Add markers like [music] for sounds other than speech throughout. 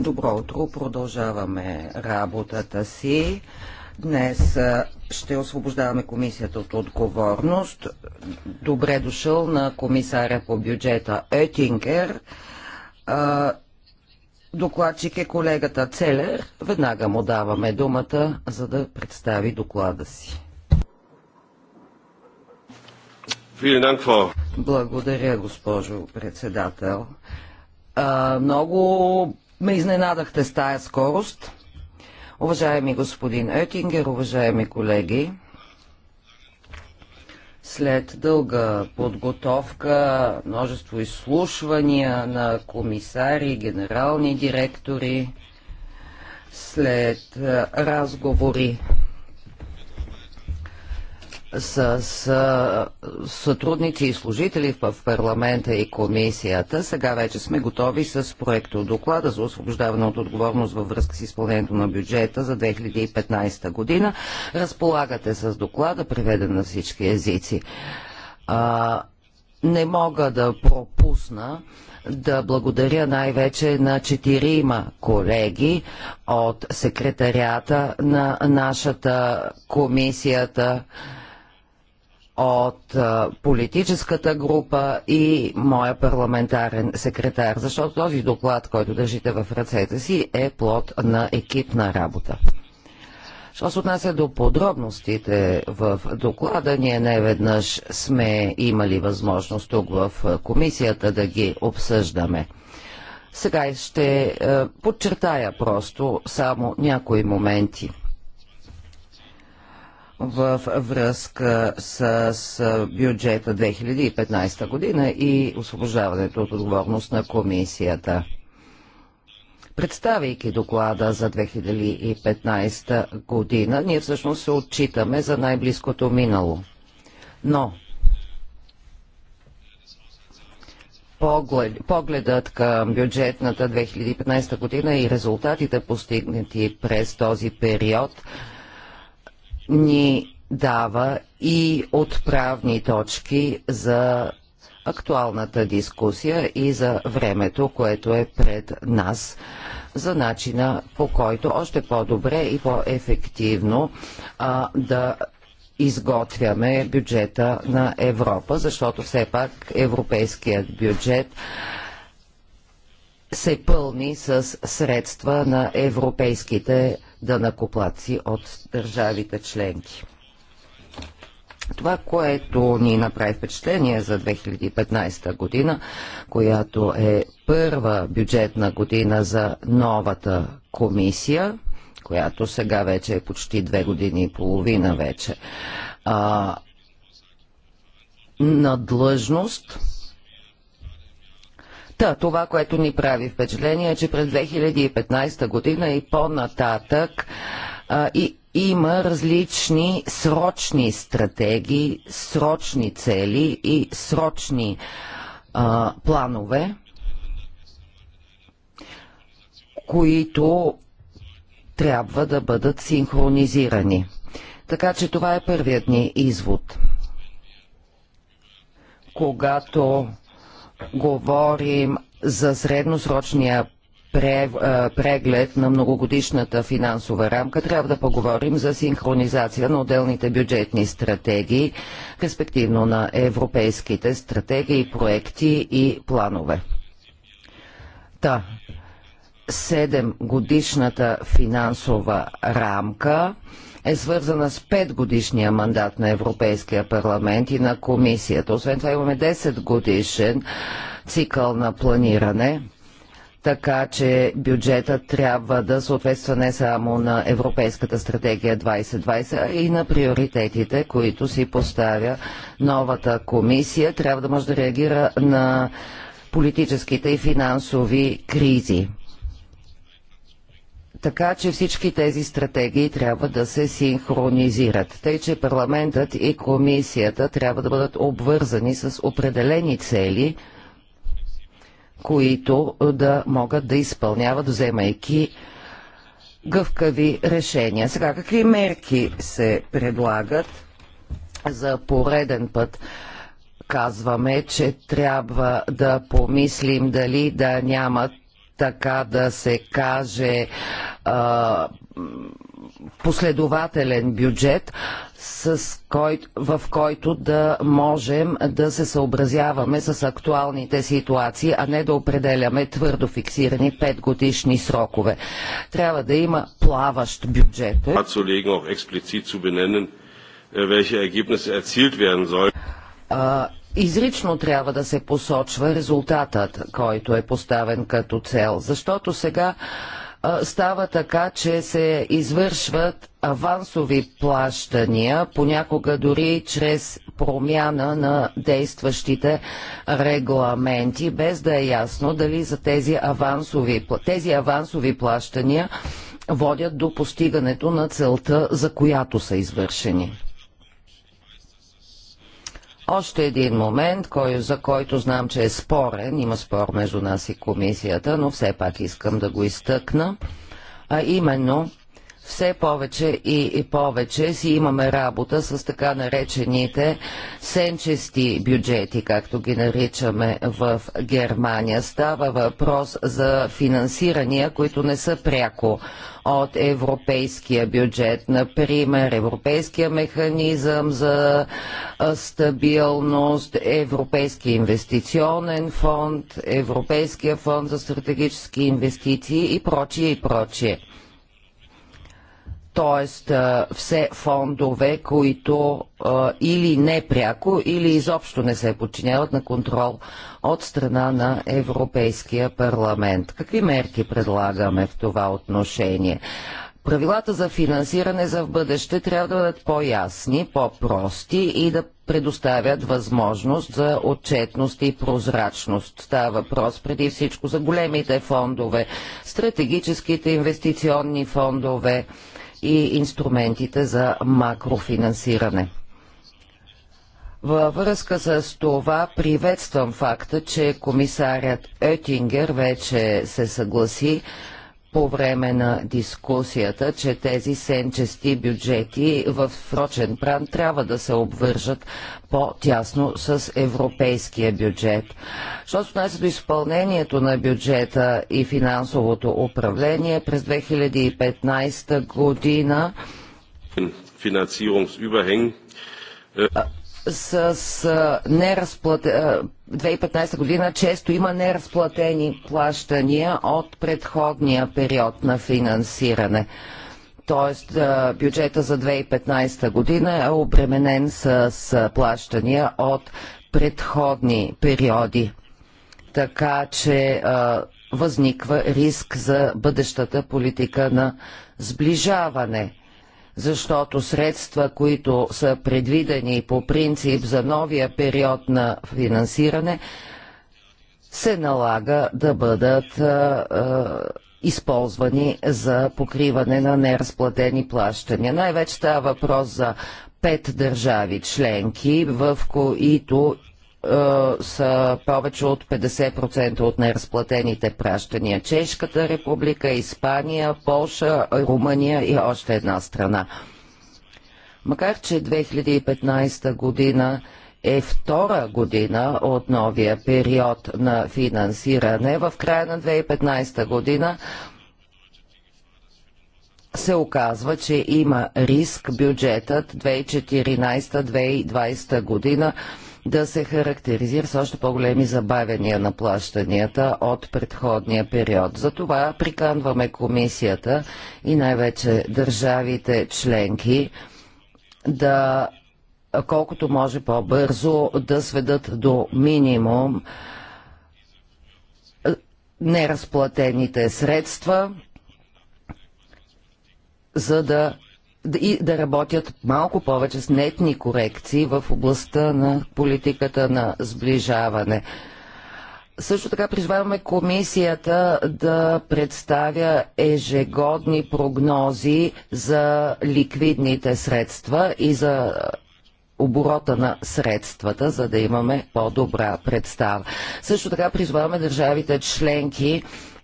Добро утро, продължаваме работата си. Днес ще освобождаваме комисията от отговорност. Добре дошъл на комисаря по бюджета Етингер. Докладчик е колегата Целер. Веднага му даваме думата, за да представи доклада си. Благодаря, госпожо председател. А, много ме изненадахте с тая скорост. Уважаеми господин Етингер, уважаеми колеги, след дълга подготовка, множество изслушвания на комисари, генерални директори, след разговори с, с сътрудници и служители в парламента и комисията. Сега вече сме готови с от доклада за освобождаване от отговорност във връзка с изпълнението на бюджета за 2015 година. Разполагате с доклада, преведен на всички езици. А, не мога да пропусна да благодаря най-вече на четирима колеги от секретарията на нашата комисията от политическата група и моя парламентарен секретар, защото този доклад, който държите в ръцете си, е плод на екипна работа. Що се отнася до подробностите в доклада, ние не веднъж сме имали възможност тук в комисията да ги обсъждаме. Сега ще е, подчертая просто само някои моменти – в връзка с бюджета 2015 година и освобождаването от отговорност на комисията. Представяйки доклада за 2015 година, ние всъщност се отчитаме за най-близкото минало. Но погледът към бюджетната 2015 година и резултатите постигнати през този период – ни дава и отправни точки за актуалната дискусия и за времето, което е пред нас, за начина по който още по-добре и по-ефективно да изготвяме бюджета на Европа, защото все пак европейският бюджет се пълни с средства на европейските дънакоплаци от държавите членки. Това, което ни направи впечатление за 2015 година, която е първа бюджетна година за новата комисия, която сега вече е почти две години и половина вече, а, на длъжност Та, това, което ни прави впечатление е, че през 2015 година и по-нататък и има различни срочни стратегии, срочни цели и срочни а, планове, които трябва да бъдат синхронизирани. Така че това е първият ни извод. Когато говорим за средносрочния преглед на многогодишната финансова рамка, трябва да поговорим за синхронизация на отделните бюджетни стратегии, респективно на европейските стратегии, проекти и планове. Та, седемгодишната финансова рамка – е свързана с 5 годишния мандат на Европейския парламент и на комисията. Освен това имаме 10 годишен цикъл на планиране така че бюджетът трябва да съответства не само на Европейската стратегия 2020, а и на приоритетите, които си поставя новата комисия. Трябва да може да реагира на политическите и финансови кризи. Така че всички тези стратегии трябва да се синхронизират. Тъй, че парламентът и комисията трябва да бъдат обвързани с определени цели, които да могат да изпълняват, вземайки гъвкави решения. Сега, какви мерки се предлагат за пореден път? Казваме, че трябва да помислим дали да нямат така да се каже, последователен бюджет, с кой, в който да можем да се съобразяваме с актуалните ситуации, а не да определяме твърдо фиксирани петгодишни годишни срокове. Трябва да има плаващ бюджет. Е, а, изрично трябва да се посочва резултатът, който е поставен като цел, защото сега става така, че се извършват авансови плащания, понякога дори чрез промяна на действащите регламенти, без да е ясно дали за тези авансови, тези авансови плащания водят до постигането на целта, за която са извършени. Още един момент, кой, за който знам, че е спорен, има спор между нас и комисията, но все пак искам да го изтъкна, а именно все повече и, и повече си имаме работа с така наречените сенчести бюджети, както ги наричаме в Германия. Става въпрос за финансирания, които не са пряко от европейския бюджет. Например, Европейския механизъм за стабилност, Европейски инвестиционен фонд, Европейския фонд за стратегически инвестиции и прочие и прочие т.е. все фондове, които или непряко, или изобщо не се подчиняват на контрол от страна на Европейския парламент. Какви мерки предлагаме в това отношение? Правилата за финансиране за в бъдеще трябва да бъдат по-ясни, по-прости и да предоставят възможност за отчетност и прозрачност. Става въпрос преди всичко за големите фондове, стратегическите инвестиционни фондове, и инструментите за макрофинансиране. Във връзка с това приветствам факта, че комисарят Етингер вече се съгласи по време на дискусията, че тези сенчести бюджети в срочен пран трябва да се обвържат по-тясно с европейския бюджет. Що се отнася до изпълнението на бюджета и финансовото управление през 2015 година, Финансирungsüberhängen с неразплате... 2015 година често има неразплатени плащания от предходния период на финансиране. Тоест бюджета за 2015 година е обременен с плащания от предходни периоди. Така че възниква риск за бъдещата политика на сближаване защото средства, които са предвидени по принцип за новия период на финансиране, се налага да бъдат а, а, използвани за покриване на неразплатени плащания. Най-вече става въпрос за пет държави членки, в които е, са повече от 50% от неразплатените пращания. Чешката република, Испания, Полша, Румъния и още една страна. Макар, че 2015 година е втора година от новия период на финансиране, в края на 2015 година се оказва, че има риск бюджетът 2014-2020 година да се характеризира с още по-големи забавения на плащанията от предходния период. Затова приканваме комисията и най-вече държавите членки да колкото може по-бързо да сведат до минимум е, неразплатените средства, за да и да работят малко повече с нетни корекции в областта на политиката на сближаване. Също така призваваме комисията да представя ежегодни прогнози за ликвидните средства и за оборота на средствата, за да имаме по-добра представа. Също така призваваме държавите членки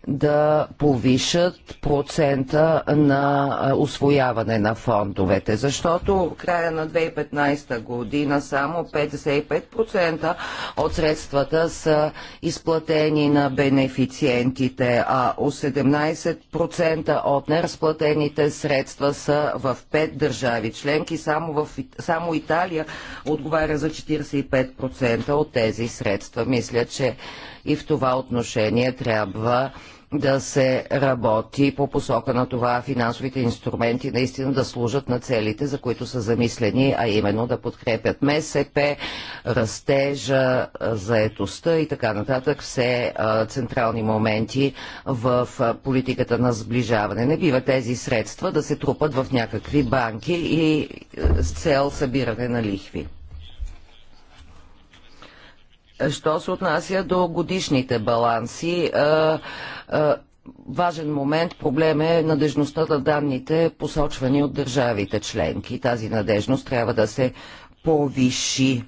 да повишат процента на освояване на фондовете, защото в края на 2015 година само 55% от средствата са изплатени на бенефициентите, а 17% от неразплатените средства са в 5 държави членки, само, в, само Италия отговаря за 45% от тези средства. Мисля, че и в това отношение трябва да се работи по посока на това финансовите инструменти наистина да служат на целите, за които са замислени, а именно да подкрепят МСП, растежа, заетостта и така нататък, все централни моменти в политиката на сближаване. Не бива тези средства да се трупат в някакви банки и с цел събиране на лихви. Що се отнася до годишните баланси, важен момент, проблем е надежността на данните, посочвани от държавите членки. Тази надежност трябва да се повиши.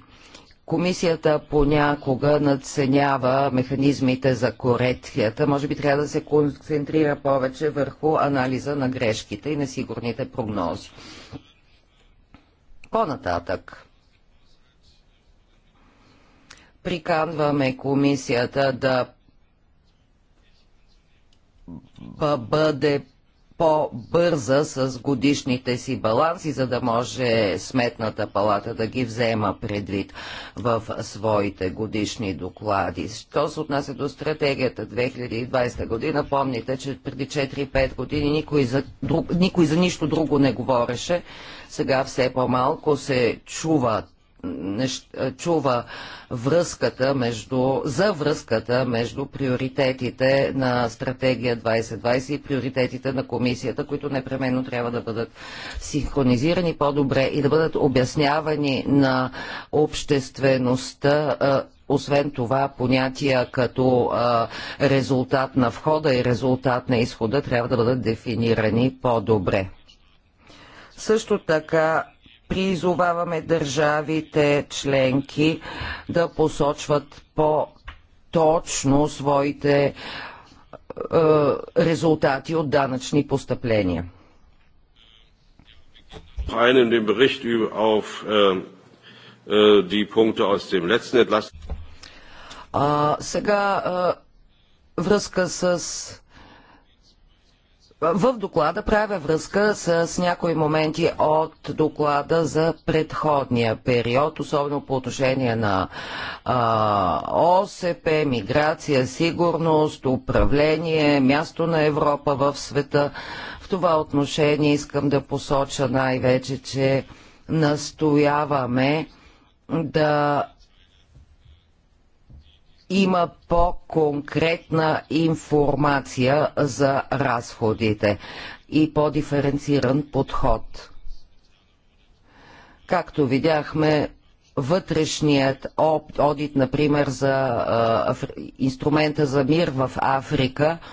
Комисията понякога надценява механизмите за корекцията. Може би трябва да се концентрира повече върху анализа на грешките и несигурните прогнози. По-нататък. Приканваме комисията да бъде по-бърза с годишните си баланси, за да може сметната палата да ги взема предвид в своите годишни доклади. Що се отнася до стратегията 2020 година, помните, че преди 4-5 години никой за, друг, никой за нищо друго не говореше. Сега все по-малко се чува чува връзката между, за връзката между приоритетите на стратегия 2020 и приоритетите на комисията, които непременно трябва да бъдат синхронизирани по-добре и да бъдат обяснявани на обществеността освен това понятия като а, резултат на входа и резултат на изхода трябва да бъдат дефинирани по-добре. Също така призоваваме държавите членки да посочват по-точно своите е, резултати от данъчни постъпления. Einen den Bericht auf äh, äh, die Punkte aus dem letzten сега а, връзка с в доклада правя връзка с някои моменти от доклада за предходния период, особено по отношение на а, ОСП, миграция, сигурност, управление, място на Европа в света. В това отношение искам да посоча най-вече, че настояваме да има по-конкретна информация за разходите и по-диференциран подход. Както видяхме, вътрешният одит, например, за инструмента за мир в Африка –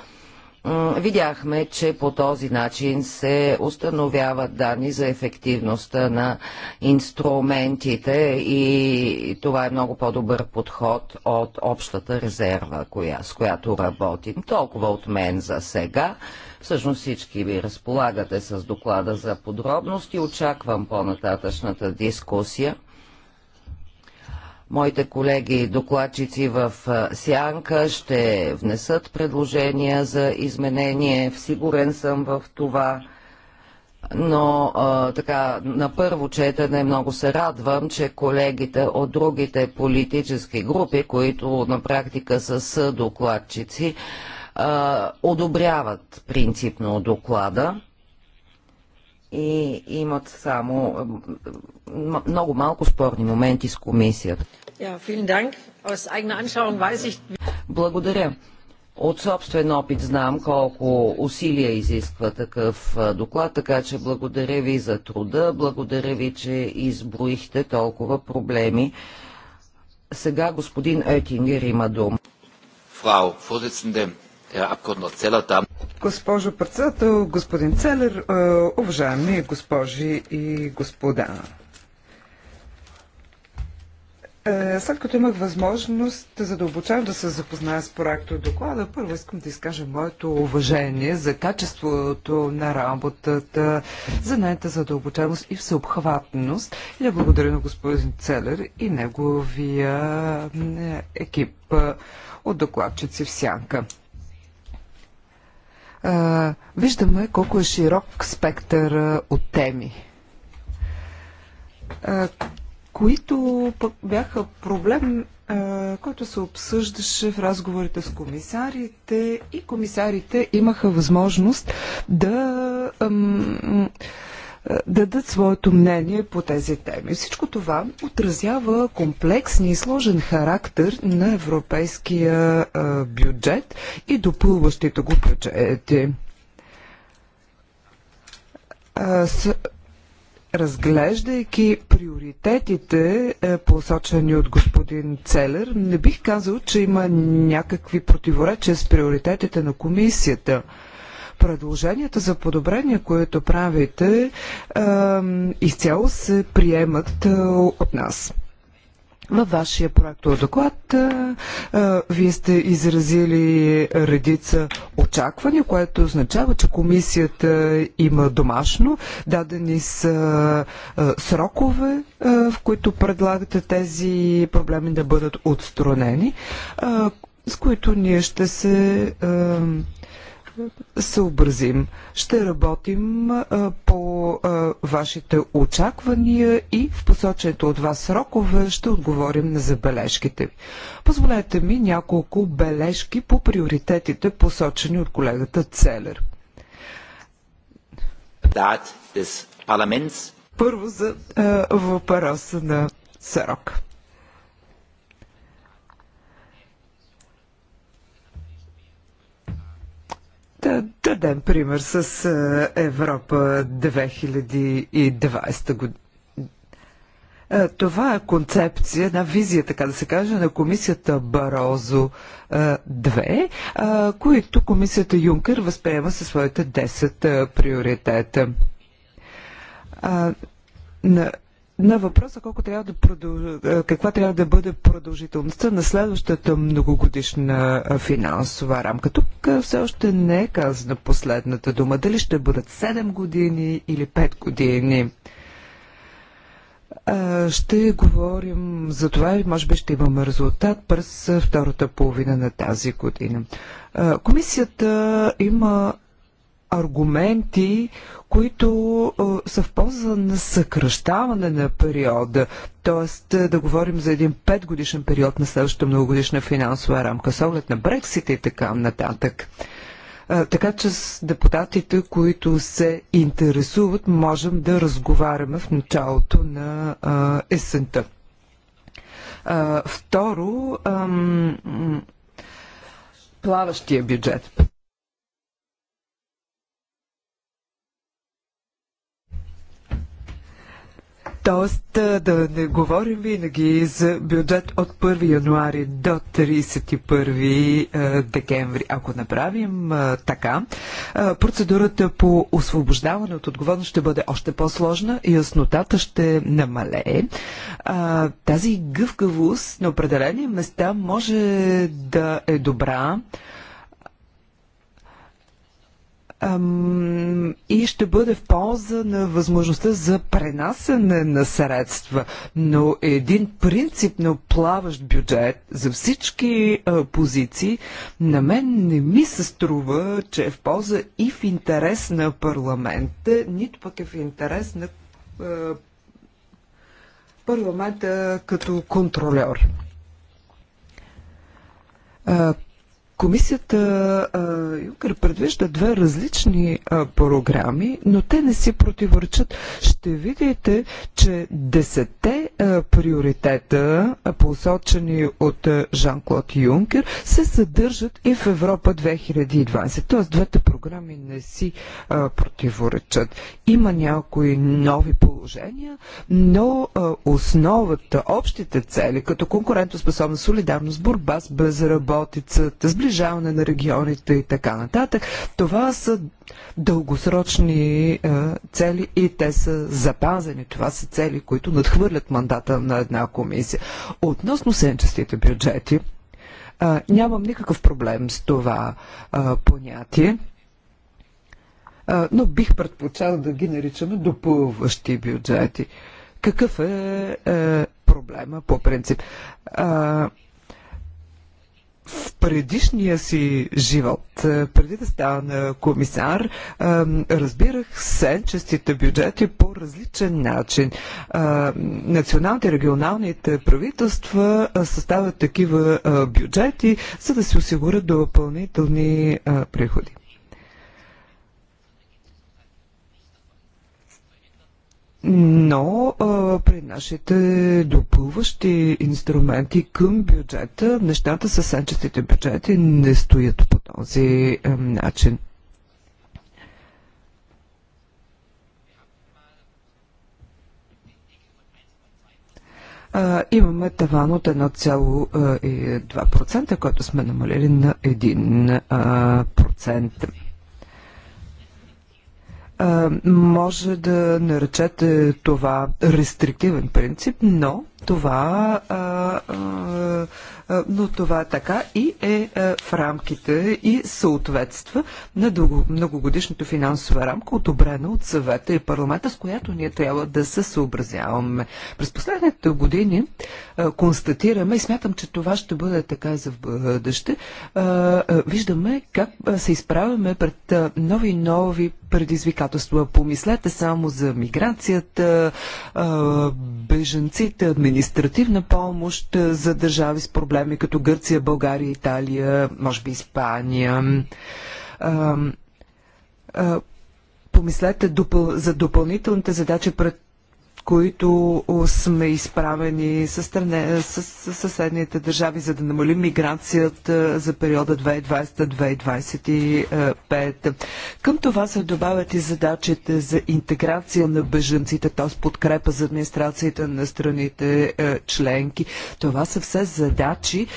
е, видяхме, че по този начин се установяват данни за ефективността на инструментите и това е много по-добър подход от общата резерва, коя, с която работим. Толкова от мен за сега. Всъщност всички ви разполагате с доклада за подробности. Очаквам по-нататъчната дискусия. Моите колеги докладчици в Сянка ще внесат предложения за изменение. Сигурен съм в това но а, така, на първо четене много се радвам, че колегите от другите политически групи, които на практика са съдокладчици, а, одобряват принципно доклада и имат само много малко спорни моменти с комисията. Благодаря. От собствен опит знам колко усилия изисква такъв доклад, така че благодаря ви за труда, благодаря ви, че изброихте толкова проблеми. Сега господин Етингер има дума. Фрау, е, Госпожо председател, господин Целер, е, уважаеми госпожи и господа. Е, след като имах възможност задълбочавам да се запозная с проекта доклада, първо искам да изкажа моето уважение за качеството на работата, за нейната задълбочаност и всеобхватност. И да благодаря на господин Целер и неговия екип от докладчици в Сянка а, виждаме колко е широк спектър а, от теми, а, които пък бяха проблем, а, който се обсъждаше в разговорите с комисарите и комисарите имаха възможност да. Е, дадат своето мнение по тези теми. Всичко това отразява комплексния и сложен характер на европейския е, бюджет и допълващите го бюджети. Е, с разглеждайки приоритетите, посочени от господин Целер, не бих казал, че има някакви противоречия с приоритетите на комисията. Предложенията за подобрения, които правите, изцяло се приемат от нас. Във вашия проектов доклад а, а, вие сте изразили редица очаквания, което означава, че комисията има домашно. Дадени са а, срокове, а, в които предлагате тези проблеми да бъдат отстранени, а, с които ние ще се а, съобразим. Ще работим а, по а, вашите очаквания и в посочените от вас срокове ще отговорим на забележките. Позволете ми няколко бележки по приоритетите, посочени от колегата Целер. Първо за а, въпроса на срок. Да дадем пример с е, Европа 2020 година. Е, това е концепция, една визия, така да се каже, на комисията Барозо 2, е, които комисията Юнкер възприема със своите 10 приоритета. На на въпроса колко трябва да продълж... каква трябва да бъде продължителността на следващата многогодишна финансова рамка. Тук все още не е казана последната дума. Дали ще бъдат 7 години или 5 години? Ще говорим за това и може би ще имаме резултат през втората половина на тази година. Комисията има аргументи, които а, са в полза на съкръщаване на периода, т.е. да говорим за един петгодишен период на следващата многогодишна финансова рамка, с оглед на Брексит и така нататък. А, така че с депутатите, които се интересуват, можем да разговаряме в началото на а, есента. А, второ, ам, плаващия бюджет. Тоест да не говорим винаги за бюджет от 1 януари до 31 декември. Ако направим така, процедурата по освобождаване от отговорност ще бъде още по-сложна, и яснотата ще намалее. Тази гъвкавост на определени места може да е добра, и ще бъде в полза на възможността за пренасене на средства. Но един принципно плаващ бюджет за всички позиции на мен не ми се струва, че е в полза и в интерес на парламента, нито пък е в интерес на парламента като контролер Комисията Юнкер предвижда две различни а, програми, но те не си противоречат. Ще видите, че десете а, приоритета, а, посочени от Жан-Клод Юнкер, се съдържат и в Европа 2020. Тоест, двете програми не си а, противоречат. Има някои нови положения, но а, основата, общите цели, като конкурентоспособност, солидарност, борба с безработицата, сближаване, сближаване на регионите и така нататък. Това са дългосрочни е, цели и те са запазени. Това са цели, които надхвърлят мандата на една комисия. Относно сенчестите бюджети, е, нямам никакъв проблем с това е, понятие но бих предпочел да ги наричаме допълващи бюджети. Какъв е, е проблема по принцип? в предишния си живот, преди да стана комисар, разбирах сенчестите бюджети по различен начин. Националните и регионалните правителства съставят такива бюджети, за да се осигурят допълнителни приходи. Но а, при нашите допълващи инструменти към бюджета, нещата с сенчестите бюджети не стоят по този а, начин. а, имаме таван от 1,2%, е, който сме намалили на 1% може да наречете това рестриктивен принцип, но това, а, а, но това така и е в рамките и съответства на многогодишната финансова рамка, одобрена от съвета и парламента, с която ние трябва да се съобразяваме. През последните години а, констатираме и смятам, че това ще бъде така и за в бъдеще. Виждаме как се изправяме пред нови и нови предизвикателства. Помислете само за миграцията, беженците, администрацията административна помощ за държави с проблеми като Гърция, България, Италия, може би Испания. Помислете за допълнителните задачи пред които сме изправени с, стране, с, с съседните държави, за да намалим миграцията е, за периода 2020-2025. Към това се добавят и задачите за интеграция на беженците, т.е. подкрепа за администрацията на страните е, членки. Това са все задачи, е,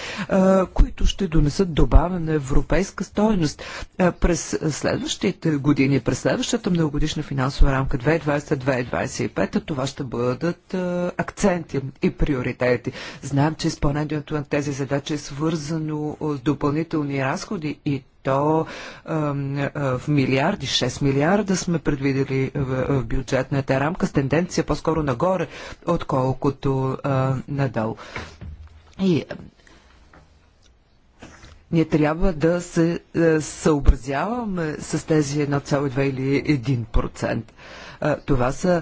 които ще донесат добавена европейска стоеност. През следващите години, през следващата многогодишна финансова рамка 2020-2025, това ще ще бъдат акценти и приоритети. Знам, че изпълнението на тези задачи е свързано с допълнителни разходи и то в милиарди, 6 милиарда сме предвидели в бюджетната рамка с тенденция по-скоро нагоре, отколкото надолу. И ние трябва да се съобразяваме с тези 1,2 или 1%. Това са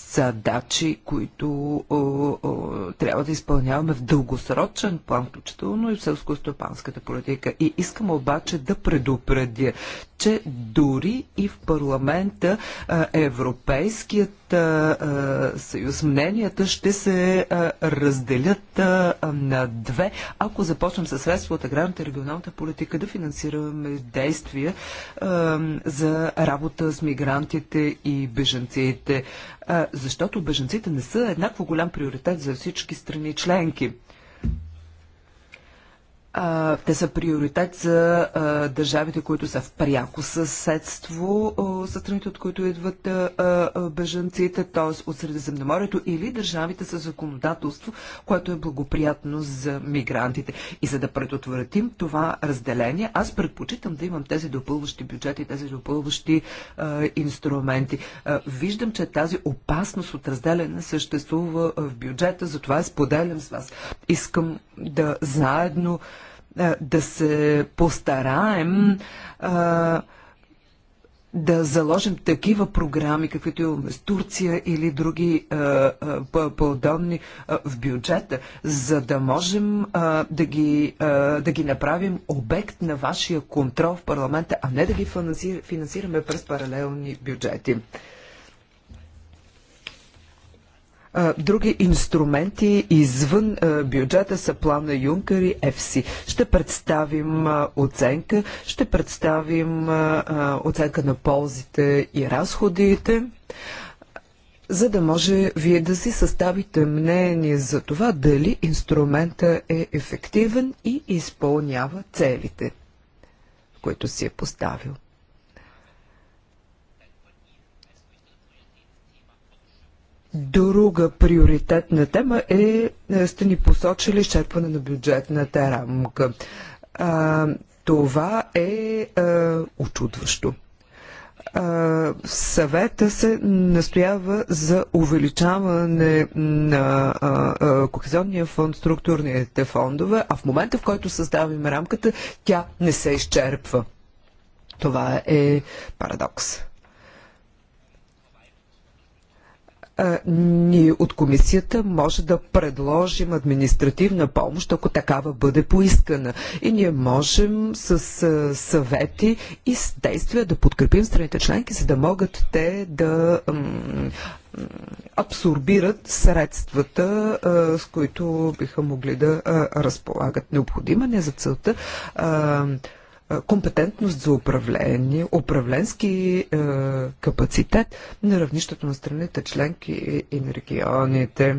задачи, които о, о, трябва да изпълняваме в дългосрочен план, включително и в селско-стопанската политика. И искам обаче да предупредя, че дори и в парламента а, Европейският а, съюз мненията ще се а, разделят а, на две, ако започнем със средства от аграрната и регионалната политика да финансираме действия а, за работа с мигрантите и беженците защото беженците не са еднакво голям приоритет за всички страни членки. А, те са приоритет за а, държавите, които са в пряко съседство а, страните, от които идват а, а, бежанците, т.е. от Средиземноморието или държавите с законодателство, което е благоприятно за мигрантите. И за да предотвратим това разделение, аз предпочитам да имам тези допълващи бюджети, тези допълващи а, инструменти. А, виждам, че тази опасност от разделяне съществува в бюджета, затова я споделям с вас. Искам да заедно е, да се постараем а, е, да заложим такива програми, каквито имаме с Турция или други е, подобни в бюджета, за да можем а, да, ги, а, да ги направим обект на вашия контрол в парламента, а не да ги финансираме през паралелни бюджети други инструменти извън бюджета са плана Юнкър и ЕФСИ. Ще представим оценка, ще представим оценка на ползите и разходите за да може вие да си съставите мнение за това дали инструмента е ефективен и изпълнява целите, които си е поставил. Друга приоритетна тема е, е, сте ни посочили изчерпване на бюджетната рамка. А, това е а, е, очудващо. А, съвета се настоява за увеличаване на кохезионния фонд, структурните фондове, а в момента, в който създаваме рамката, тя не се изчерпва. Това е парадокс. ние от комисията може да предложим административна помощ, ако такава бъде поискана. И ние можем с съвети и с действия да подкрепим страните членки, за да могат те да абсорбират средствата, с които биха могли да разполагат. Необходима не за целта компетентност за управление, управленски е, капацитет на равнището на страните членки и на регионите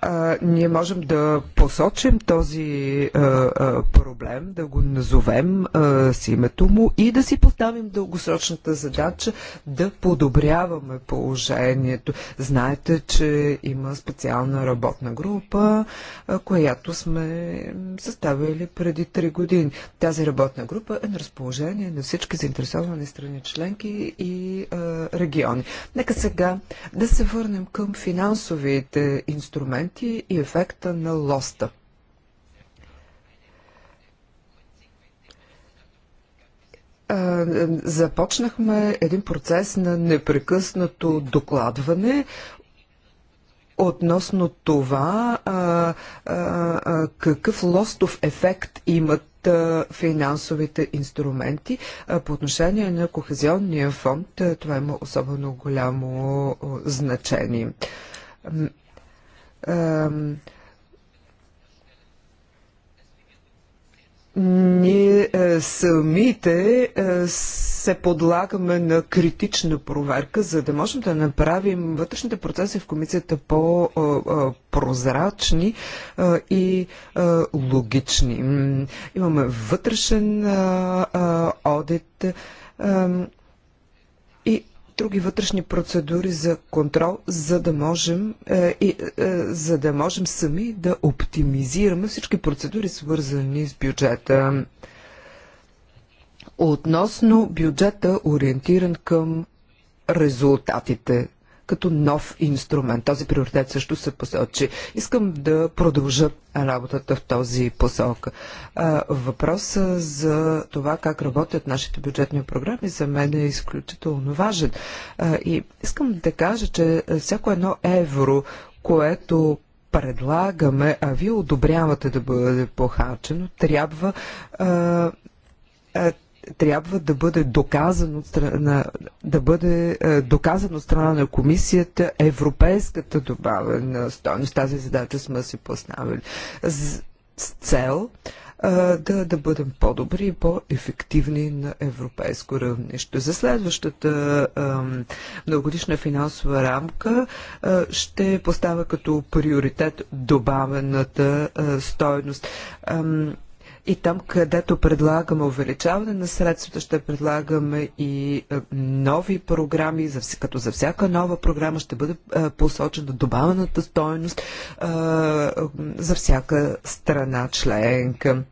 а, ние можем да посочим този а, а, проблем, да го назовем а, с името му и да си поставим дългосрочната задача да подобряваме положението. Знаете, че има специална работна група, а, която сме съставили преди 3 години. Тази работна група е на разположение на всички заинтересовани страни членки и а, региони. Нека сега да се върнем към финансовите инструменти моменти и ефекта на лоста. започнахме един процес на непрекъснато докладване относно това а, а, а, какъв лостов ефект имат а, финансовите инструменти. А, по отношение на Кохезионния фонд това има особено голямо а, значение ние е, самите е, се подлагаме на критична проверка, за да можем да направим вътрешните процеси в комисията по-прозрачни е, и логични. Имаме вътрешен одит други вътрешни процедури за контрол, за да можем, е, е, за да можем сами да оптимизираме всички процедури, свързани с бюджета. Относно бюджета, ориентиран към резултатите като нов инструмент. Този приоритет също се посочи. Искам да продължа работата в този посока. Въпрос за това как работят нашите бюджетни програми за мен е изключително важен. И искам да кажа, че всяко едно евро, което предлагаме, а вие одобрявате да бъде похарчено, трябва трябва да бъде доказано страна, да бъде е, доказано страна на комисията европейската добавена стойност. Тази задача сме си поставили с, цел е, да, да бъдем по-добри и по-ефективни на европейско равнище. За следващата многогодишна финансова рамка е, ще поставя като приоритет добавената стойност. И там, където предлагаме увеличаване на средствата, ще предлагаме и е, нови програми, като за всяка нова програма ще бъде е, посочена добавената стоеност е, за всяка страна членка.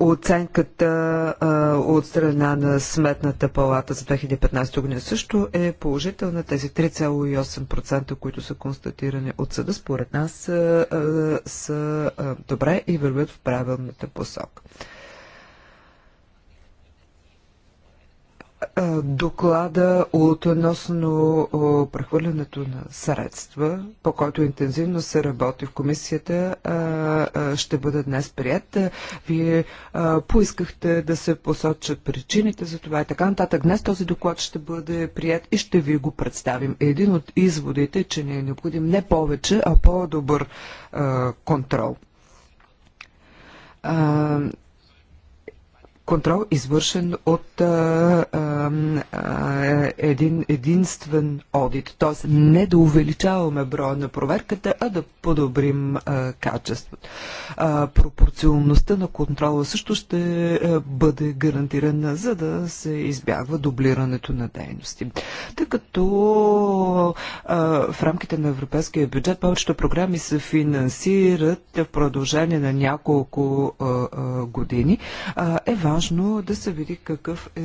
оценката от страна на Сметната палата за 2015 година също е положителна. Тези 3,8%, които са констатирани от съда, според нас са добре и вървят в правилната посока. доклада относно прехвърлянето на средства, по който интензивно се работи в комисията, ще бъде днес прият. Вие поискахте да се посочат причините за това и така нататък. Днес този доклад ще бъде прият и ще ви го представим. Един от изводите е, че не е необходим не повече, а по-добър контрол контрол, извършен от а, а, един единствен одит. Т.е. не да увеличаваме броя на проверката, а да подобрим а, качеството. А, пропорционалността на контрола също ще а, бъде гарантирана, за да се избягва дублирането на дейности. Тъй като а, в рамките на европейския бюджет повечето програми се финансират в продължение на няколко а, а, години, а, е важно важно да се види какъв е,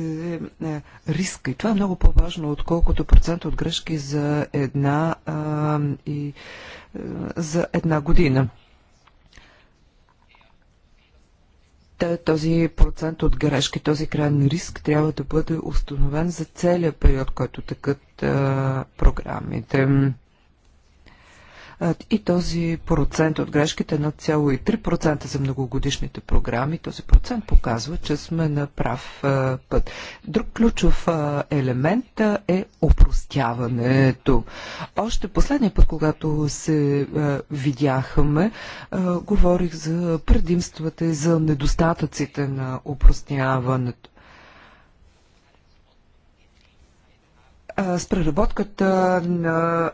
е риска. И това е много по-важно, отколкото процент от грешки за една, а, и, а, е, за една година. този процент от грешки, този крайен риск трябва да бъде установен за целият период, който тъкат а, програмите. И този процент от грешките е на цяло и 3% за многогодишните програми, този процент показва, че сме на прав път. Друг ключов елемент е опростяването. Още последния път, когато се видяхме, говорих за предимствата и за недостатъците на опростяването. с преработката на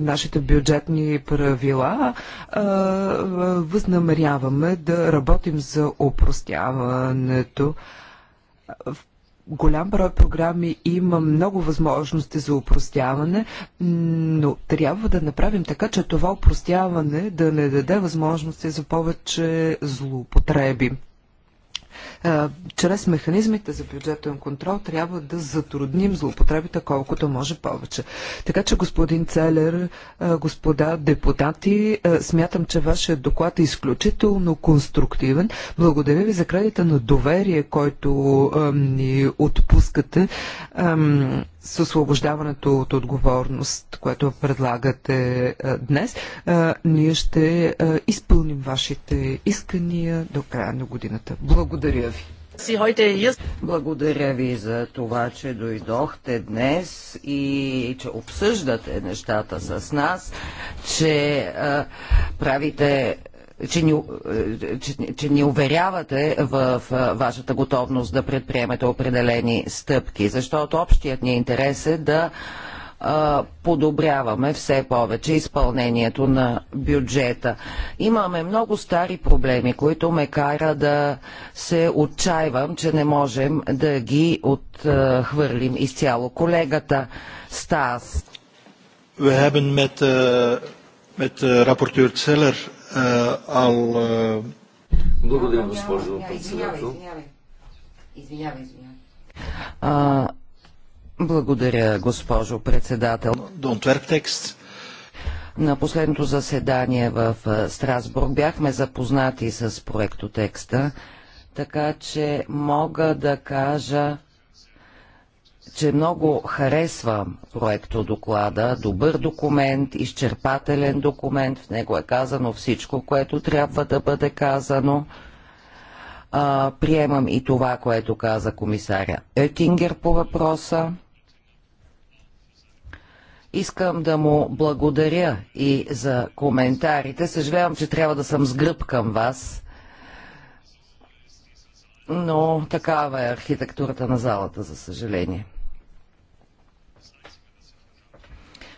нашите бюджетни правила възнамеряваме да работим за опростяването. В голям брой програми има много възможности за упростяване, но трябва да направим така, че това упростяване да не даде възможности за повече злоупотреби. Е, чрез механизмите за бюджетен контрол трябва да затрудним злоупотребите колкото може повече. Така че, господин Целер, е, господа депутати, е, смятам, че вашия доклад е изключително конструктивен. Благодаря ви за кредита на доверие, който ни отпускате с освобождаването от отговорност, което предлагате днес, ние ще изпълним вашите искания до края на годината. Благодаря ви. Благодаря ви за това, че дойдохте днес и че обсъждате нещата с нас, че правите че ни, че, че ни уверявате в, в вашата готовност да предприемете определени стъпки, защото общият ни интерес е да подобряваме все повече изпълнението на бюджета. Имаме много стари проблеми, които ме кара да се отчаивам, че не можем да ги отхвърлим изцяло. Колегата Стас. We hebben met, uh, met uh, rapporteur Zeller е, ал... Е, благодаря, госпожо председател. Извинявай, извинявай. Благодаря, госпожо председател. Донтверп текст. На последното заседание в е, Страсбург бяхме запознати с проектотекста, така че мога да кажа, че много харесвам проекто доклада. Добър документ, изчерпателен документ. В него е казано всичко, което трябва да бъде казано. А, приемам и това, което каза комисаря Етингер по въпроса. Искам да му благодаря и за коментарите. Съжалявам, че трябва да съм сгръб към вас но такава е архитектурата на залата, за съжаление.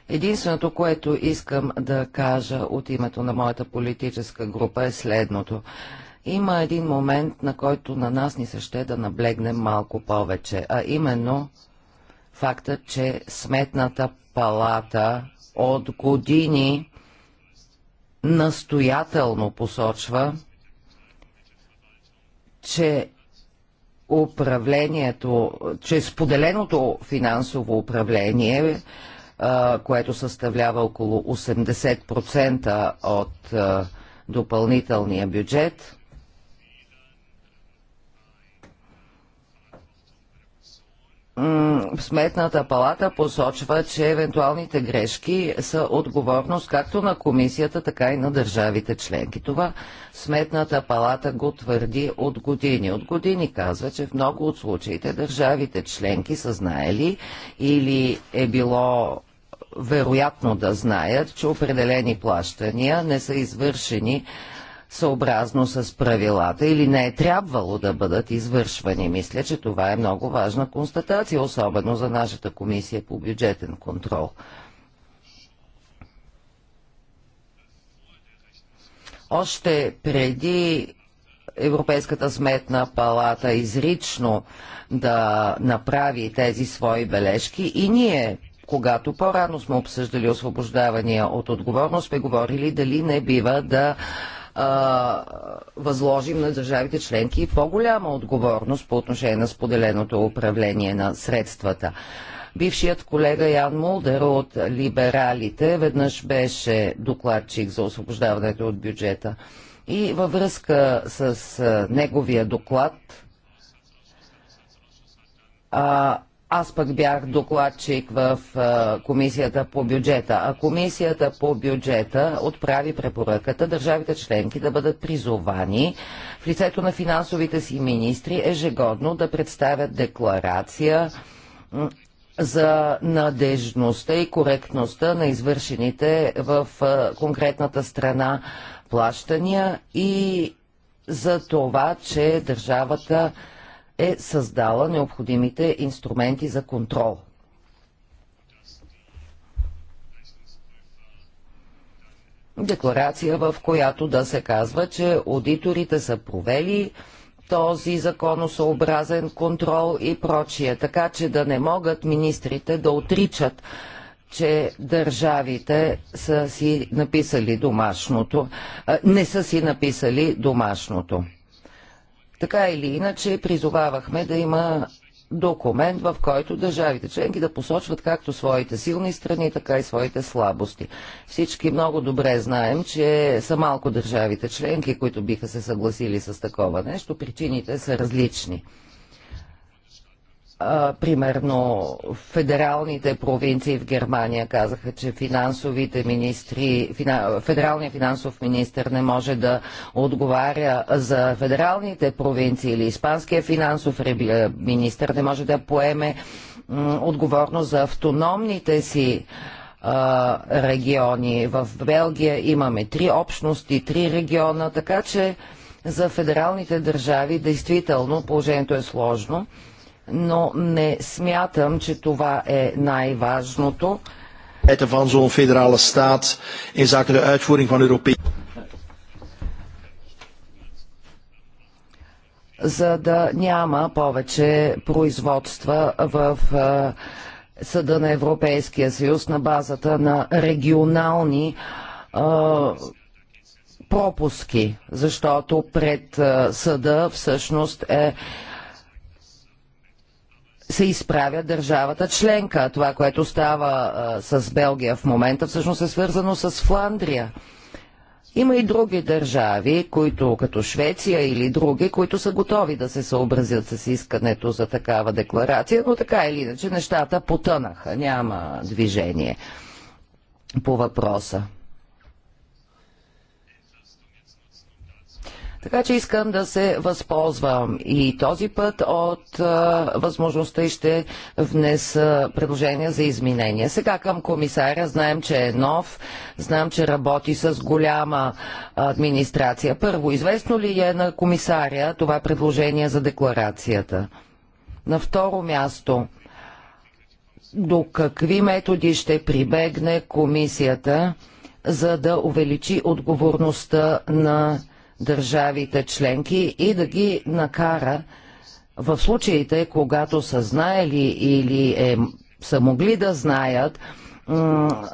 Единственото, което искам да кажа от името на моята политическа група е следното. Има един момент, на който на нас ни се ще да наблегнем малко повече, а именно факта, че Сметната палата от години настоятелно посочва, че управлението, че споделеното финансово управление което съставлява около 80% от допълнителния бюджет. Сметната палата посочва, че евентуалните грешки са отговорност както на комисията, така и на държавите членки. Това Сметната палата го твърди от години. От години казва, че в много от случаите държавите членки са знаели или е било вероятно да знаят, че определени плащания не са извършени съобразно с правилата или не е трябвало да бъдат извършвани. Мисля, че това е много важна констатация, особено за нашата комисия по бюджетен контрол. Още преди Европейската сметна палата изрично да направи тези свои бележки и ние когато по-рано сме обсъждали освобождавания от отговорност, сме говорили дали не бива да а, възложим на държавите членки и по-голяма отговорност по отношение на споделеното управление на средствата. Бившият колега Ян Мулдер от Либералите веднъж беше докладчик за освобождаването от бюджета. И във връзка с неговия доклад а, аз пък бях докладчик в а, комисията по бюджета, а комисията по бюджета отправи препоръката държавите членки да бъдат призовани в лицето на финансовите си министри ежегодно да представят декларация за надежността и коректността на извършените в а, конкретната страна плащания и за това, че държавата е създала необходимите инструменти за контрол. Декларация, в която да се казва, че аудиторите са провели този законосъобразен контрол и прочие, така че да не могат министрите да отричат че държавите са си написали домашното, не са си написали домашното. Така или иначе призовавахме да има документ, в който държавите членки да посочват както своите силни страни, така и своите слабости. Всички много добре знаем, че са малко държавите членки, които биха се съгласили с такова нещо. Причините са различни примерно федералните провинции в Германия казаха, че финансовите министри, федералният финансов министр не може да отговаря за федералните провинции или испанския финансов е, министр не може да поеме отговорност за автономните си региони. В Белгия имаме три общности, три региона, така че за федералните държави действително положението е сложно но не смятам, че това е най-важното. Van zo'n federale staat in zaken de uitvoering van За да няма повече производства в Съда на Европейския съюз на базата на регионални пропуски, защото пред съда всъщност е се изправя държавата членка. Това, което става а, с Белгия в момента, всъщност е свързано с Фландрия. Има и други държави, които, като Швеция или други, които са готови да се съобразят с искането за такава декларация, но така или иначе нещата потънаха, няма движение по въпроса. Така че искам да се възползвам и този път от а, възможността и ще внеса предложения за изменения. Сега към комисаря. Знаем, че е нов. Знам, че работи с голяма администрация. Първо, известно ли е на комисаря това предложение за декларацията? На второ място, до какви методи ще прибегне комисията, за да увеличи отговорността на държавите членки и да ги накара в случаите, когато са знаели или е, са могли да знаят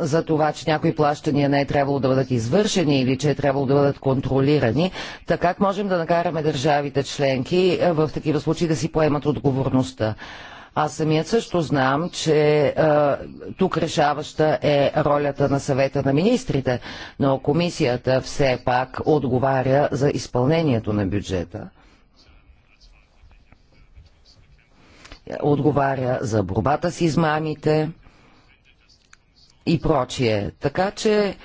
за това, че някои плащания не е трябвало да бъдат извършени или че е трябвало да бъдат контролирани, така как можем да накараме държавите членки е, в такива случаи да си поемат отговорността? Аз самият също знам, че а, тук решаваща е ролята на съвета на министрите, но комисията все пак отговаря за изпълнението на бюджета. Отговаря за борбата с измамите и прочие. Така че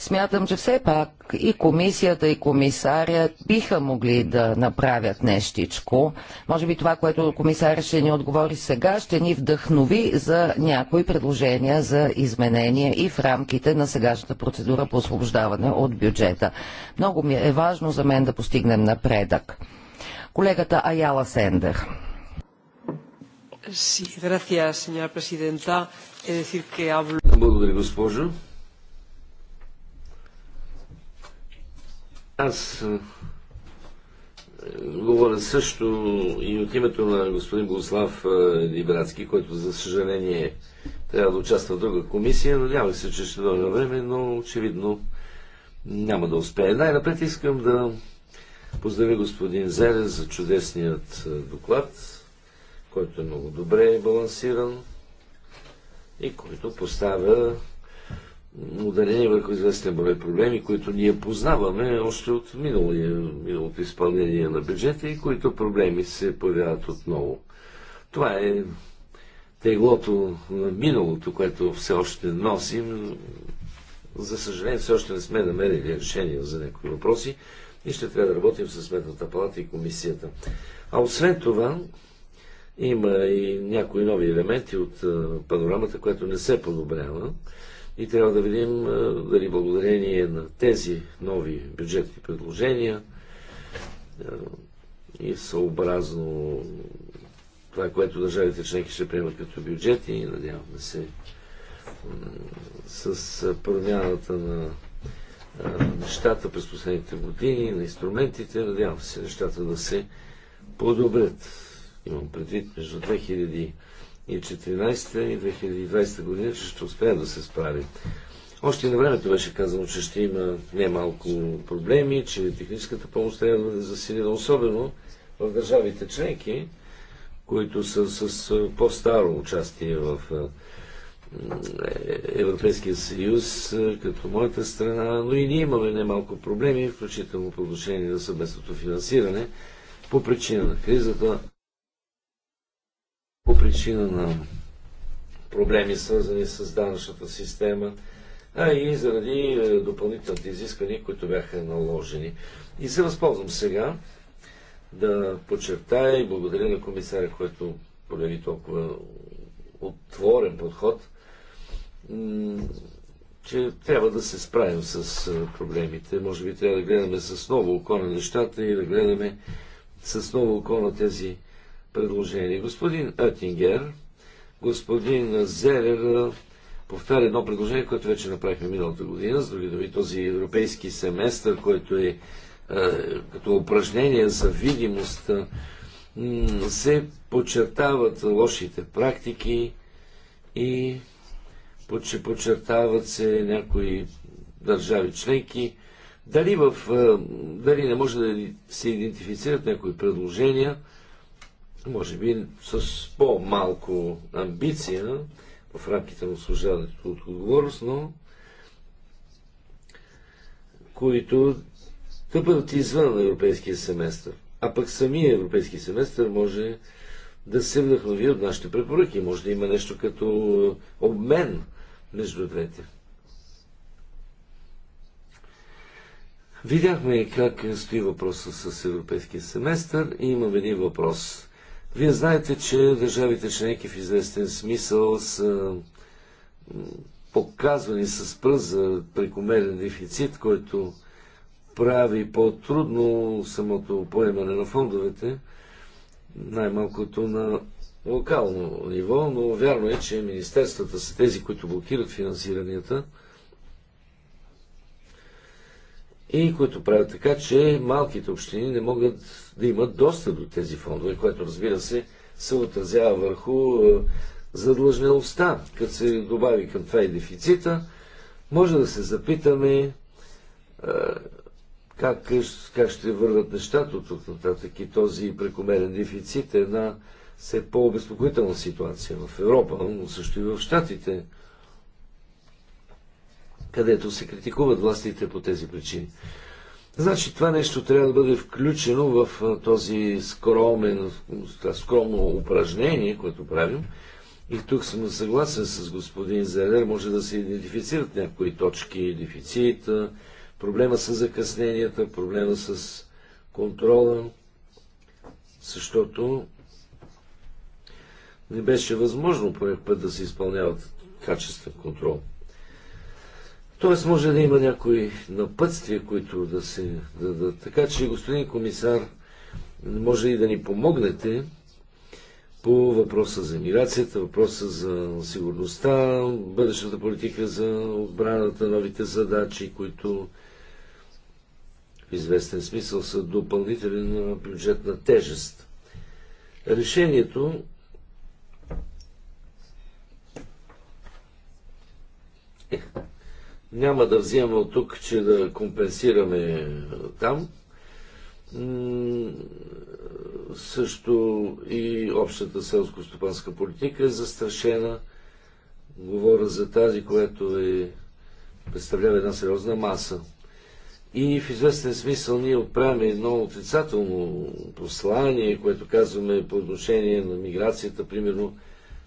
Смятам, че все пак и комисията, и комисаря биха могли да направят нещичко. Може би това, което комисаря ще ни отговори сега, ще ни вдъхнови за някои предложения за изменения и в рамките на сегашната процедура по освобождаване от бюджета. Много ми е важно за мен да постигнем напредък. Колегата Аяла Сендер. Е Благодаря, госпожо. Аз е, говоря също и от името на господин Богослав е, Либрацки, който за съжаление трябва да участва в друга комисия. Надявах се, че ще дойде време, но очевидно няма да успее. Най-напред искам да поздравя господин Зере за чудесният е, доклад, който е много добре балансиран и който поставя ударение върху известен брой проблеми, които ние познаваме още от миналия, миналото изпълнение на бюджета и които проблеми се появяват отново. Това е теглото на миналото, което все още носим. За съжаление, все още не сме намерили решение за някои въпроси и ще трябва да работим с Сметната палата и комисията. А освен това, има и някои нови елементи от панорамата, която не се подобрява. И трябва да видим дали благодарение на тези нови бюджетни предложения и съобразно това, което държавите членки ще приемат като бюджети, надяваме се с промяната на нещата през последните години, на инструментите, надявам се нещата да се подобрят. Имам предвид между 2000 и и 2020 година, че ще успеем да се справим. Още и на времето беше казано, че ще има немалко проблеми, че техническата помощ трябва да е засилена, особено в държавите членки, които са с по-старо участие в Европейския съюз, като моята страна, но и ние имаме немалко проблеми, включително по отношение на съвместното финансиране, по причина на кризата, по причина на проблеми, свързани с данъчната система, а и заради е, допълнителните изисквания, които бяха наложени. И се възползвам сега да подчертая и благодаря на комисаря, който прояви толкова отворен подход, че трябва да се справим с е, проблемите. Може би трябва да гледаме с ново око на нещата и да гледаме с ново око на тези предложение. Господин Оттингер, господин Зелер повтаря едно предложение, което вече направихме миналата година. С други думи, този европейски семестър, който е като упражнение за видимост, се подчертават лошите практики и подчертават се някои държави членки. Дали, в, дали не може да се идентифицират някои предложения – може би с по-малко амбиция в рамките на служаването от отговорност, но които да бъдат извън на европейския семестър. А пък самия европейски семестър може да се вдъхнови от нашите препоръки. Може да има нещо като обмен между двете. Видяхме как стои въпроса с европейския семестър и имам един въпрос. Вие знаете, че държавите членки в известен смисъл са показвани с пръст за прекомерен дефицит, който прави по-трудно самото поемане на фондовете, най-малкото на локално ниво, но вярно е, че министерствата са тези, които блокират финансиранията и които правят така, че малките общини не могат да имат доста до тези фондове, което разбира се се отразява върху е, задлъжнялостта. Като се добави към това и дефицита, може да се запитаме е, как, как ще върват нещата от тук нататък и този прекомерен дефицит е една все по-обезпокоителна ситуация в Европа, но също и в Штатите където се критикуват властите по тези причини. Значи това нещо трябва да бъде включено в този скромен, скромно упражнение, което правим. И тук съм съгласен с господин Зелер, може да се идентифицират някои точки, дефицита, проблема с закъсненията, проблема с контрола, защото не беше възможно по път да се изпълняват качествен контрол. Тоест може да има някои напътствия, които да се дадат. Така че, господин комисар, може и да ни помогнете по въпроса за миграцията, въпроса за сигурността, бъдещата политика за отбраната, новите задачи, които в известен смисъл са допълнителен бюджетна тежест. Решението е няма да взимаме от тук, че да компенсираме е, там. Също и общата селско-стопанска политика е застрашена. Говоря за тази, която е, представлява една сериозна маса. И в известен смисъл ние отправяме едно отрицателно послание, което казваме по отношение на миграцията, примерно,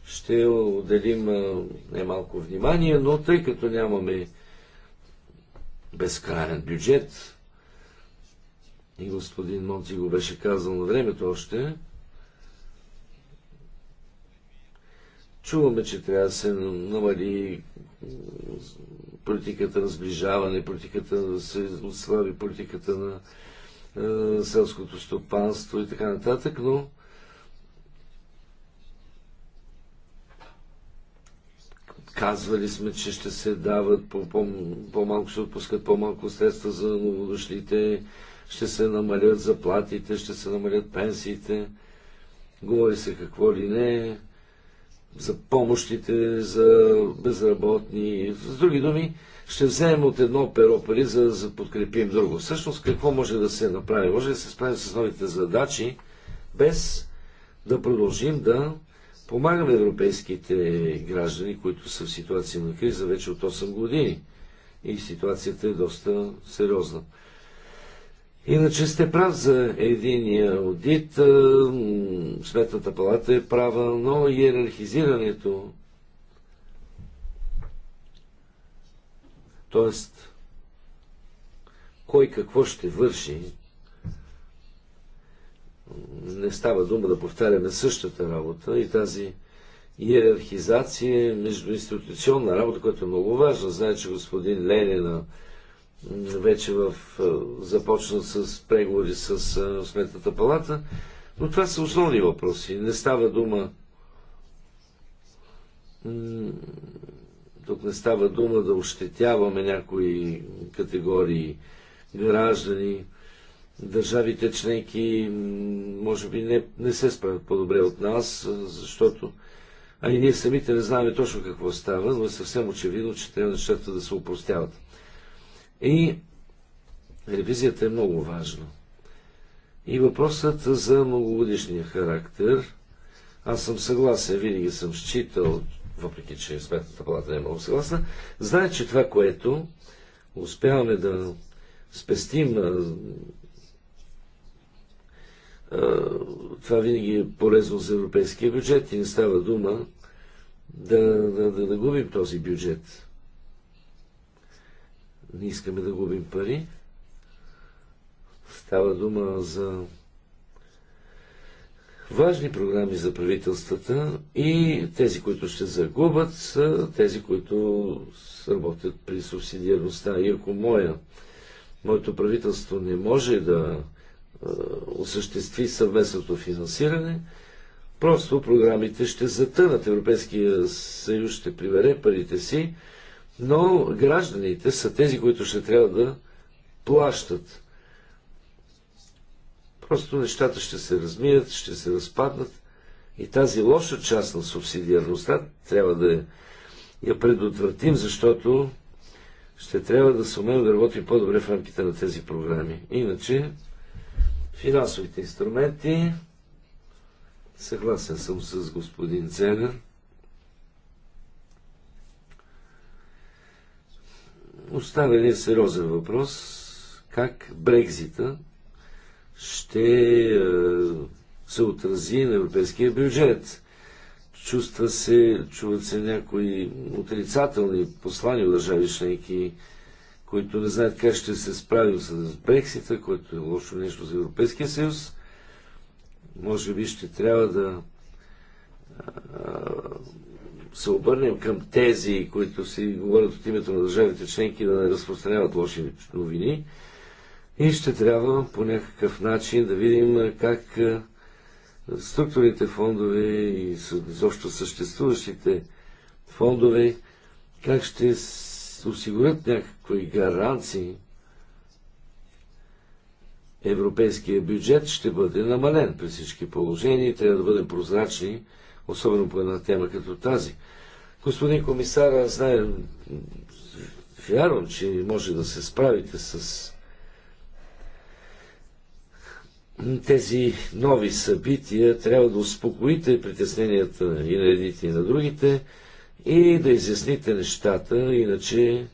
ще отделим е, немалко внимание, но тъй като нямаме безкрайен бюджет. И господин Монти го беше казал на времето още. Чуваме, че трябва да се намали политиката на сближаване, политиката да се отслаби, политиката на е, селското стопанство и така нататък, но Казвали сме, че ще се дават по-малко, ще отпускат по-малко средства за новодошлите, ще се намалят заплатите, ще се намалят пенсиите. Говори се какво ли не, за помощите, за безработни. С други думи, ще вземем от едно перо пари, за да подкрепим друго. Всъщност, какво може да се направи? Може да се справим с новите задачи, без да продължим да Помагаме европейските граждани, които са в ситуация на криза вече от 8 години. И ситуацията е доста сериозна. Иначе сте прав за единия аудит, Сметната палата е права, но иерархизирането, т.е. кой какво ще върши, не става дума да повтаряме същата работа и тази иерархизация, междуинституционна работа, която е много важна. Знае, че господин Ленина вече в, е, започна с преговори с е, Сметната палата, но това са основни въпроси. Не става дума тук не става дума да ощетяваме някои категории граждани, държавите членки може би не, не се справят по-добре от нас, защото а и ние самите не знаем точно какво става, но е съвсем очевидно, че трябва нещата да се упростяват. И ревизията е много важна. И въпросът за многогодишния характер. Аз съм съгласен, винаги съм считал, въпреки че Сметната палата не е много съгласна, знае, че това, което успяваме да спестим това винаги е полезно за европейския бюджет и не става дума да, да, да, да губим този бюджет. Не искаме да губим пари. Става дума за важни програми за правителствата и тези, които ще загубят, са тези, които работят при субсидиарността. И ако моя, моето правителство не може да е, осъществи съвместното финансиране, просто програмите ще затънат. Европейския съюз ще прибере парите си, но гражданите са тези, които ще трябва да плащат. Просто нещата ще се размият, ще се разпаднат и тази лоша част на субсидиарността трябва да е- я предотвратим, защото ще трябва да се умеем да работим по-добре в рамките на тези програми. Иначе Финансовите инструменти. Съгласен съм с господин Целер. Остава един сериозен въпрос. Как Брекзита ще е, се отрази на европейския бюджет? Чувства се, чуват се някои отрицателни послания от държави членки които не знаят как ще се справи с Брексита, което е лошо нещо за Европейския съюз. Може би ще трябва да се обърнем към тези, които си говорят от името на държавите членки да не разпространяват лоши новини. И ще трябва по някакъв начин да видим как структурните фондове и изобщо съществуващите фондове, как ще осигурят някакви гаранции, европейския бюджет ще бъде намален при всички положения и трябва да бъдем прозрачни, особено по една тема като тази. Господин комисар, аз знаем, вярвам, че може да се справите с тези нови събития. Трябва да успокоите притесненията и на едните и на другите и да изясните нещата, иначе е,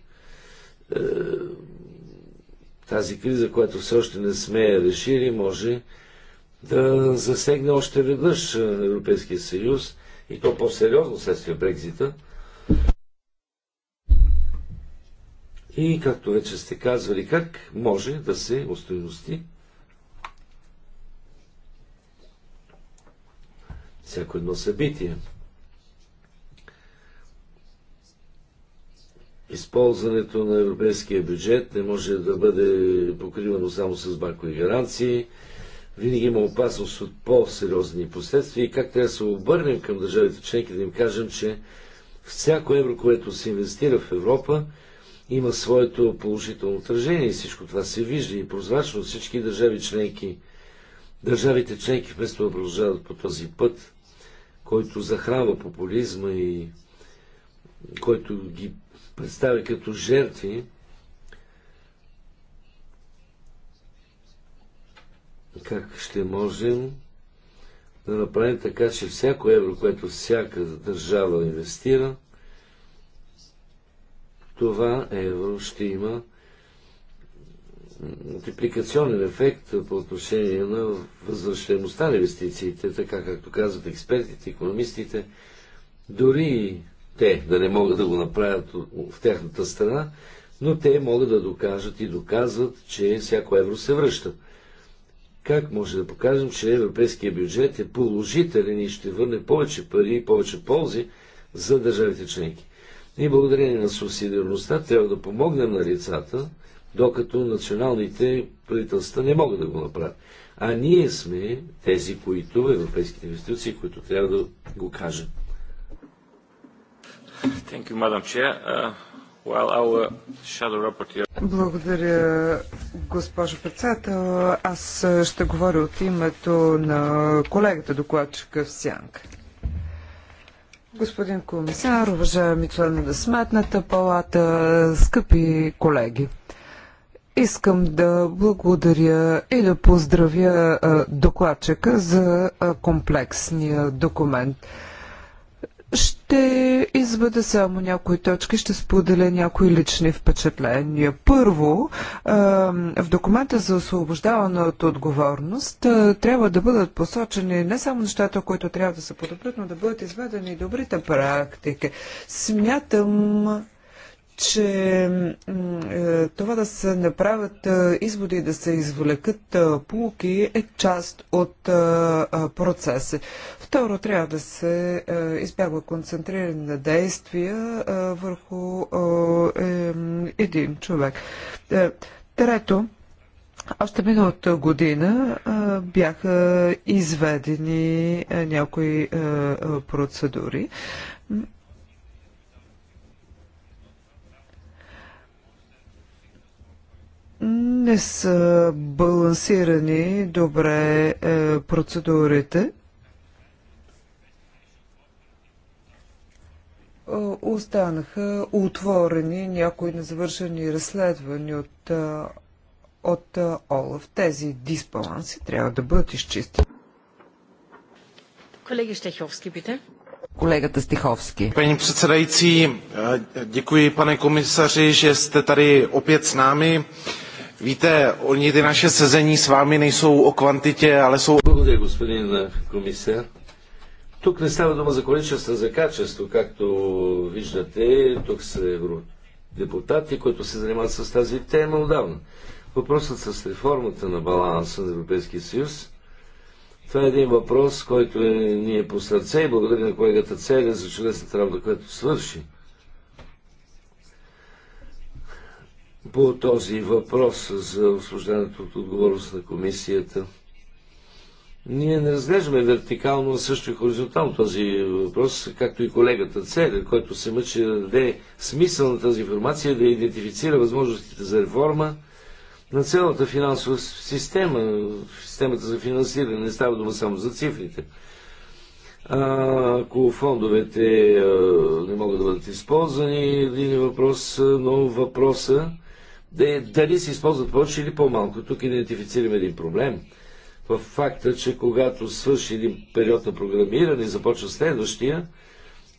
тази криза, която все още не сме решили, може да засегне още веднъж е, Европейския съюз и то по-сериозно следствие Брекзита. И, както вече сте казвали, как може да се устойности всяко едно събитие. използването на европейския бюджет не може да бъде покривано само с банкови гаранции. Винаги има опасност от по-сериозни последствия и как трябва да се обърнем към държавите членки да им кажем, че всяко евро, което се инвестира в Европа, има своето положително отражение и всичко това се вижда и прозрачно от всички държави членки. Държавите членки вместо да продължават по този път, който захранва популизма и който ги представи като жертви, как ще можем да направим така, че всяко евро, което всяка държава инвестира, това евро ще има мултипликационен ефект по отношение на възвръщаемостта на инвестициите, така както казват експертите, економистите, дори те да не могат да го направят в тяхната страна, но те могат да докажат и доказват, че всяко евро се връща. Как може да покажем, че европейския бюджет е положителен и ще върне повече пари и повече ползи за държавите членки? И благодарение на субсидиарността трябва да помогнем на лицата, докато националните правителства не могат да го направят. А ние сме тези, които, европейските институции, които трябва да го кажат. Thank you, Madam Chair. Uh, well, our rapporteur... Благодаря, госпожо председател. Аз ще говоря от името на колегата докладчик в Сянка. Господин комисар, уважаеми члена на Сметната палата, скъпи колеги. Искам да благодаря и да поздравя докладчика за комплексния документ. Ще изведа само някои точки, ще споделя някои лични впечатления. Първо, в документа за освобождаване от отговорност трябва да бъдат посочени не само нещата, които трябва да се подобрят, но да бъдат изведени и добрите практики. Смятам, че е, това да се направят е, изводи и да се извлекат е, полуки е част от процеса. Второ, трябва да се избягва концентриране на действия върху един човек. Трето, още миналата година а, бяха изведени а, някои а, процедури. не са балансирани добре е, процедурите. Е, останаха отворени някои незавършени разследвания от, е, от Олаф. Тези дисбаланси трябва да бъдат изчистени. Колеги Штеховски, бите колегата Стиховски. Пани předsedající, děkuji pane komisaři, že jste tady opět s námi. Víte, oni ty naše sezení s vámi nejsou o kvantitě, ale jsou... Благодаря, господин е, комисар. Тук не става дума за количество, за качество. Както виждате, тук са евродепутати, които се занимават с тази тема отдавна. Въпросът с реформата на баланса на Европейския съюз, това е един въпрос, който е, ни е по сърце и благодаря на колегата Целя за чудесната работа, която свърши. по този въпрос за освобождането от отговорност на комисията. Ние не разглеждаме вертикално, а също и хоризонтално този въпрос, както и колегата Целя, който се мъчи да даде смисъл на тази информация, да идентифицира възможностите за реформа на цялата финансова система, системата за финансиране. Не става дума само за цифрите. А, ако фондовете а, не могат да бъдат използвани, един е въпрос, но въпроса е, дали се използват повече или по-малко. Тук идентифицираме един проблем в факта, че когато свърши един период на програмиране и започва следващия,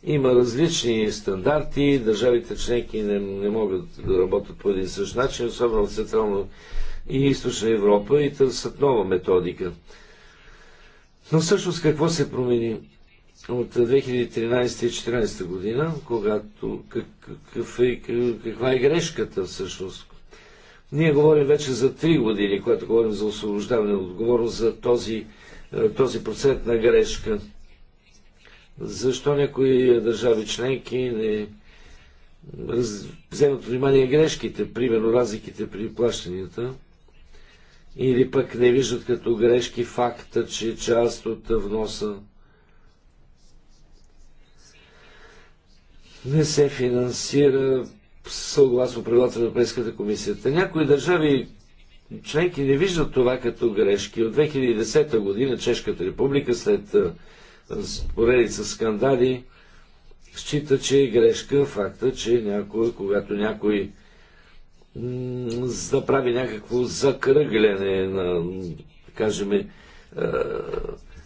има различни стандарти, държавите членки не, не могат да работят по един същ начин, особено в Централна и Източна Европа и търсят нова методика. Но всъщност какво се промени от 2013-2014 година, когато какъв е, каква е грешката всъщност, ние говорим вече за три години, когато говорим за освобождаване от отговорност за този, е, този процент на грешка. Защо някои държави членки не раз... вземат внимание грешките, примерно разликите при плащанията, или пък не виждат като грешки факта, че част от вноса не се финансира съгласно правилата на Европейската комисия. Някои държави членки не виждат това като грешки. От 2010 година Чешката република след поредица скандали счита, че е грешка факта, че някой, когато някой да прави някакво закръгляне на, да кажем,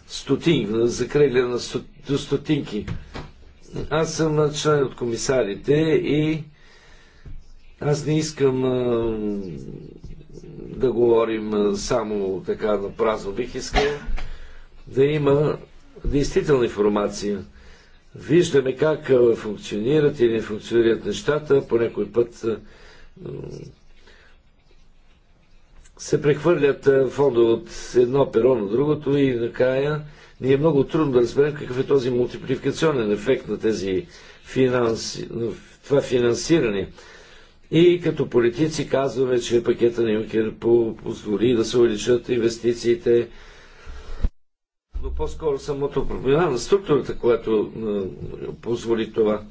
стотинки, стотин, закръгляне на стотинки. Аз съм член от комисарите и аз не искам да говорим само така на празно. Бих искал да има действителна информация. Виждаме как функционират или не функционират нещата. По някой път се прехвърлят фондове от едно перо на другото и накрая ни е много трудно да разберем какъв е този мултипликационен ефект на тези финанси, това финансиране. И като политици казваме, че пакета на Юнкер позволи да се увеличат инвестициите, но по-скоро самото промяна на структурата, която позволи това.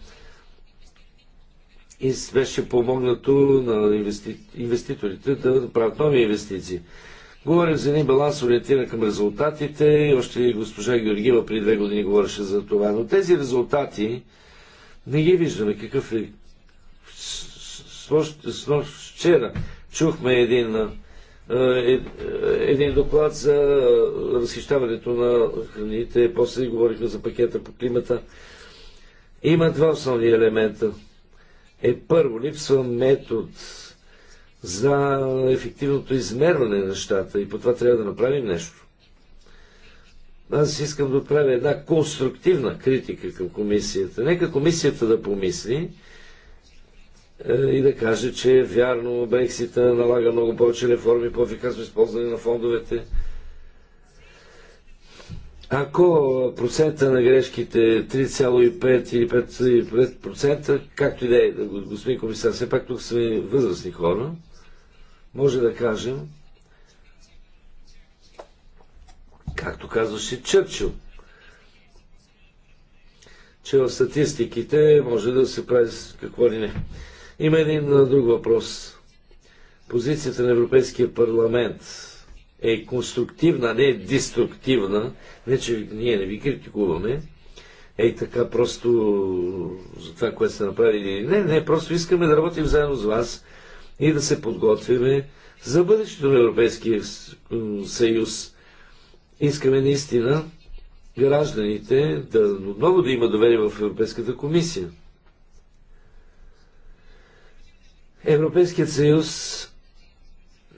И беше помогнато на инвести... инвеститорите да правят нови инвестиции. Говорим за един баланс ориентиран към резултатите и още и госпожа Георгиева при две години говореше за това. Но тези резултати не ги виждаме. Какъв е вчера чухме един, е, е, един доклад за разхищаването на храните, после говорихме за пакета по климата. Има два основни елемента. Е първо, липсва метод за ефективното измерване на нещата и по това трябва да направим нещо. Аз искам да отправя една конструктивна критика към комисията. Нека комисията да помисли, е, и да каже, че е вярно, Брексита налага много повече реформи, по-ефикасно използване на фондовете. Ако процента на грешките е 3,5 или 5%, както и да е, господин комисар, все пак тук сме възрастни хора, може да кажем, както казваше Чърчил, че в статистиките може да се прави какво ли не. Има един друг въпрос. Позицията на Европейския парламент е конструктивна, не е деструктивна. Не, че ние не ви критикуваме. Ей така, просто за това, което сте направили. Не, не, просто искаме да работим заедно с вас и да се подготвиме за бъдещето на Европейския съюз. Искаме наистина гражданите да отново да има доверие в Европейската комисия. Европейският съюз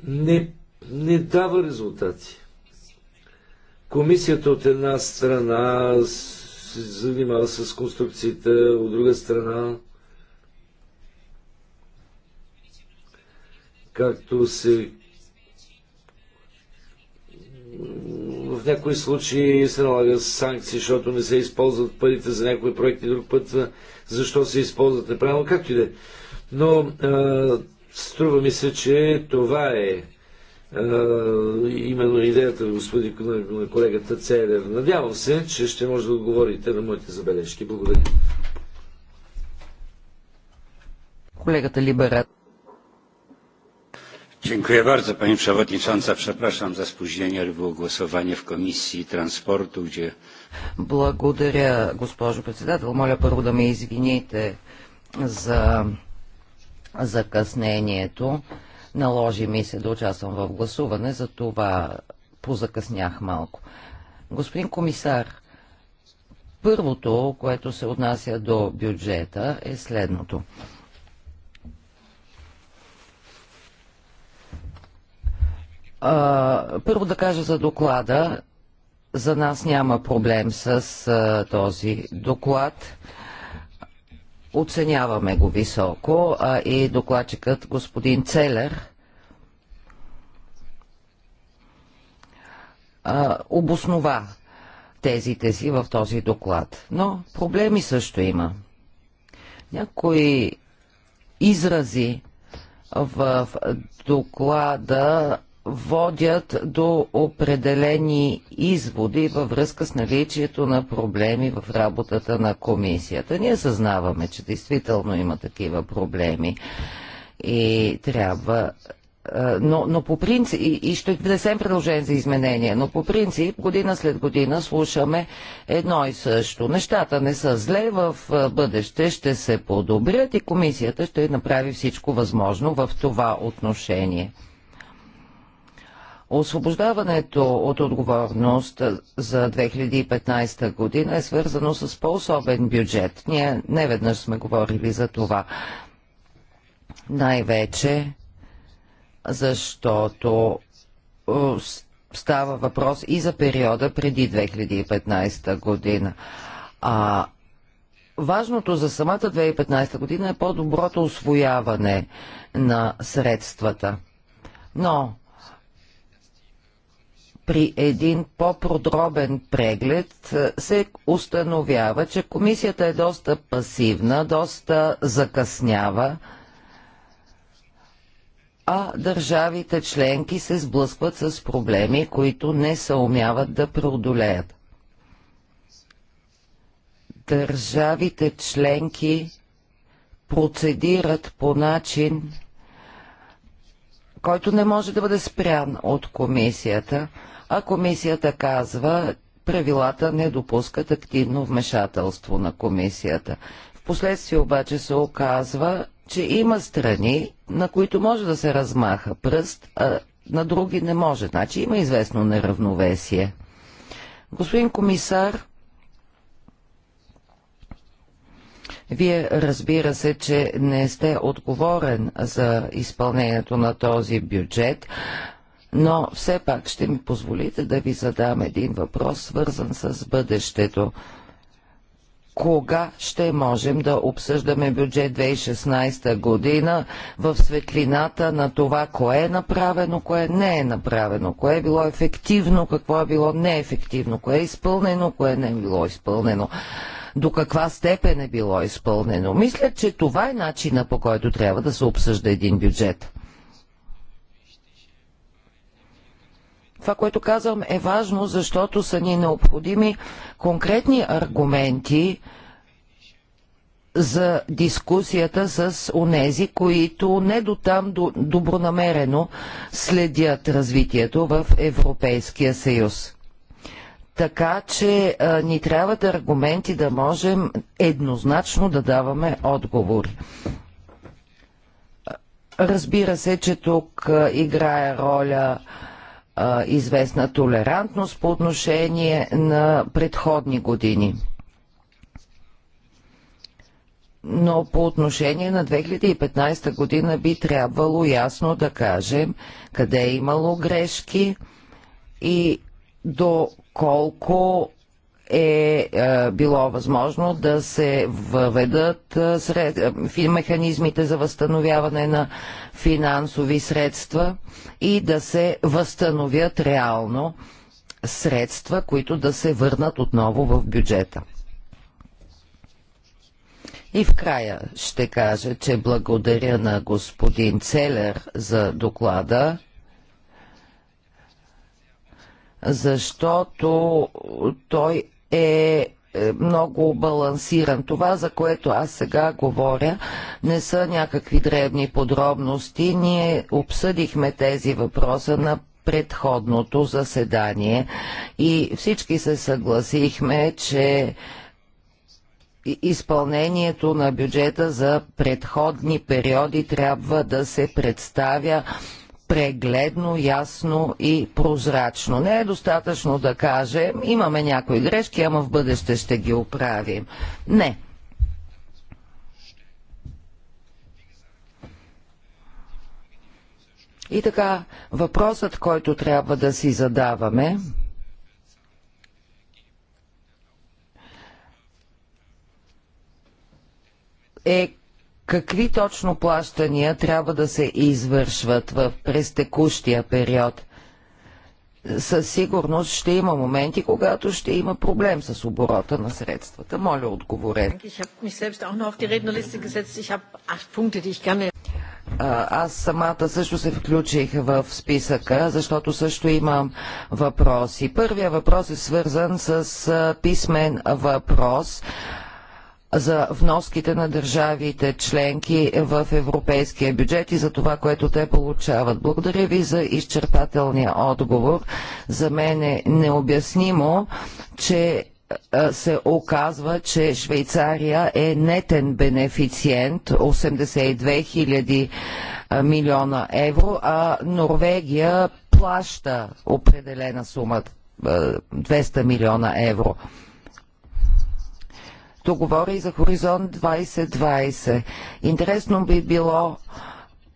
не, не дава резултати. Комисията от една страна се занимава с конструкцията, от друга страна както се в някои случаи се налага санкции, защото не се използват парите за някои проекти, друг път защо се използват неправилно, както и да е. Но а, струва ми се, че това е а, именно идеята на господин на колегата Целер. Надявам се, че ще може да отговорите на моите забележки. Благодаря. Колегата Либерат. Dziękuję bardzo Pani Przewodnicząca. Przepraszam za spóźnienie, ale było głosowanie w Komisji Transportu, gdzie... Dziękuję, госпожо председател. Моля първо да ме извините за закъснението. Наложи ми се да участвам в гласуване, за това позакъснях малко. Господин комисар, първото, което се отнася до бюджета, е следното. А, първо да кажа за доклада. За нас няма проблем с а, този доклад. Оценяваме го високо а и докладчикът господин Целер а, обоснова тезите си в този доклад. Но проблеми също има. Някои изрази в доклада водят до определени изводи във връзка с наличието на проблеми в работата на комисията. Ние съзнаваме, че действително има такива проблеми и трябва е, но, но по принцип, и, и ще внесем предложение за изменение, но по принцип година след година слушаме едно и също. Нещата не са зле, в е, бъдеще ще се подобрят и комисията ще направи всичко възможно в това отношение. Освобождаването от отговорност за 2015 година е свързано с по-особен бюджет. Ние не веднъж сме говорили за това. Най-вече защото е, става въпрос и за периода преди 2015 година. А важното за самата 2015 година е по-доброто освояване на средствата. Но при един по-продробен преглед е, се установява, че комисията е доста пасивна, доста закъснява, а държавите членки се сблъскват с проблеми, които не умяват да преодолеят. Държавите членки процедират по начин, който не може да бъде спрян от комисията – а комисията казва, правилата не допускат активно вмешателство на комисията. Впоследствие обаче се оказва, че има страни, на които може да се размаха пръст, а на други не може. Значи има известно неравновесие. Господин комисар, Вие разбира се, че не сте отговорен за изпълнението на този бюджет, но все пак ще ми позволите да ви задам един въпрос, свързан с бъдещето. Кога ще можем да обсъждаме бюджет 2016 година в светлината на това, кое е направено, кое не е направено, кое е било ефективно, какво е било неефективно, кое е изпълнено, кое не е било изпълнено, до каква степен е било изпълнено. Мисля, че това е начина по който трябва да се обсъжда един бюджет. Това, което казвам е важно, защото са ни необходими конкретни аргументи за дискусията с онези, които не до там добронамерено следят развитието в Европейския съюз. Така че а, ни трябват аргументи да можем еднозначно да даваме отговори. Разбира се, че тук а, играе роля а, а, известна толерантност по отношение на предходни години. Но по отношение на 2015 година би трябвало ясно да кажем къде е имало грешки и до колко е, е, било възможно да се въведат е, сред, е, механизмите за възстановяване на финансови средства и да се възстановят реално средства, които да се върнат отново в бюджета. И в края ще кажа, че благодаря на господин Целер за доклада, защото той е, е много балансиран. Това, за което аз сега говоря, не са някакви древни подробности. Ние обсъдихме тези въпроса на предходното заседание и всички се съгласихме, че изпълнението на бюджета за предходни периоди трябва да се представя прегледно, ясно и прозрачно. Не е достатъчно да каже, имаме някои грешки, ама в бъдеще ще ги оправим. Не. И така, въпросът, който трябва да си задаваме, е какви точно плащания трябва да се извършват в, през текущия период. Със сигурност ще има моменти, когато ще има проблем с оборота на средствата. Моля, отговорете. Аз самата също се включих в списъка, защото също имам въпроси. Първия въпрос е свързан с писмен въпрос за вноските на държавите членки в европейския бюджет и за това, което те получават. Благодаря ви за изчерпателния отговор. За мен е необяснимо, че се оказва, че Швейцария е нетен бенефициент 82 хиляди милиона евро, а Норвегия плаща определена сума 200 милиона евро. То говоря и за Хоризонт 2020. Интересно би било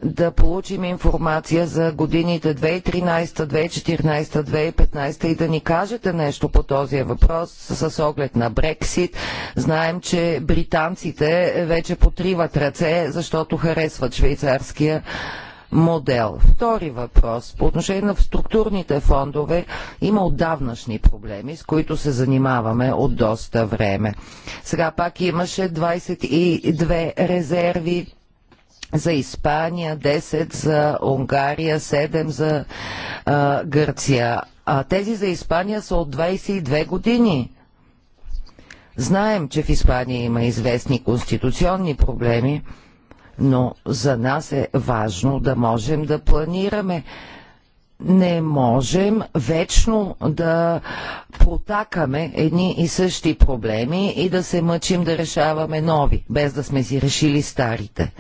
да получим информация за годините 2013, 2014, 2015 и да ни кажете нещо по този въпрос с оглед на Брексит. Знаем, че британците вече потриват ръце, защото харесват швейцарския модел. Втори въпрос. По отношение на структурните фондове има отдавнашни проблеми, с които се занимаваме от доста време. Сега пак имаше 22 резерви за Испания, 10 за Унгария, 7 за а, Гърция. А тези за Испания са от 22 години. Знаем, че в Испания има известни конституционни проблеми но за нас е важно да можем да планираме. Не можем вечно да протакаме едни и същи проблеми и да се мъчим да решаваме нови, без да сме си решили старите.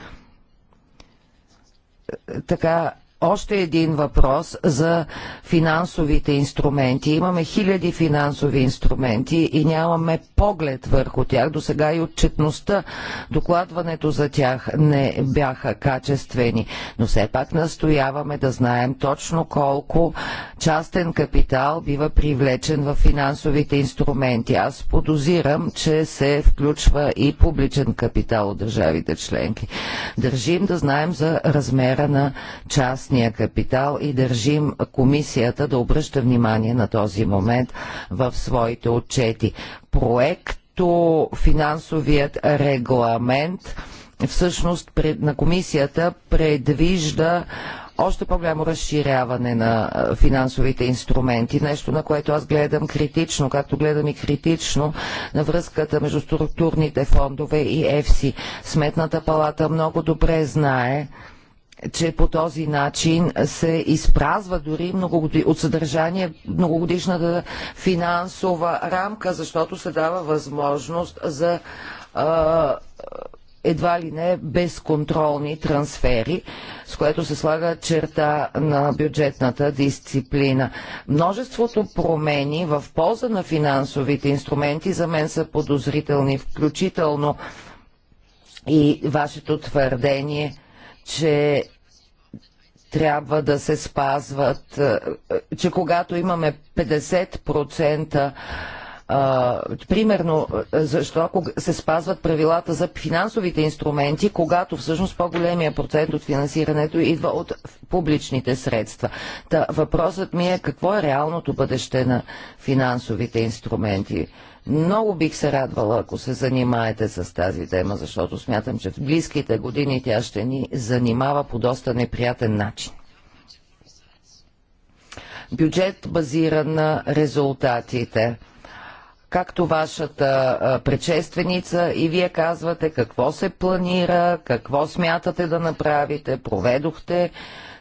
Е, така още един въпрос за финансовите инструменти. Имаме хиляди финансови инструменти и нямаме поглед върху тях. До сега и отчетността, докладването за тях не бяха качествени. Но все пак настояваме да знаем точно колко частен капитал бива привлечен в финансовите инструменти. Аз подозирам, че се включва и публичен капитал от държавите членки. Държим да знаем за размера на част частния капитал и държим комисията да обръща внимание на този момент в своите отчети. Проекто финансовият регламент всъщност пред, на комисията предвижда още по-голямо разширяване на финансовите инструменти, нещо на което аз гледам критично, както гледам и критично на връзката между структурните фондове и ЕФСИ. Сметната палата много добре знае, че по този начин се изпразва дори от съдържание многогодишната финансова рамка, защото се дава възможност за а, едва ли не безконтролни трансфери, с което се слага черта на бюджетната дисциплина. Множеството промени в полза на финансовите инструменти за мен са подозрителни, включително и вашето твърдение – че трябва да се спазват, е, е, че когато имаме 50% а, е, примерно, защо се спазват правилата за финансовите инструменти, когато всъщност по-големия процент от финансирането идва от публичните средства. Та, въпросът ми е какво е реалното бъдеще на финансовите инструменти. Много бих се радвала, ако се занимаете с тази тема, защото смятам, че в близките години тя ще ни занимава по доста неприятен начин. Бюджет базиран на резултатите както вашата предшественица и вие казвате какво се планира, какво смятате да направите, проведохте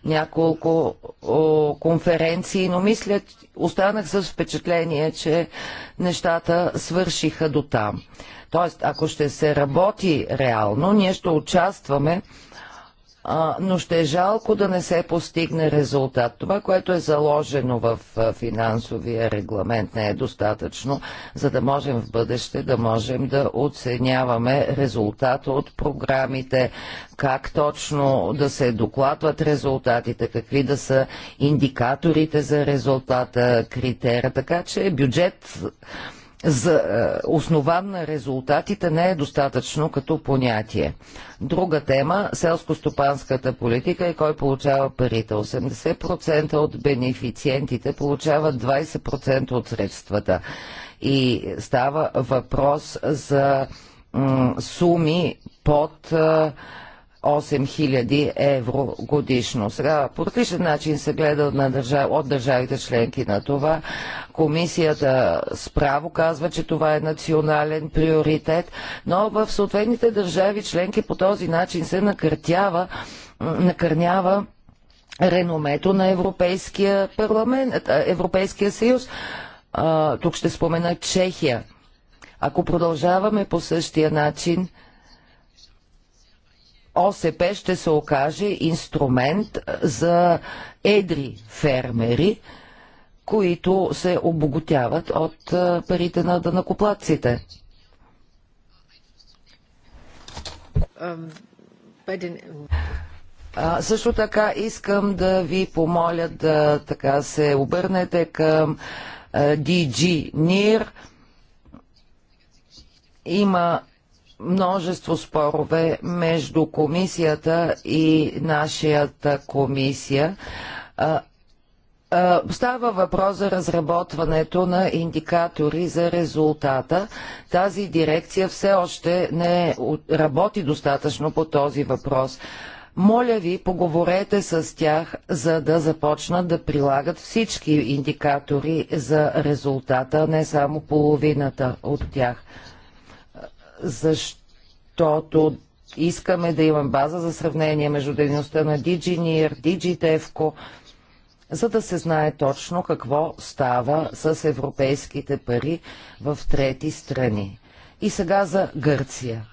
няколко о, конференции, но мисля, останах с впечатление, че нещата свършиха до там. Тоест, ако ще се работи реално, ние ще участваме а, но ще е жалко да не се постигне резултат. Това, което е заложено в финансовия регламент не е достатъчно, за да можем в бъдеще да можем да оценяваме резултата от програмите, как точно да се докладват резултатите, какви да са индикаторите за резултата, критера. така че бюджет за, е, основан на резултатите не е достатъчно като понятие. Друга тема – селско-стопанската политика и кой получава парите. 80% от бенефициентите получават 20% от средствата. И става въпрос за суми под е, 8000 евро годишно. Сега по различен начин се гледа на държав... от държавите членки на това. Комисията справо казва, че това е национален приоритет, но в съответните държави членки по този начин се накъртява, накърнява реномето на Европейския, парламент, Европейския съюз. А, тук ще спомена Чехия. Ако продължаваме по същия начин, ОСП ще се окаже инструмент за едри фермери, които се обогатяват от парите на дънакоплаците. А, също така искам да ви помоля да така се обърнете към а, DG NIR. Има множество спорове между комисията и нашата комисия. Става въпрос за разработването на индикатори за резултата. Тази дирекция все още не е работи достатъчно по този въпрос. Моля ви, поговорете с тях, за да започнат да прилагат всички индикатори за резултата, не само половината от тях защото искаме да имам база за сравнение между дейността на DigiNear, DigiTevco, за да се знае точно какво става с европейските пари в трети страни. И сега за Гърция.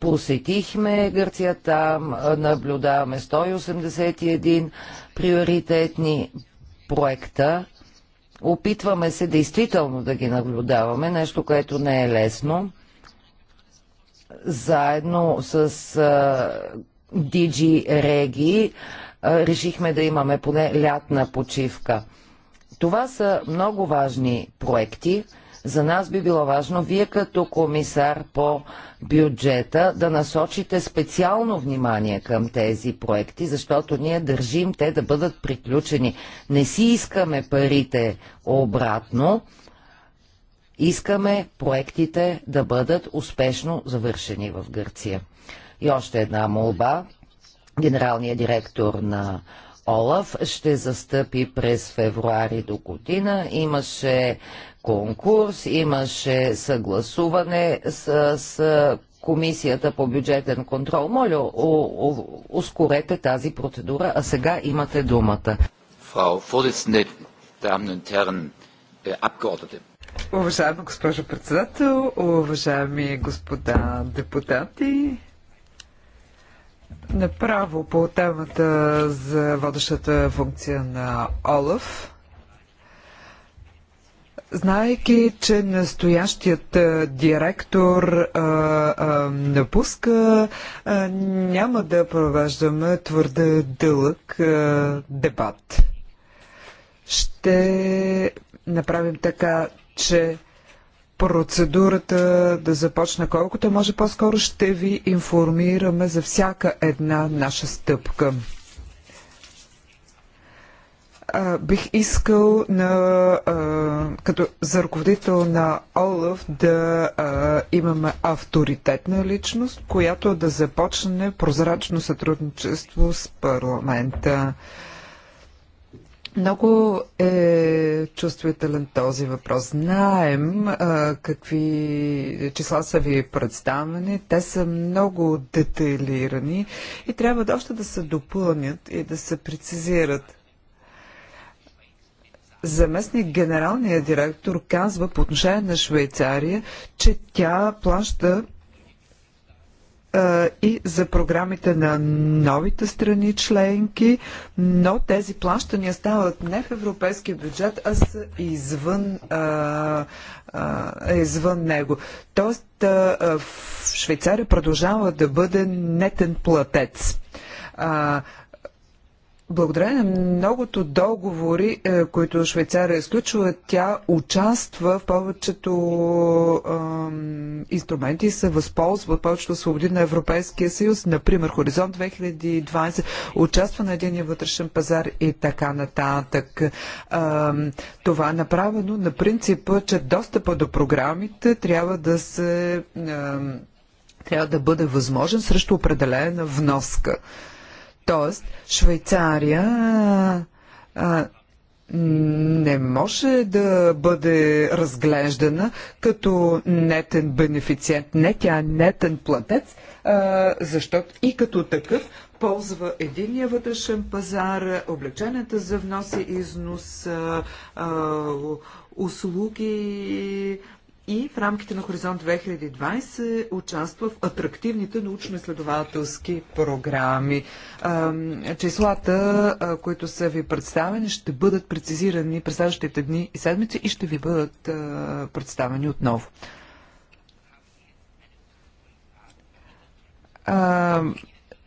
Посетихме Гърция там, наблюдаваме 181 приоритетни проекта. Опитваме се действително да ги наблюдаваме, нещо, което не е лесно заедно с DG Реги решихме да имаме поне лятна почивка. Това са много важни проекти. За нас би било важно вие като комисар по бюджета да насочите специално внимание към тези проекти, защото ние държим те да бъдат приключени. Не си искаме парите обратно, Искаме проектите да бъдат успешно завършени в Гърция. И още една молба. Генералният директор на Олаф ще застъпи през февруари до година. Имаше конкурс, имаше съгласуване с, с Комисията по бюджетен контрол. Моля, о, о, ускорете тази процедура, а сега имате думата. Фрау Vorsitzende, Damen und Уважаема госпожо председател, уважаеми господа депутати, направо по темата за водещата функция на ОЛАФ знаеки, че настоящият директор а, а, напуска, а, няма да провеждаме твърде дълъг а, дебат. Ще направим така, че процедурата да започне колкото може по-скоро. Ще ви информираме за всяка една наша стъпка. А, бих искал на, а, като за ръководител на ОЛАФ да а, имаме авторитетна личност, която да започне прозрачно сътрудничество с парламента. А, много е чувствителен този въпрос. Знаем а, какви числа са ви представени. Те са много детайлирани и трябва доста да се допълнят и да се прецизират. Заместник генералният директор казва по отношение на Швейцария, че тя плаща и за програмите на новите страни членки, но тези плащания стават не в европейския бюджет, а са извън, а, а, е извън него. Тоест а, в Швейцария продължава да бъде нетен платец. А, благодаря на многото договори, е, които Швейцария изключва, тя участва в повечето инструменти и се възползва от повечето свободи на Европейския съюз. Например, Хоризонт 2020 участва на единия вътрешен пазар и така нататък. това е направено на принципа, че достъпа до програмите трябва да се трябва да бъде възможен срещу определена вноска. Тоест, Швейцария а, не може да бъде разглеждана като нетен бенефициент. Не, тя е нетен платец, а, защото и като такъв ползва единия вътрешен пазар, облегчената за внос и износ, а, а, услуги, и в рамките на Хоризонт 2020 участва в атрактивните научно-изследователски програми. Числата, които са ви представени, ще бъдат прецизирани през следващите дни и седмици и ще ви бъдат представени отново.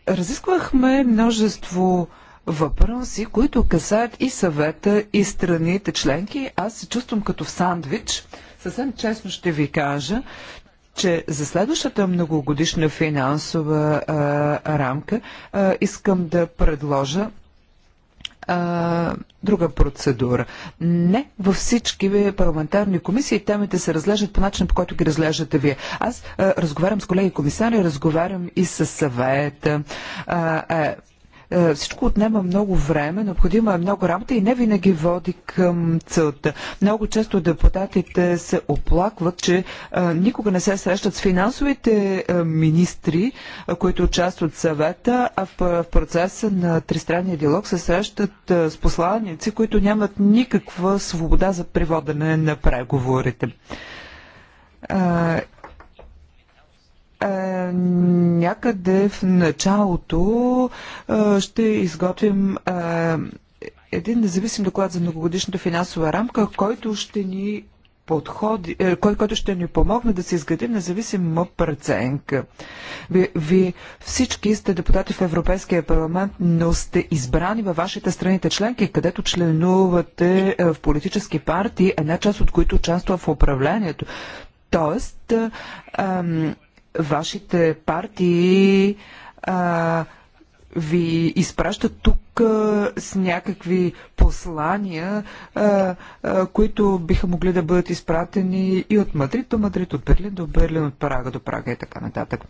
Разисквахме множество въпроси, които касаят и съвета, и страните членки. Аз се чувствам като сандвич – Съвсем честно ще ви кажа, че за следващата многогодишна финансова а, рамка а, искам да предложа а, друга процедура. Не във всички парламентарни комисии темите се разглеждат по начин, по който ги разглеждате вие. Аз а, разговарям с колеги комисари, разговарям и с съвета. А, а, е, всичко отнема много време, необходима е много работа и не винаги води към целта. Много често депутатите се оплакват, че е, никога не се срещат с финансовите е, министри, които участват в съвета, а в процеса на тристранния диалог се срещат с посланици, които нямат никаква свобода за приводене на преговорите е, някъде в началото е, ще изготвим е, един независим доклад за многогодишната финансова рамка, който ще ни подходи, кой, който ще ни помогне да се изградим независима преценка. Вие, ви всички сте депутати в Европейския парламент, но сте избрани във вашите страните членки, където членувате в политически партии, една част от които участва в управлението. Тоест, вашите партии а, ви изпращат тук а, с някакви послания, а, а, които биха могли да бъдат изпратени и от Мадрид до Мадрид, от Берлин до Берлин, от Прага до Прага и така нататък.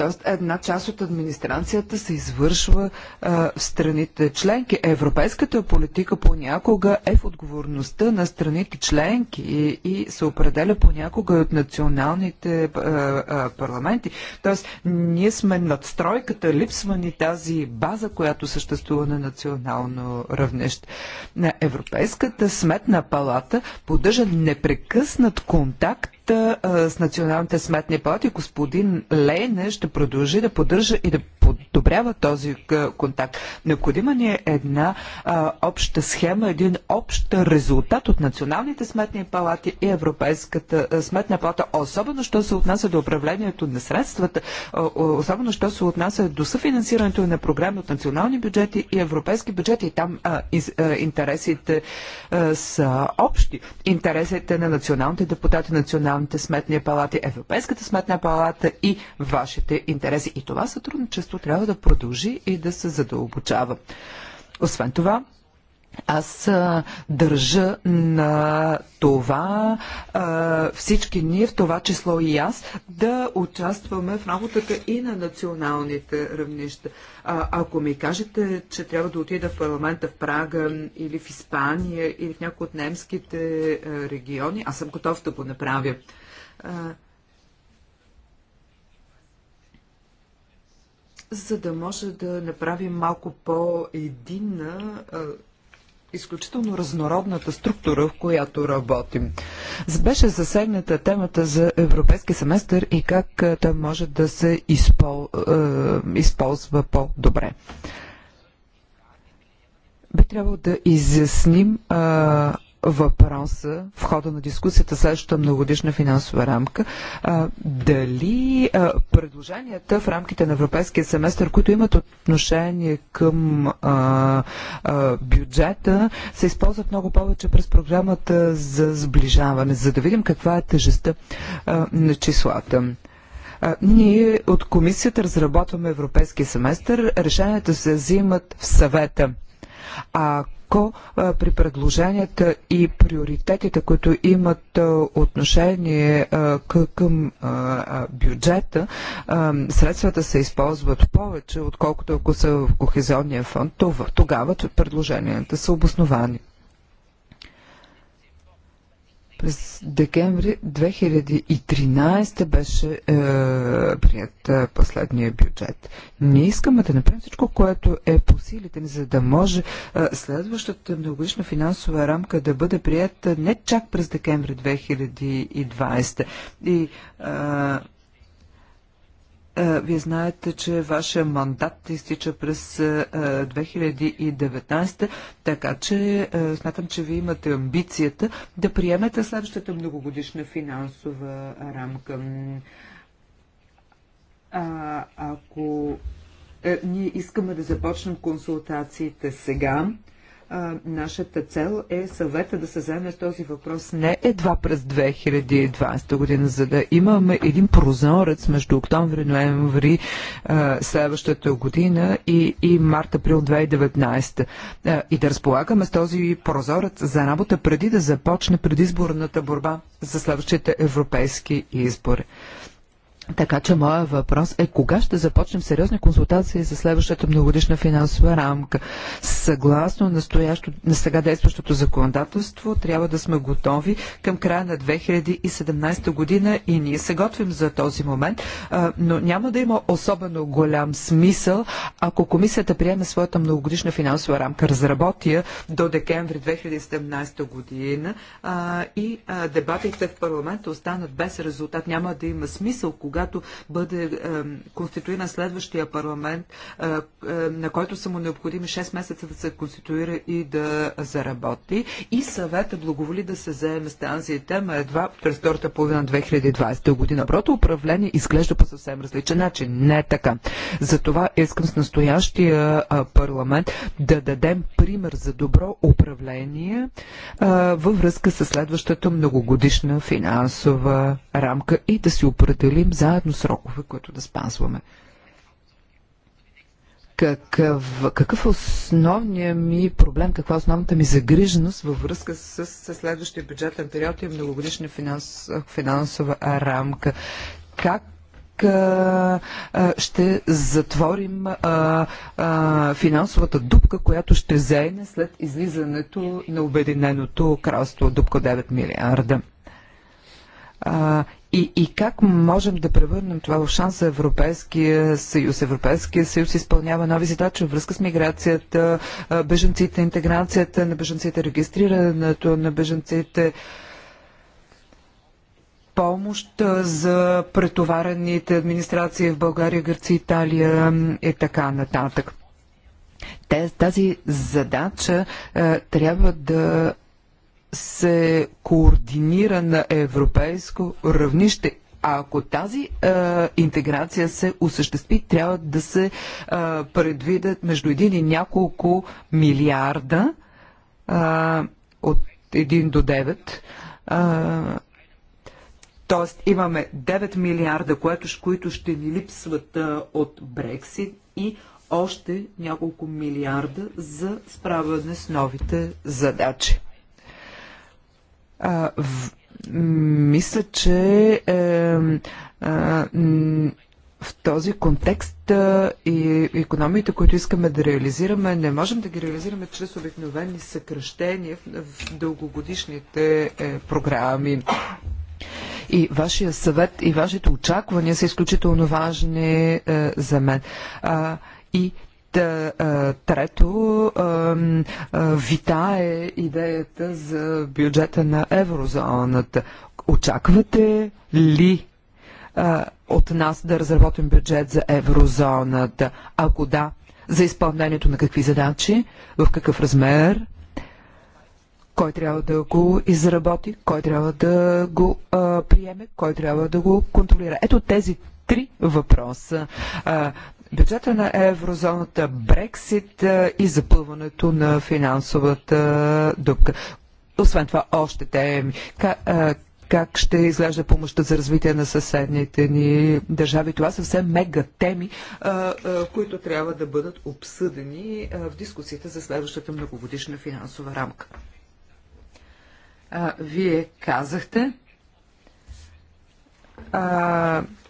Тоест, една част от администрацията се извършва а, в страните членки. Европейската политика понякога е в отговорността на страните членки и, и се определя понякога от националните а, а, парламенти. Тоест, ние сме надстройката, липсва ни тази база, която съществува на национално равнище. На Европейската сметна палата поддържа непрекъснат контакт среща с националните сметни палати. Господин Лейне ще продължи да поддържа и да под подобрява този е, контакт. Необходима ни е една а, обща схема, един общ резултат от националните сметни палати и Европейската е, сметна палата, особено що се отнася до управлението на средствата, особено що се отнася до съфинансирането на програми от национални бюджети и европейски бюджети. И там а, из, а, интересите а, са общи. Интересите на националните депутати, националните сметни палати, Европейската сметна палата и вашите интереси. И това сътрудничество трябва трябва да продължи и да се задълбочава. Освен това, аз а, държа на това а, всички ние, в това число и аз, да участваме в работата и на националните равнища. А, ако ми кажете, че трябва да отида в парламента в Прага или в Испания или в някои от немските а, региони, аз съм готов да го направя. А, за да може да направим малко по-единна изключително разнородната структура, в която работим. Беше засегната темата за европейски семестър и как той може да се изпол... използва по-добре. Би трябвало да изясним а, въпроса в хода на дискусията следващата многодишна финансова рамка. А, дали а, предложенията в рамките на европейския семестър, които имат отношение към а, а, бюджета, се използват много повече през програмата за сближаване, за да видим каква е тежестта а, на числата. Ние от комисията разработваме европейския семестър. Решенията се взимат в съвета. А ако при предложенията и приоритетите, които имат отношение към бюджета, средствата се използват повече, отколкото ако са в кохезионния фонд, тогава предложенията са обосновани. През декември 2013 беше е, прият е, последния бюджет. Ние искаме да направим всичко, което е по силите ни, за да може е, следващата многогодишна финансова рамка да бъде прията не чак през декември 2020. И е, вие знаете, че вашия мандат изтича през 2019, така че смятам, че вие имате амбицията да приемете следващата многогодишна финансова рамка. А, ако е, ние искаме да започнем консултациите сега, а, нашата цел е съвета да се вземе този въпрос не едва през 2020 година, за да имаме един прозорец между октомври, ноември а, следващата година и, и март-април 2019 а, и да разполагаме с този прозорец за работа преди да започне предизборната борба за следващите европейски избори. Така че моя въпрос е кога ще започнем сериозни консултации за следващата многодишна финансова рамка. Съгласно настоящо, на сега действащото законодателство, трябва да сме готови към края на 2017 година и ние се готвим за този момент, но няма да има особено голям смисъл, ако комисията приеме своята многогодишна финансова рамка, разработия до декември 2017 година и дебатите в парламента останат без резултат. Няма да има смисъл кога когато бъде конституиран следващия парламент, е, е, на който са му необходими 6 месеца да се конституира и да заработи. И съвета благоволи да се заеме с тази тема едва през втората половина 2020 година. Прото управление изглежда по съвсем различен начин. Не е така. Затова искам с настоящия парламент да дадем пример за добро управление във връзка с следващата многогодишна финансова рамка и да си определим за заедно срокове, които да спазваме. Какъв, какъв е основният ми проблем, каква е основната ми загриженост във връзка с, с следващия бюджетен период и многогодишна финанс, финансова рамка? Как ще затворим а, а, финансовата дупка, която ще заене след излизането на Обединеното кралство дупка 9 милиарда. А, и, и как можем да превърнем това в шанс за Европейския съюз? Европейския съюз изпълнява нови задачи във връзка с миграцията, беженците, интеграцията на беженците, регистрирането на беженците помощ за претоварените администрации в България, Гърция, Италия и така нататък. Тази задача е, трябва да се координира на европейско равнище. А ако тази а, интеграция се осъществи, трябва да се а, предвидят между един и няколко милиарда а, от 1 до 9. А, Тоест имаме 9 милиарда, което, които ще ни липсват а, от Брексит и още няколко милиарда за справяне с новите задачи. А, в, мисля, че е, а, в този контекст а, и економиите, които искаме да реализираме, не можем да ги реализираме чрез обикновени съкръщения в, в дългогодишните е, програми. И вашия съвет и вашите очаквания са изключително важни е, за мен. А, и е, е, трето, вита е, е идеята за бюджета на еврозоната. Очаквате ли от нас да разработим бюджет за еврозоната? Ако да, за изпълнението на какви задачи, в какъв размер, кой трябва да го изработи, кой трябва да го а, приеме, кой трябва да го контролира. Ето тези три въпроса. А, бюджета на еврозоната, Брексит е, и запълването на финансовата дупка. Освен това, още теми е, как ще изглежда помощта за развитие на съседните ни държави. Това са все мега теми, е, които трябва да бъдат обсъдени в дискусията за следващата многогодишна финансова рамка. вие казахте,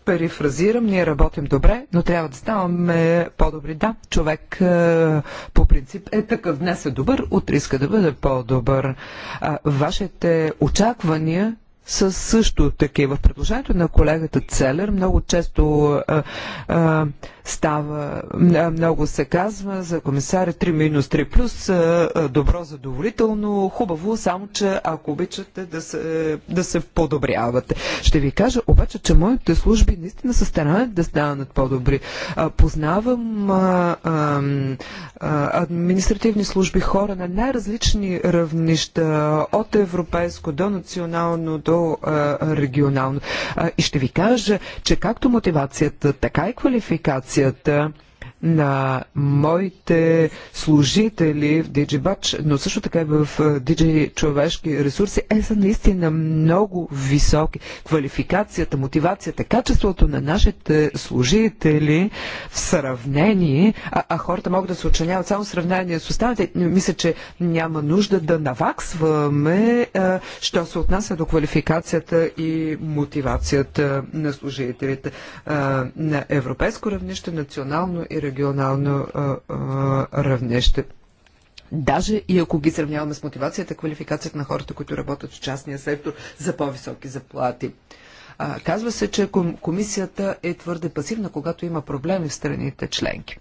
перифразирам, ние работим добре, но трябва да ставаме по-добри. Да, човек е, по принцип е такъв. Днес е добър, утре иска да бъде по-добър. Вашите очаквания са също такива. В предложението на колегата Целер много често а, а, става, много се казва за комисаря 3 минус 3 плюс, а, добро, задоволително, хубаво, само че ако обичате да се, да се подобрявате. Ще ви кажа обаче, че моите служби наистина се стараят да станат по-добри. познавам а, а, а, административни служби, хора на най-различни равнища, от европейско до националното нивото регионално. И ще ви кажа, че както мотивацията, така и квалификацията на моите служители в DigiBatch, но също така и в Digi човешки ресурси, е са наистина много високи. Квалификацията, мотивацията, качеството на нашите служители в сравнение, а, а хората могат да се оценяват само в сравнение с останалите, мисля, че няма нужда да наваксваме, а, що се отнася до квалификацията и мотивацията на служителите а, на европейско равнище, национално и регионално регионално а, а, равнище. Даже и ако ги сравняваме с мотивацията, квалификацията на хората, които работят в частния сектор за по-високи заплати. А, казва се, че комисията е твърде пасивна, когато има проблеми в страните членки.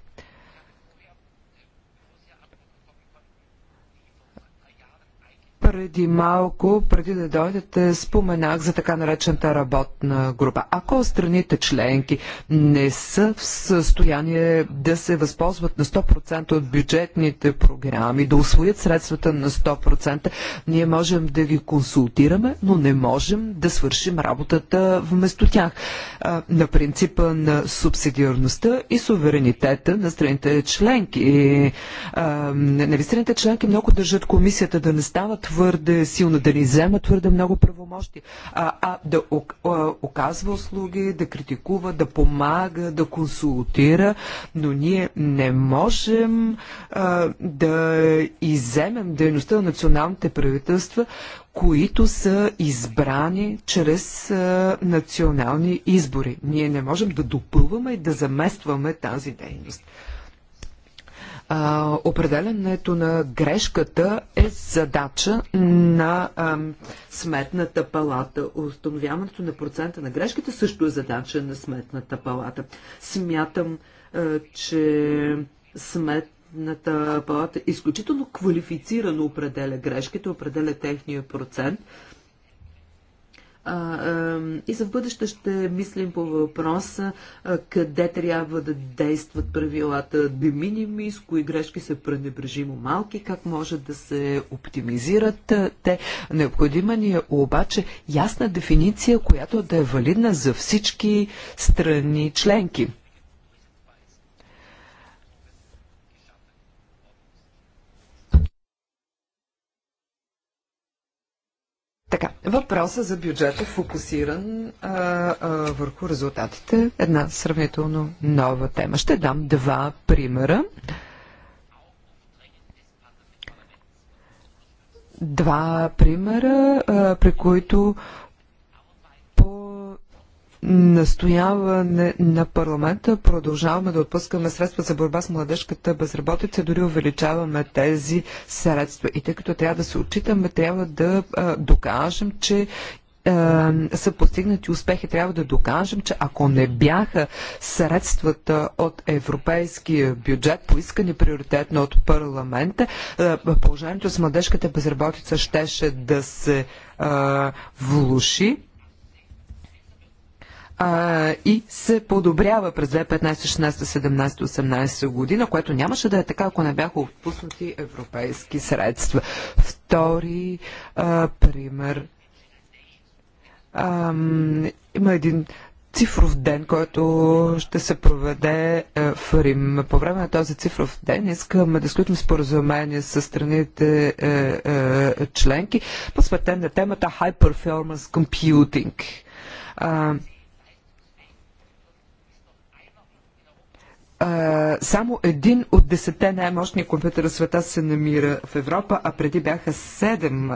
Преди малко, преди да дойдете, споменах за така наречената работна група. Ако страните членки не са в състояние да се възползват на 100% от бюджетните програми, да освоят средствата на 100%, ние можем да ги консултираме, но не можем да свършим работата вместо тях. На принципа на субсидиарността и суверенитета на страните членки. Нали страните членки много държат комисията да не стават твърде силна, да ни взема твърде много правомощи, а, а да оказва услуги, да критикува, да помага, да консултира, но ние не можем а, да иземем дейността на националните правителства, които са избрани чрез а, национални избори. Ние не можем да допълваме и да заместваме тази дейност а, определенето на грешката е задача на а, Сметната палата. Установяването на процента на грешката също е задача на Сметната палата. Смятам, а, че Смет Сметната палата изключително квалифицирано определя грешките, определя техния процент и за в бъдеще ще мислим по въпроса къде трябва да действат правилата де минимис, с кои грешки са пренебрежимо малки, как може да се оптимизират те. Необходима ни е обаче ясна дефиниция, която да е валидна за всички страни членки. Така, въпросът за бюджета фокусиран а, а, върху резултатите. Една сравнително нова тема. Ще дам два примера. Два примера, а, при които а, настояване на парламента продължаваме да отпускаме средства за борба с младежката безработица, дори увеличаваме тези средства. И тъй като трябва да се отчитаме, трябва да а, докажем, че са постигнати успехи, трябва да докажем, че ако не бяха средствата от европейския бюджет, поискани приоритетно от парламента, положението с младежката безработица щеше да се влуши а, и се подобрява през 2015, 16, 17, 18 година, което нямаше да е така, ако не бяха отпуснати европейски средства. Втори а, пример. А, има един цифров ден, който ще се проведе е, в Рим. По време на този цифров ден искаме да сключим споразумение с страните е, е, е членки, посветен на темата High Performance Computing. А, само един от десетте най-мощни компютъра в света се намира в Европа, а преди бяха седем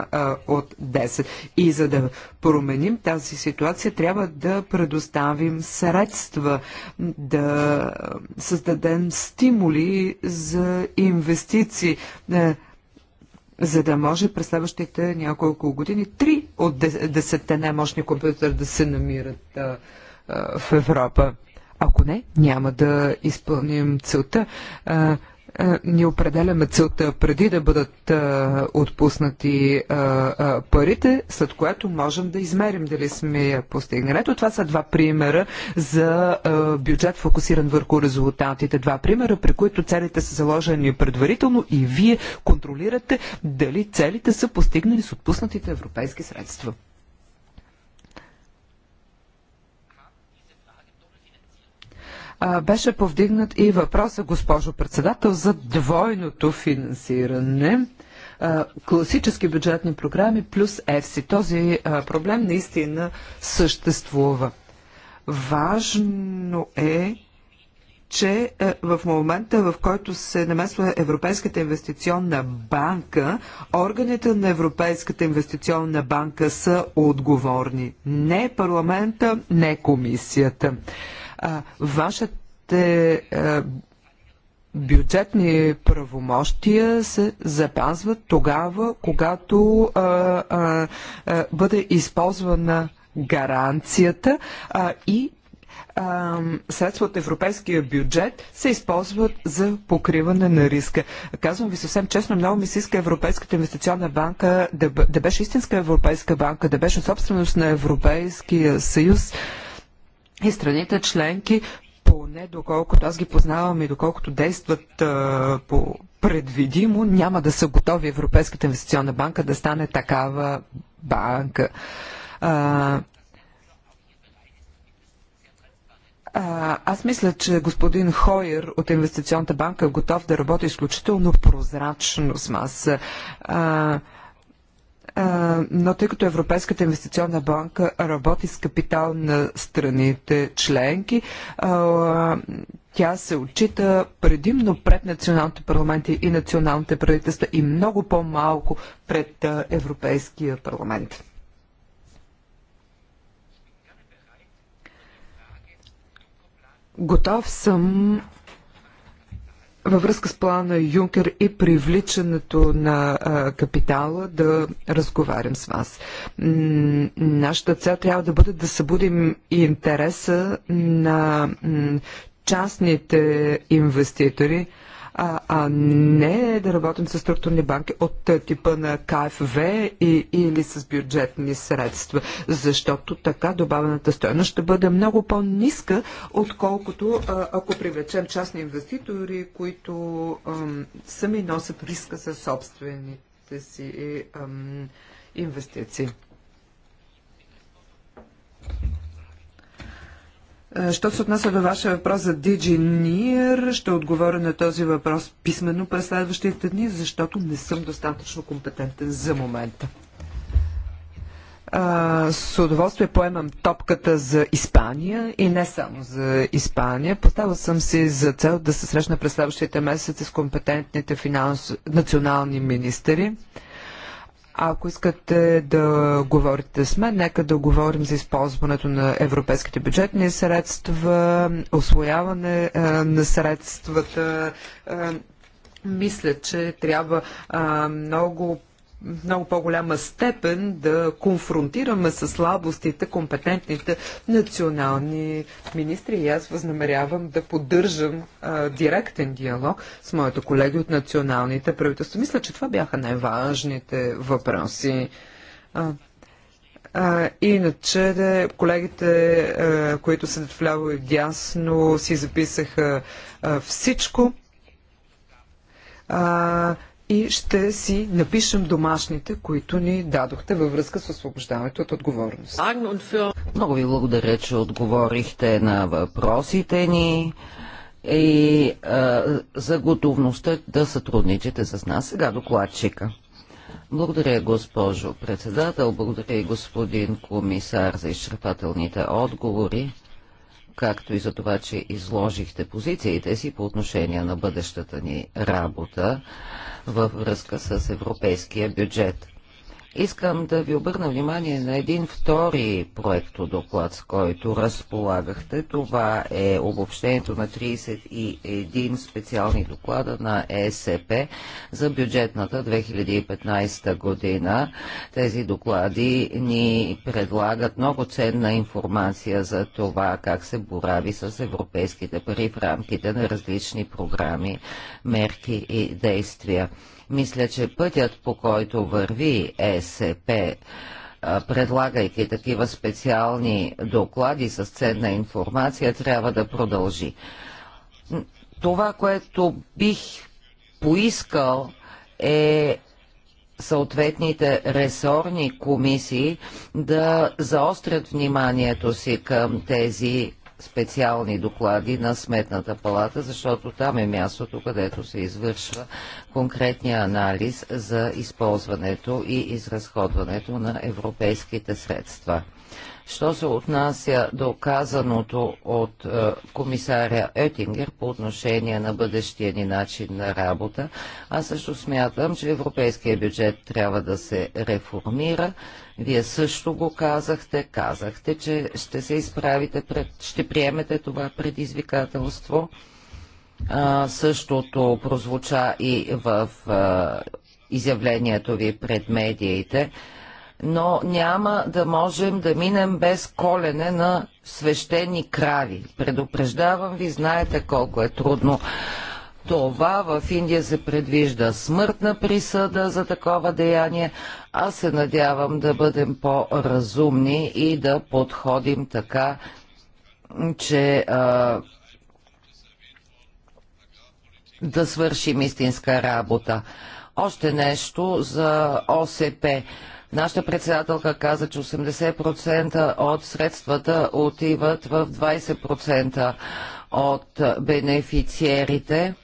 от десет. И за да променим тази ситуация, трябва да предоставим средства, да създадем стимули за инвестиции за да може през следващите няколко години три от десетте най-мощни компютъра да се намират в Европа. Ако не, няма да изпълним целта. А, а, ние определяме целта преди да бъдат а, отпуснати а, а, парите, след което можем да измерим дали сме постигнали. Ето това са два примера за а, бюджет фокусиран върху резултатите. Два примера, при които целите са заложени предварително и вие контролирате дали целите са постигнали с отпуснатите европейски средства. беше повдигнат и въпроса, госпожо председател, за двойното финансиране класически бюджетни програми плюс ЕФСИ. Този проблем наистина съществува. Важно е, че е, в момента, в който се намесва Европейската инвестиционна банка, органите на Европейската инвестиционна банка са отговорни. Не парламента, не комисията. А, вашите а, е, бюджетни правомощия се запазват тогава, когато а, а, а, бъде използвана гаранцията а, и а, средства от европейския бюджет се използват за покриване на риска. Казвам ви съвсем честно, много ми се иска Европейската инвестиционна банка да, да беше истинска Европейска банка, да беше собственост на Европейския съюз и страните членки поне доколкото аз ги познавам и доколкото действат а, по предвидимо, няма да са готови Европейската инвестиционна банка да стане такава банка. А, аз мисля, че господин Хойер от Инвестиционната банка е готов да работи изключително прозрачно с нас. А, но тъй като Европейската инвестиционна банка работи с капитал на страните членки, тя се отчита предимно пред националните парламенти и националните правителства и много по-малко пред Европейския парламент. Готов съм във връзка с плана Юнкер и привличането на а, капитала да разговарям с вас. нашата цел трябва да бъде да събудим интереса на частните инвеститори а, а не да работим с структурни банки от типа на КФВ и, или с бюджетни средства, защото така добавената стоеност ще бъде много по-ниска, отколкото а, ако привлечем частни инвеститори, които а, сами носят риска за собствените си а, инвестиции. Е, що се отнася до вашия въпрос за DigiNear, ще отговоря на този въпрос писменно през следващите дни, защото не съм достатъчно компетентен за момента. Е, с удоволствие поемам топката за Испания и не само за Испания. Поставил съм си за цел да се срещна през следващите месеци с компетентните финанс... национални министри. Ако искате да говорите с мен, нека да говорим за използването на европейските бюджетни средства, освояване е, на средствата. Е, мисля, че трябва е, много много по-голяма степен да конфронтираме с слабостите компетентните национални министри и аз възнамерявам да поддържам а, директен диалог с моите колеги от националните правителства. Мисля, че това бяха най-важните въпроси. А, а, иначе де, колегите, а, които са вляво и дясно, си записаха а, всичко. А, и ще си напишем домашните, които ни дадохте във връзка с освобождаването от отговорност. Много ви благодаря, че отговорихте на въпросите ни и а, за готовността да сътрудничите с нас. Сега докладчика. Благодаря, госпожо председател, благодаря и господин комисар за изчерпателните отговори както и за това, че изложихте позициите си по отношение на бъдещата ни работа във връзка с европейския бюджет. Искам да ви обърна внимание на един втори проектодоклад, с който разполагахте. Това е обобщението на 31 специални доклада на ЕСП за бюджетната 2015 година. Тези доклади ни предлагат много ценна информация за това как се борави с европейските пари в рамките на различни програми, мерки и действия. Мисля, че пътят по който върви е БСП, предлагайки такива специални доклади с ценна информация, трябва да продължи. Това, което бих поискал е съответните ресорни комисии да заострят вниманието си към тези специални доклади на Сметната палата, защото там е мястото, където се извършва конкретния анализ за използването и изразходването на европейските средства. Що се отнася до казаното от е, комисаря Етингер по отношение на бъдещия ни начин на работа, аз също смятам, че европейския бюджет трябва да се реформира, вие също го казахте, казахте, че ще се изправите пред, ще приемете това предизвикателство. А, същото прозвуча и в а, изявлението ви пред медиите, но няма да можем да минем без колене на свещени крави. Предупреждавам ви, знаете колко е трудно това в Индия се предвижда смъртна присъда за такова деяние. Аз се надявам да бъдем по-разумни и да подходим така, че а, да свършим истинска работа. Още нещо за ОСП. Нашата председателка каза, че 80% от средствата отиват в 20% от бенефициерите.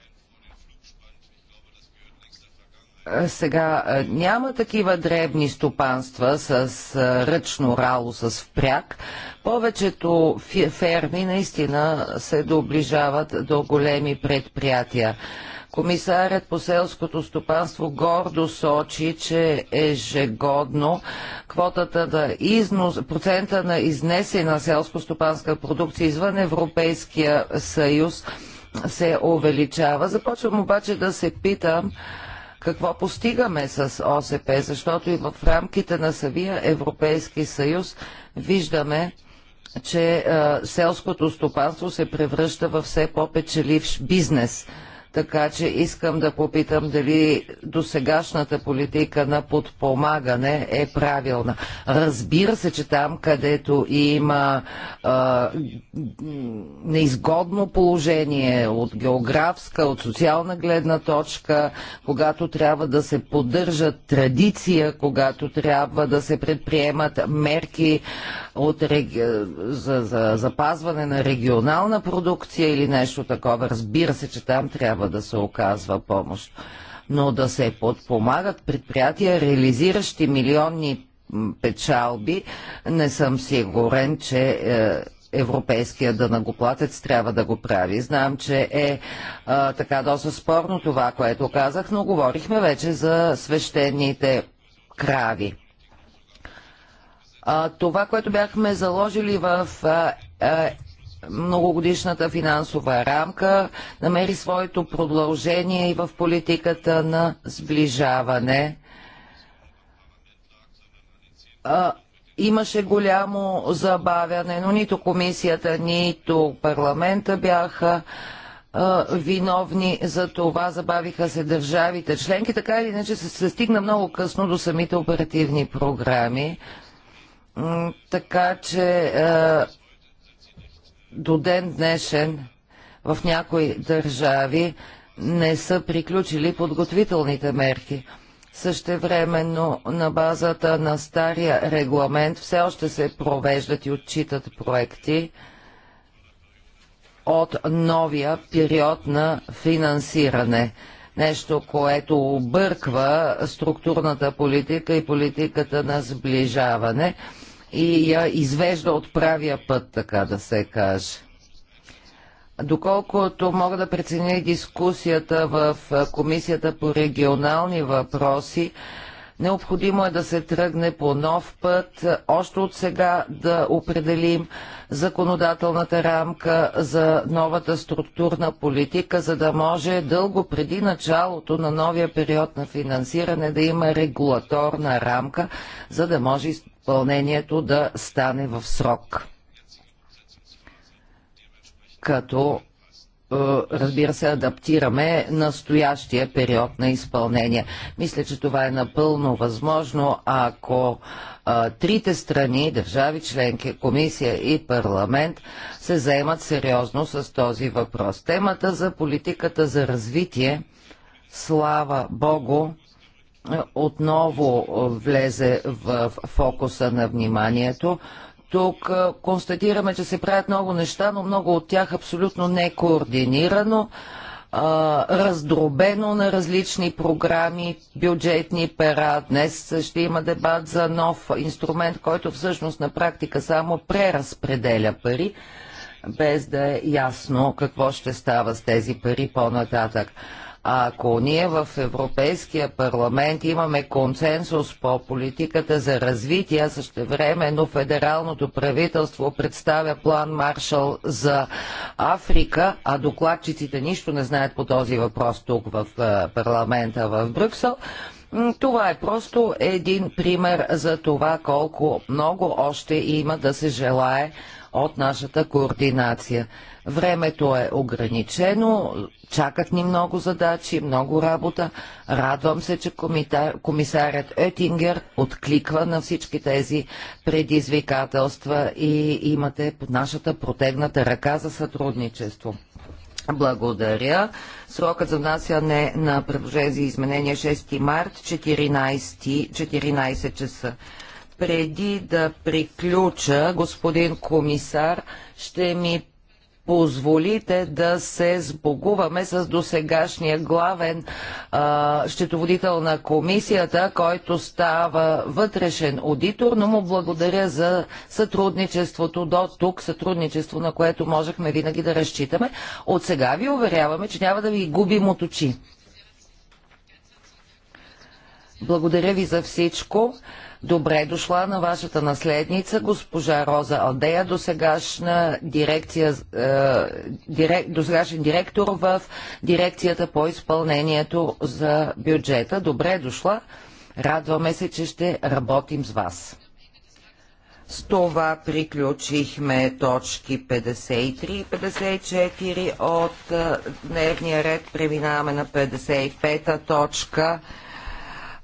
Е, сега е, няма такива дребни стопанства с е, ръчно рало, с впряг. Повечето ферми наистина се доближават до големи предприятия. Комисарят по селското стопанство гордо сочи, че ежегодно квотата на износ, процента на изнесена селско-стопанска продукция извън Европейския съюз се увеличава. Започвам обаче да се питам, какво постигаме с ОСП, защото и в рамките на самия Европейски съюз виждаме, че селското стопанство се превръща в все по-печеливш бизнес – така че искам да попитам дали досегашната политика на подпомагане е правилна. Разбира се, че там, където има а, неизгодно положение от географска, от социална гледна точка, когато трябва да се поддържа традиция, когато трябва да се предприемат мерки от реги... за, за запазване на регионална продукция или нещо такова, разбира се, че там трябва трябва да се оказва помощ. Но да се подпомагат предприятия, реализиращи милионни печалби, не съм сигурен, че е, европейския дънагоплатец трябва да го прави. Знам, че е а, е, така доста спорно това, което казах, но говорихме вече за свещените крави. А, това, което бяхме заложили в а, е, а, многогодишната финансова рамка намери своето продължение и в политиката на сближаване. А, имаше голямо забавяне, но нито комисията, нито парламента бяха а, виновни за това. Забавиха се държавите членки. Така или иначе се, се стигна много късно до самите оперативни програми. Така че а, до ден днешен в някои държави не са приключили подготвителните мерки. Същевременно на базата на стария регламент все още се провеждат и отчитат проекти от новия период на финансиране. Нещо, което обърква структурната политика и политиката на сближаване и я извежда от правия път, така да се каже. Доколкото мога да преценя дискусията в Комисията по регионални въпроси, Необходимо е да се тръгне по нов път, още от сега да определим законодателната рамка за новата структурна политика, за да може дълго преди началото на новия период на финансиране да има регулаторна рамка, за да може изпълнението да стане в срок. Като е, разбира се, адаптираме настоящия период на изпълнение. Мисля, че това е напълно възможно, ако а, е, трите страни, държави членки, комисия и парламент се заемат сериозно с този въпрос. Темата за политиката за развитие, слава Богу, отново влезе в фокуса на вниманието. Тук констатираме, че се правят много неща, но много от тях абсолютно некоординирано, раздробено на различни програми, бюджетни пера. Днес ще има дебат за нов инструмент, който всъщност на практика само преразпределя пари, без да е ясно какво ще става с тези пари по-нататък. А ако ние в Европейския парламент имаме консенсус по политиката за развитие, също време, но федералното правителство представя план Маршал за Африка, а докладчиците нищо не знаят по този въпрос тук в е, парламента в Брюксел, това е просто един пример за това колко много още има да се желае от нашата координация. Времето е ограничено, чакат ни много задачи, много работа. Радвам се, че комисарят Етингер откликва на всички тези предизвикателства и имате нашата протегната ръка за сътрудничество. Благодаря. Срокът за внасяне на предложение за изменение 6 е март 14, 14 часа. Преди да приключа, господин комисар, ще ми позволите да се сбогуваме с досегашния главен а, щитоводител на комисията, който става вътрешен аудитор, но му благодаря за сътрудничеството до тук, сътрудничество, на което можехме винаги да разчитаме. От сега ви уверяваме, че няма да ви губим от очи. Благодаря ви за всичко. Добре дошла на вашата наследница, госпожа Роза Алдея, досегашна дирекция, е, директ, досегашен директор в дирекцията по изпълнението за бюджета. Добре дошла. Радваме се, че ще работим с вас. С това приключихме точки 53 и 54 от е, дневния ред. Преминаваме на 55-та точка.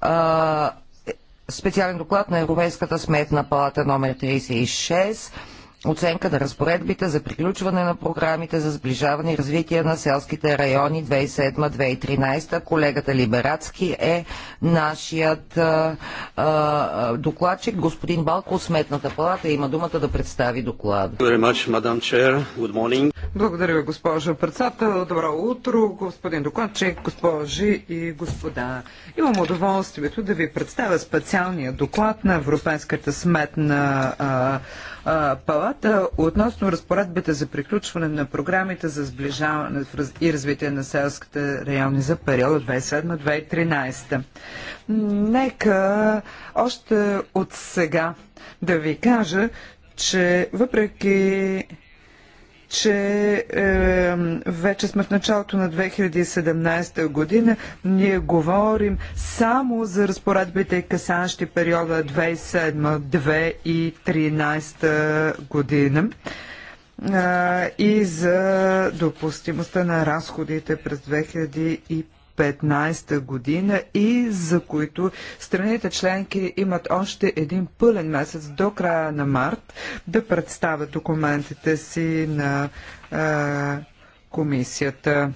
Е, специален доклад на Европейската сметна палата номер 36 оценка на разпоредбите за приключване на програмите за сближаване и развитие на селските райони 2007-2013. Колегата Либерацки е нашият а, а, докладчик. Господин Балко Сметната палата има думата да представи доклад. Благодаря ви, госпожо председател. Добро утро, господин докладчик, госпожи и господа. Имам удоволствието да ви представя специалния доклад на Европейската сметна а, палата относно разпоредбите за приключване на програмите за сближаване и развитие на селските райони за периода 2007-2013. Нека още от сега да ви кажа, че въпреки че е, вече сме в началото на 2017 година. Ние говорим само за разпоредбите касащи периода 2007-2013 година е, и за допустимостта на разходите през 2015 2015 година и за които страните членки имат още един пълен месец до края на март да представят документите си на комисията.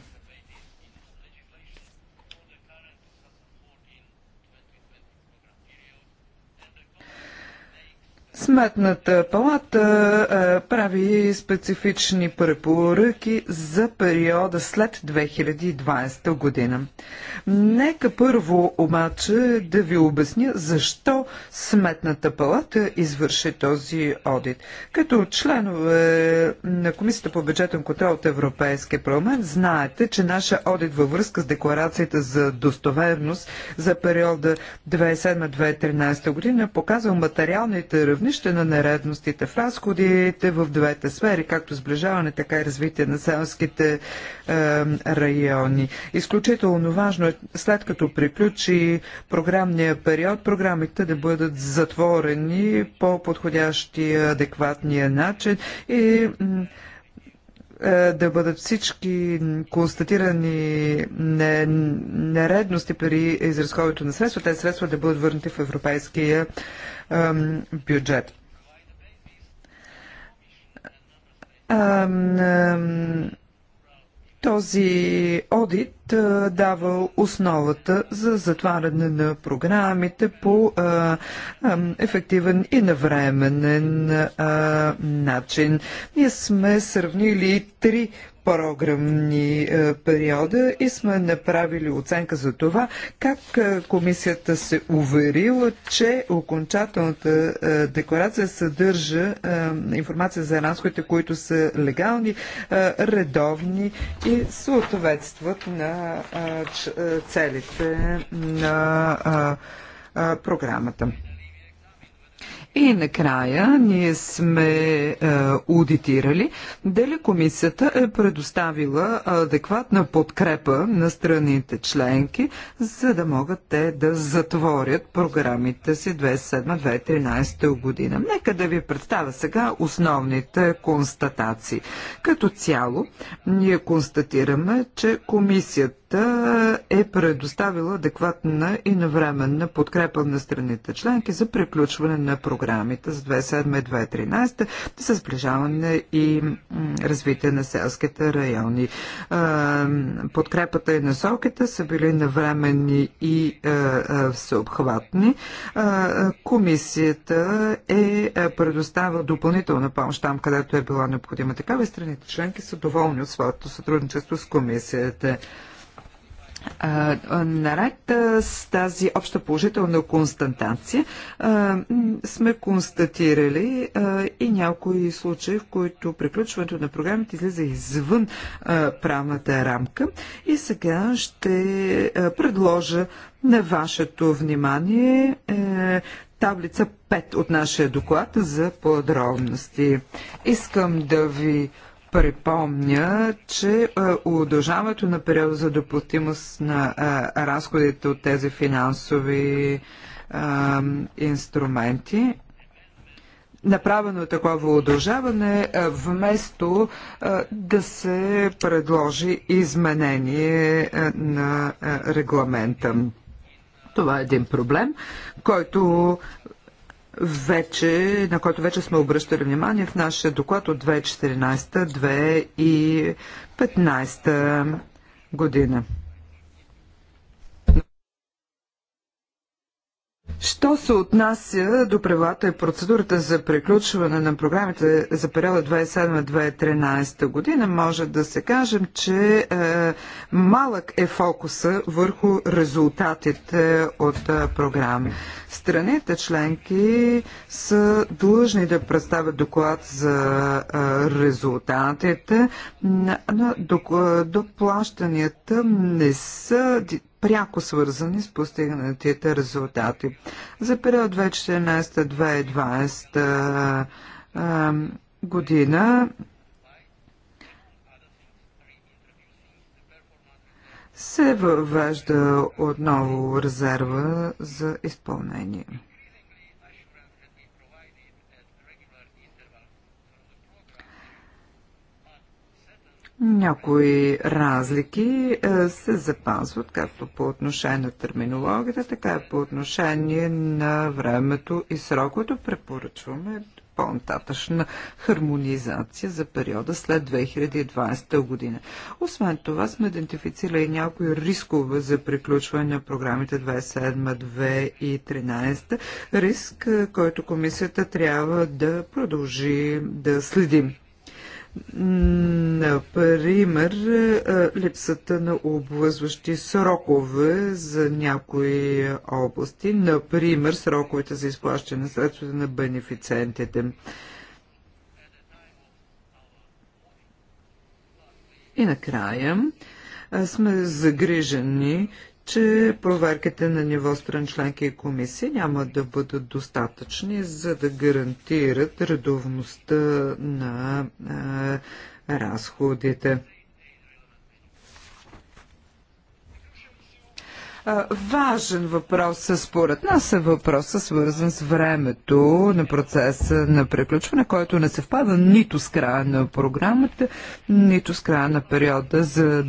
Сметната палата прави специфични препоръки за периода след 2020 година. Нека първо обаче да ви обясня защо Сметната палата извърши този одит. Като членове на Комисията по бюджетен контрол от Европейския парламент знаете, че наша одит във връзка с декларацията за достоверност за периода 2007-2013 година показва материалните равни равнище на нередностите в разходите в двете сфери, както сближаване, така и развитие на селските е, райони. Изключително важно е, след като приключи програмния период, програмите да бъдат затворени по подходящия адекватния начин и е, да бъдат всички констатирани нередности при изразходването на средства, тези средства да бъдат върнати в Европейския бюджет. Този одит дава основата за затваряне на програмите по ефективен и навременен начин. Ние сме сравнили три програмни е, периода и сме направили оценка за това как е, комисията се уверила, че окончателната е, декларация съдържа информация за разходите, които са легални, редовни и съответстват на целите на програмата. И накрая ние сме е, аудитирали дали комисията е предоставила адекватна подкрепа на страните членки, за да могат те да затворят програмите си 2007-2013 година. Нека да ви представя сега основните констатации. Като цяло ние констатираме, че комисията комисията е предоставила адекватна и навременна подкрепа на страните членки за приключване на програмите за 2007 2013 за сближаване и развитие на селските райони. Подкрепата и насоките са били навременни и всеобхватни. Комисията е, е предоставила допълнителна помощ там, където е била необходима такава и страните членки са доволни от своето сътрудничество с комисията наред с тази обща положителна констатация сме констатирали и някои случаи, в които приключването на програмите излиза извън правната рамка. И сега ще предложа на вашето внимание е, таблица 5 от нашия доклад за подробности. Искам да ви припомня, че удължаването на периода за допустимост на разходите от тези финансови инструменти направено е такова удължаване, вместо да се предложи изменение на регламента. Това е един проблем, който вече, на който вече сме обръщали внимание в нашия доклад от 2014-2015 година. Що се отнася до правилата и процедурата за приключване на програмите за периода 2007-2013 година, може да се кажем, че е, малък е фокуса върху резултатите е, от е, програми. Страните членки са длъжни да представят доклад за е, резултатите, но е, доплащанията не са пряко свързани с постигнатите резултати. За период 2014-2020 година се въвежда отново резерва за изпълнение. Някои разлики е, се запазват както по отношение на терминологията, така и по отношение на времето и срокото. Препоръчваме по-нататъчна хармонизация за периода след 2020 година. Освен това сме идентифицирали някои рискове за приключване на програмите 27-2013, риск, е, който комисията трябва да продължи да следим. Например, е, липсата на обвързващи срокове за някои области, например сроковете за изплащане на средствата на бенефициентите. И накрая е, сме загрижени, че проверките на ниво стран членки и комисии няма да бъдат достатъчни, за да гарантират редовността на а, разходите. Важен въпрос според нас е въпроса свързан с времето на процеса на приключване, който не се впада нито с края на програмата, нито с края на периода за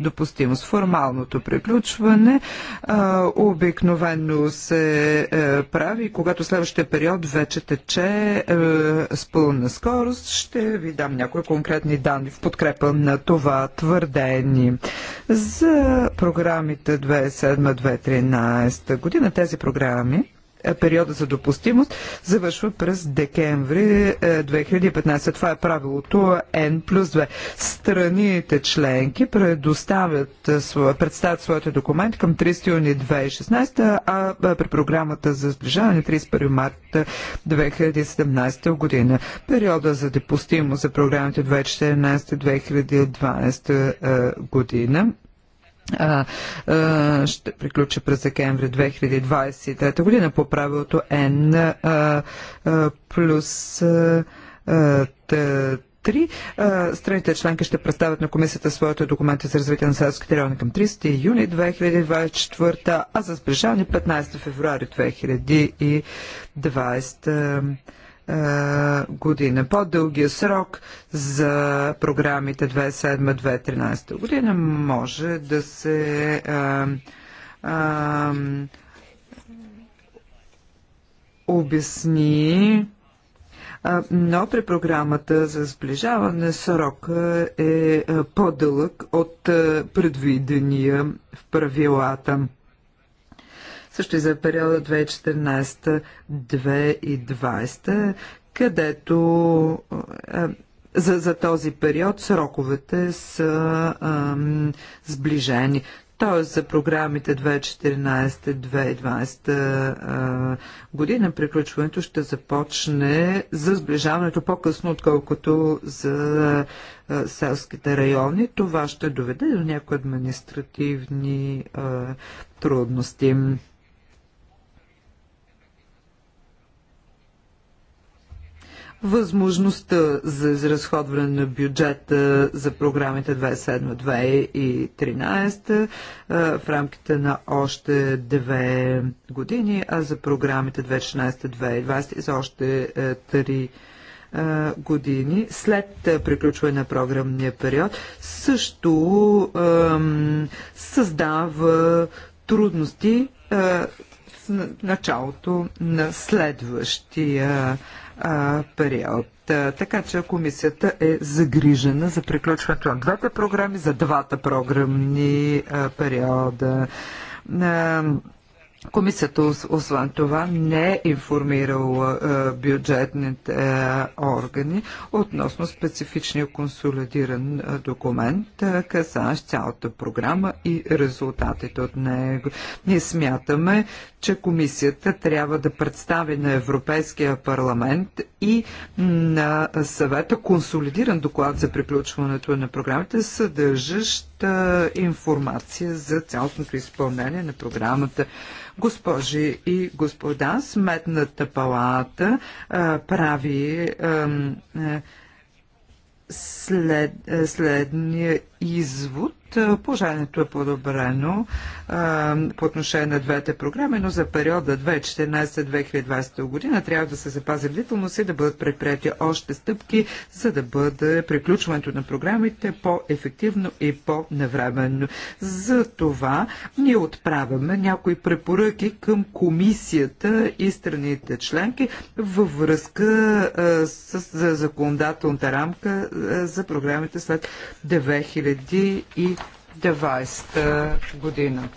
допустимост. Формалното приключване а, обикновено се а, е, прави, когато следващия период вече тече а, е, с пълна скорост. Ще ви дам някои конкретни данни в подкрепа на това твърдение. За програмите 20 2007-2013 година. Тези програми е, периода за допустимост завършва през декември 2015. Е, Това е правилото N плюс 2. Страните членки предоставят, е, представят своите документи към 30 юни 2016, а при програмата за сближаване 31 март 2017 година. Периода за допустимост за програмите 2014-2020 година а ще приключи през декември 2023 година по правилото N плюс 3. Страните членки ще представят на комисията своите документи за развитие на селските райони към 30 юни 2024, а за сближаване 15 февруари 2020 е, година. По-дългия срок за програмите 2007-2013 година може да се е, е, обясни но при програмата за сближаване срока е по-дълъг от предвидения в правилата също и за периода 2014-2020, където е, за, за този период сроковете са ам, е, сближени. Тоест за програмите 2014-2020 е, година приключването ще започне за сближаването по-късно, отколкото за а, селските райони. Това ще доведе до някои административни а, трудности. възможността за изразходване на бюджета за програмите 2007-2013 в рамките на още две години, а за програмите 2016-2020 за още 3 е, години, след приключване на програмния период, също ем, създава трудности е, в началото на следващия а, период. Така че комисията е загрижена за приключването на двете програми, за двата програмни а, периода. А, Комисията, освен това, не е информирала е, бюджетните е, органи относно специфичния консолидиран е, документ, касаещ цялата програма и резултатите от него. Ние смятаме, че комисията трябва да представи на Европейския парламент и на съвета консолидиран доклад за приключването на програмите, съдържащ обща информация за цялостното изпълнение на програмата. Госпожи и господа, Сметната палата а, прави а, след, следния извод Положението е подобрено а, по отношение на двете програми, но за периода 2014-2020 година трябва да се запази бдителност и да бъдат предприяти още стъпки, за да бъде приключването на програмите по-ефективно и по-навременно. За това ние отправяме някои препоръки към комисията и страните членки във връзка а, с законодателната рамка а, за програмите след 2000 и 2020 година.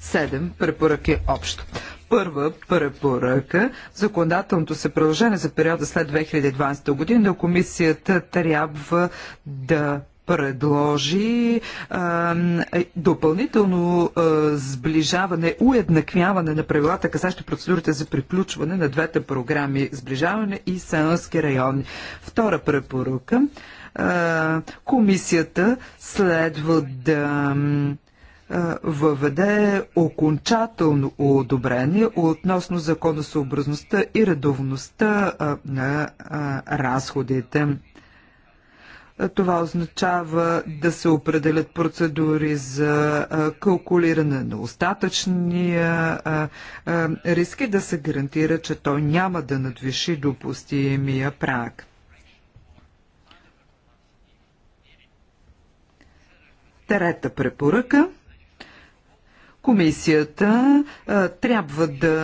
Седем препоръки общо. Първа препоръка законодателното се приложение за периода след 2020 година комисията трябва да предложи допълнително сближаване, уеднаквяване на правилата, касащи процедурите за приключване на двете програми сближаване и селски райони. Втора препоръка комисията следва да въведе окончателно одобрение относно законосъобразността и редовността на разходите. Това означава да се определят процедури за калкулиране на остатъчния риск и да се гарантира, че той няма да надвиши допустимия прак. Трета препоръка. Комисията а, трябва да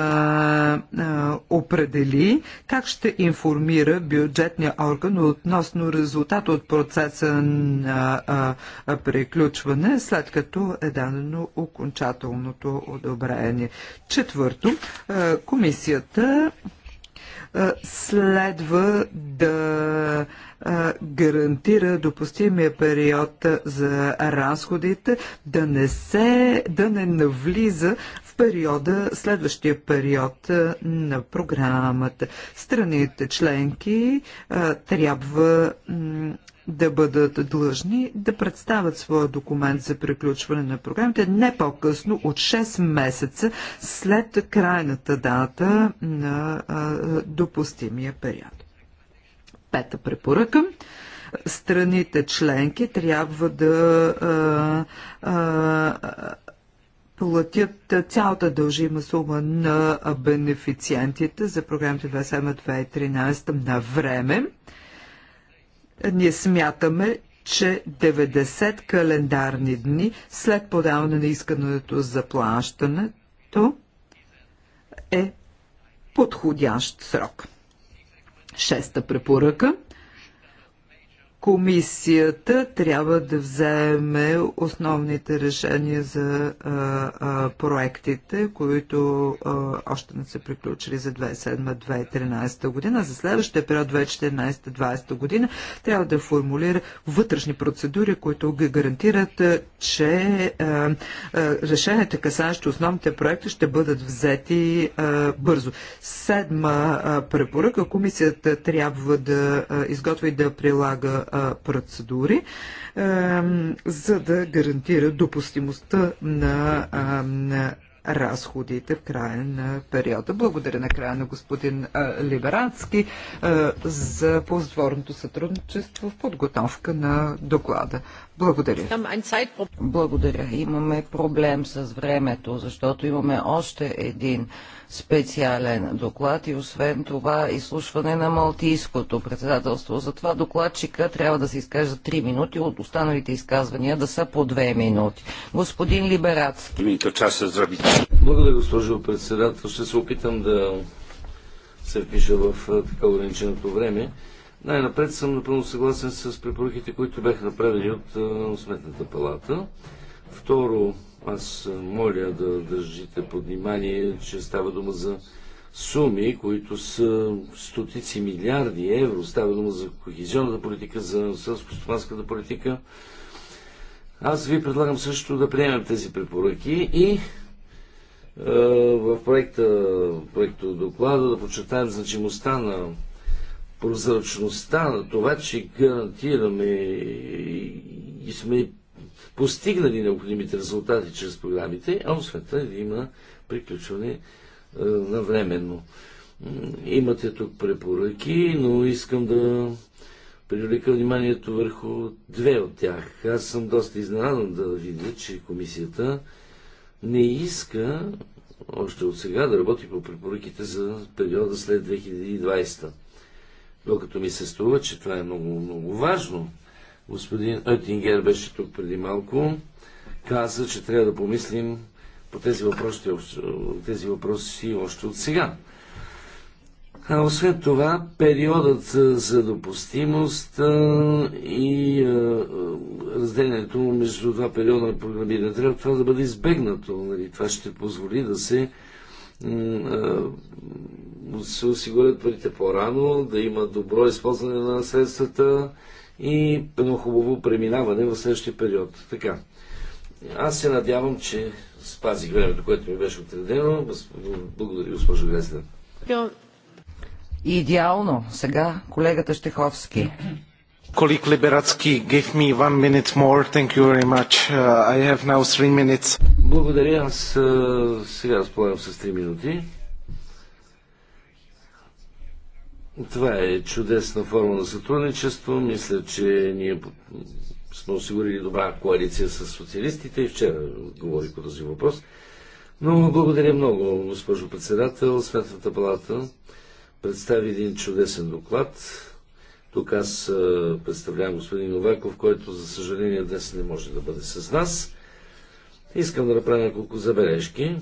а, определи как ще информира бюджетния орган относно резултата от процеса на а, а, приключване, след като е дадено окончателното одобрение. Четвърто, а, комисията следва да гарантира допустимия период за разходите, да не се, да не навлиза периода, следващия период на програмата. Страните членки трябва да бъдат длъжни да представят своя документ за приключване на програмите не по-късно от 6 месеца след крайната дата на допустимия период. Пета препоръка страните членки трябва да а, а, платят цялата дължима сума на бенефициентите за програмите 27-2013 на време. Ние смятаме, че 90 календарни дни след подаване на искането за плащането е подходящ срок. Шеста препоръка – комисията трябва да вземе основните решения за а, а, проектите, които а, още не са приключили за 2007-2013 година. За следващия период 2014-2020 година трябва да формулира вътрешни процедури, които гарантират, че а, а, решенията, касащи основните проекти, ще бъдат взети а, бързо. Седма а, препоръка. Комисията трябва да а, изготви и да прилага процедури, за да гарантира допустимостта на, разходите в края на периода. Благодаря на края на господин Либерански за ползотворното сътрудничество в подготовка на доклада. Благодаря. Благодаря. Имаме проблем с времето, защото имаме още един специален доклад и освен това изслушване на Малтийското председателство. Затова докладчика трябва да се изкаже 3 минути, от останалите изказвания да са по 2 минути. Господин Либерацки. Благодаря, госпожо председател. Ще се опитам да се впиша в така ограниченото време. Най-напред съм напълно съгласен с препоръките, които бяха направени от Сметната палата. Второ, аз моля да държите под внимание, че става дума за суми, които са стотици милиарди евро. Става дума за кохезионната политика, за сълско стопанската политика. Аз ви предлагам също да приемем тези препоръки и в проекта, проекта доклада да подчертаем значимостта на прозрачността на това, че гарантираме и сме постигнали необходимите резултати чрез програмите, а освен това има приключване е, на временно. Имате тук препоръки, но искам да привлека вниманието върху две от тях. Аз съм доста изненадан да видя, че комисията не иска още от сега да работи по препоръките за периода след 2020 докато ми се струва, че това е много, много важно. Господин Оттингер беше тук преди малко, каза, че трябва да помислим по тези въпроси, тези въпроси още от сега. А освен това, периодът за допустимост и разделянето между два периода на програмиране трябва това да бъде избегнато. Нали? Това ще позволи да се се осигурят парите по-рано, да има добро използване на средствата и едно хубаво преминаване в следващия период. Така. Аз се надявам, че спазих времето, което ми беше отредено. Благодаря, госпожо Грезда. Идеално. Сега колегата Штеховски. Колик Liberacki gave me one minute more. Thank you very much. Uh, I have now three minutes. Благодаря. Аз uh, сега разполагам с 3 минути. Това е чудесна форма на сътрудничество. Мисля, че ние сме осигурили добра коалиция с социалистите и вчера говори по този въпрос. Но благодаря много, госпожо председател. Светлата палата представи един чудесен доклад. Тук аз представлявам господин Новаков, който за съжаление днес не може да бъде с нас. Искам да направя няколко забележки.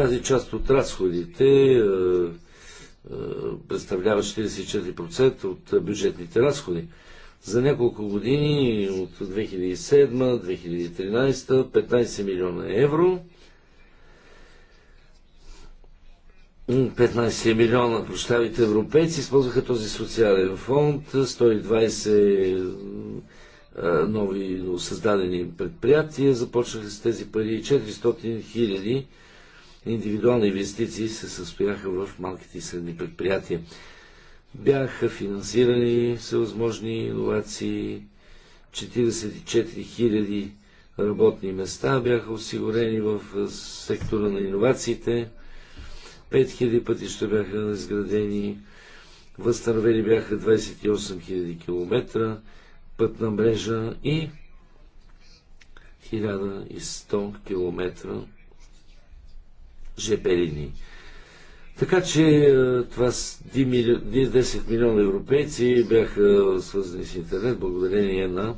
Тази част от разходите е, е, представлява 44% от бюджетните разходи. За няколко години, от 2007-2013, 15 милиона евро. 15 милиона, прощавайте, европейци използваха този социален фонд, 120 е, нови създадени предприятия започнаха с тези пари и 400 хиляди индивидуални инвестиции се състояха в малките и средни предприятия. Бяха финансирани всевъзможни иновации, 44 000 работни места бяха осигурени в сектора на иновациите, 5000 пътища бяха изградени, възстановени бяха 28 000 км пътна мрежа и 1100 км ЖП линии. Така че е, това 10 милиона европейци бяха свързани с интернет благодарение на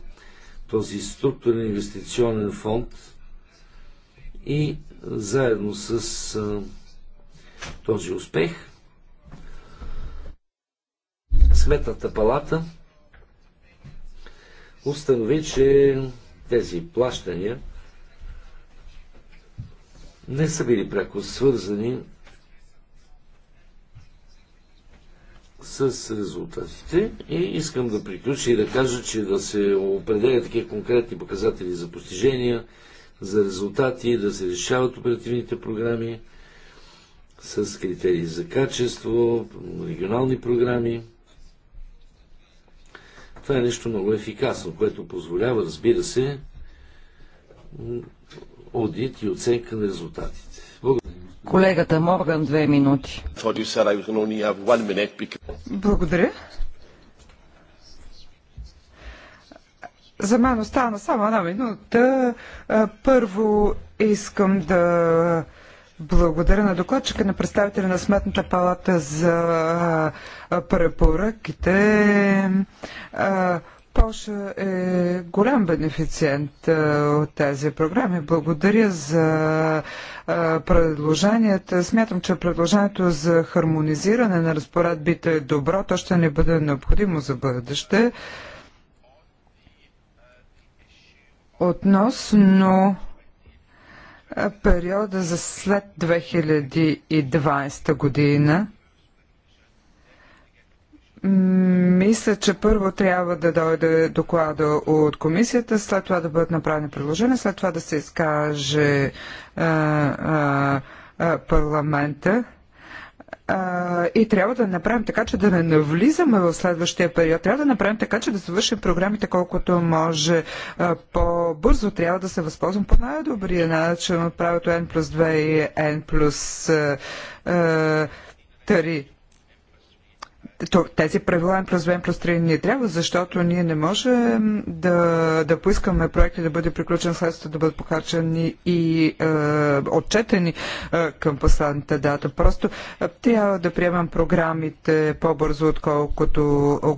този структурен инвестиционен фонд и заедно с е, този успех Сметната палата установи, че тези плащания – не са били пряко свързани с резултатите и искам да приключа и да кажа, че да се определят такива конкретни показатели за постижения, за резултати, да се решават оперативните програми с критерии за качество, регионални програми. Това е нещо много ефикасно, което позволява, разбира се, одит и оценка на резултатите. Колегата Морган, две минути. Благодаря. За мен остана само една минута. Първо искам да благодаря на докладчика на представителя на Сметната палата за препоръките. Польша е голям бенефициент е, от тези програми. Благодаря за е, предложенията. Смятам, че предложението за хармонизиране на разпоредбите е добро. То ще ни бъде необходимо за бъдеще. Относно е, периода за след 2020 година, мисля, че първо трябва да дойде доклада от комисията, след това да бъдат направени предложения, след това да се изкаже а, а, а, парламента. А, и трябва да направим така, че да не навлизаме в следващия период. Трябва да направим така, че да завършим програмите колкото може по-бързо. Трябва да се възползвам по най-добрия начин от правото N плюс 2 и N плюс 3 тези правила 2 е през плюс 3 не трябва, защото ние не можем да, да поискаме проекти да бъде приключен след да бъдат похарчени и е, отчетени е, към последната дата. Просто е, трябва да приемам програмите по-бързо, отколкото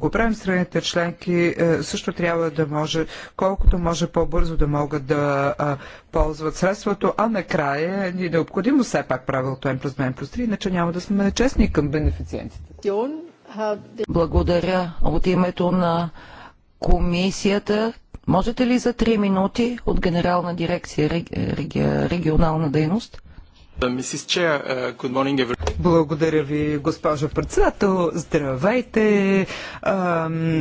го правим. Страните членки е, също трябва да може, колкото може по-бързо да могат да е, ползват средството, а накрая ни е необходимо все пак правилото М плюс М плюс 3, иначе няма да сме честни към бенефициентите. Благодаря от името на комисията. Можете ли за три минути от Генерална дирекция регионална дейност? Е, Благодаря ви, госпожо председател. Здравейте.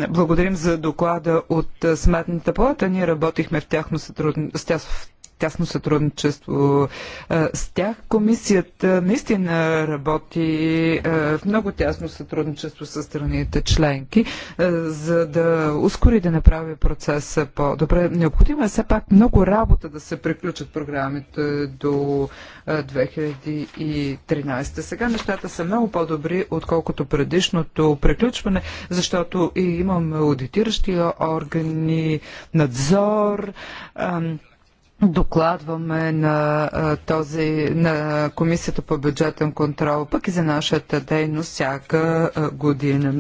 Благодарим за доклада от Сметната палата. Ние работихме в тяхно сътрудничество тясно сътрудничество с тях. Комисията наистина работи в много тясно сътрудничество с страните членки, за да ускори да направи процеса по-добре. Необходимо е все пак много работа да се приключат програмите до 2013. Сега нещата са много по-добри, отколкото предишното приключване, защото и имаме аудитиращи органи, надзор, докладваме на, този, на Комисията по бюджетен контрол, пък и за нашата дейност всяка година.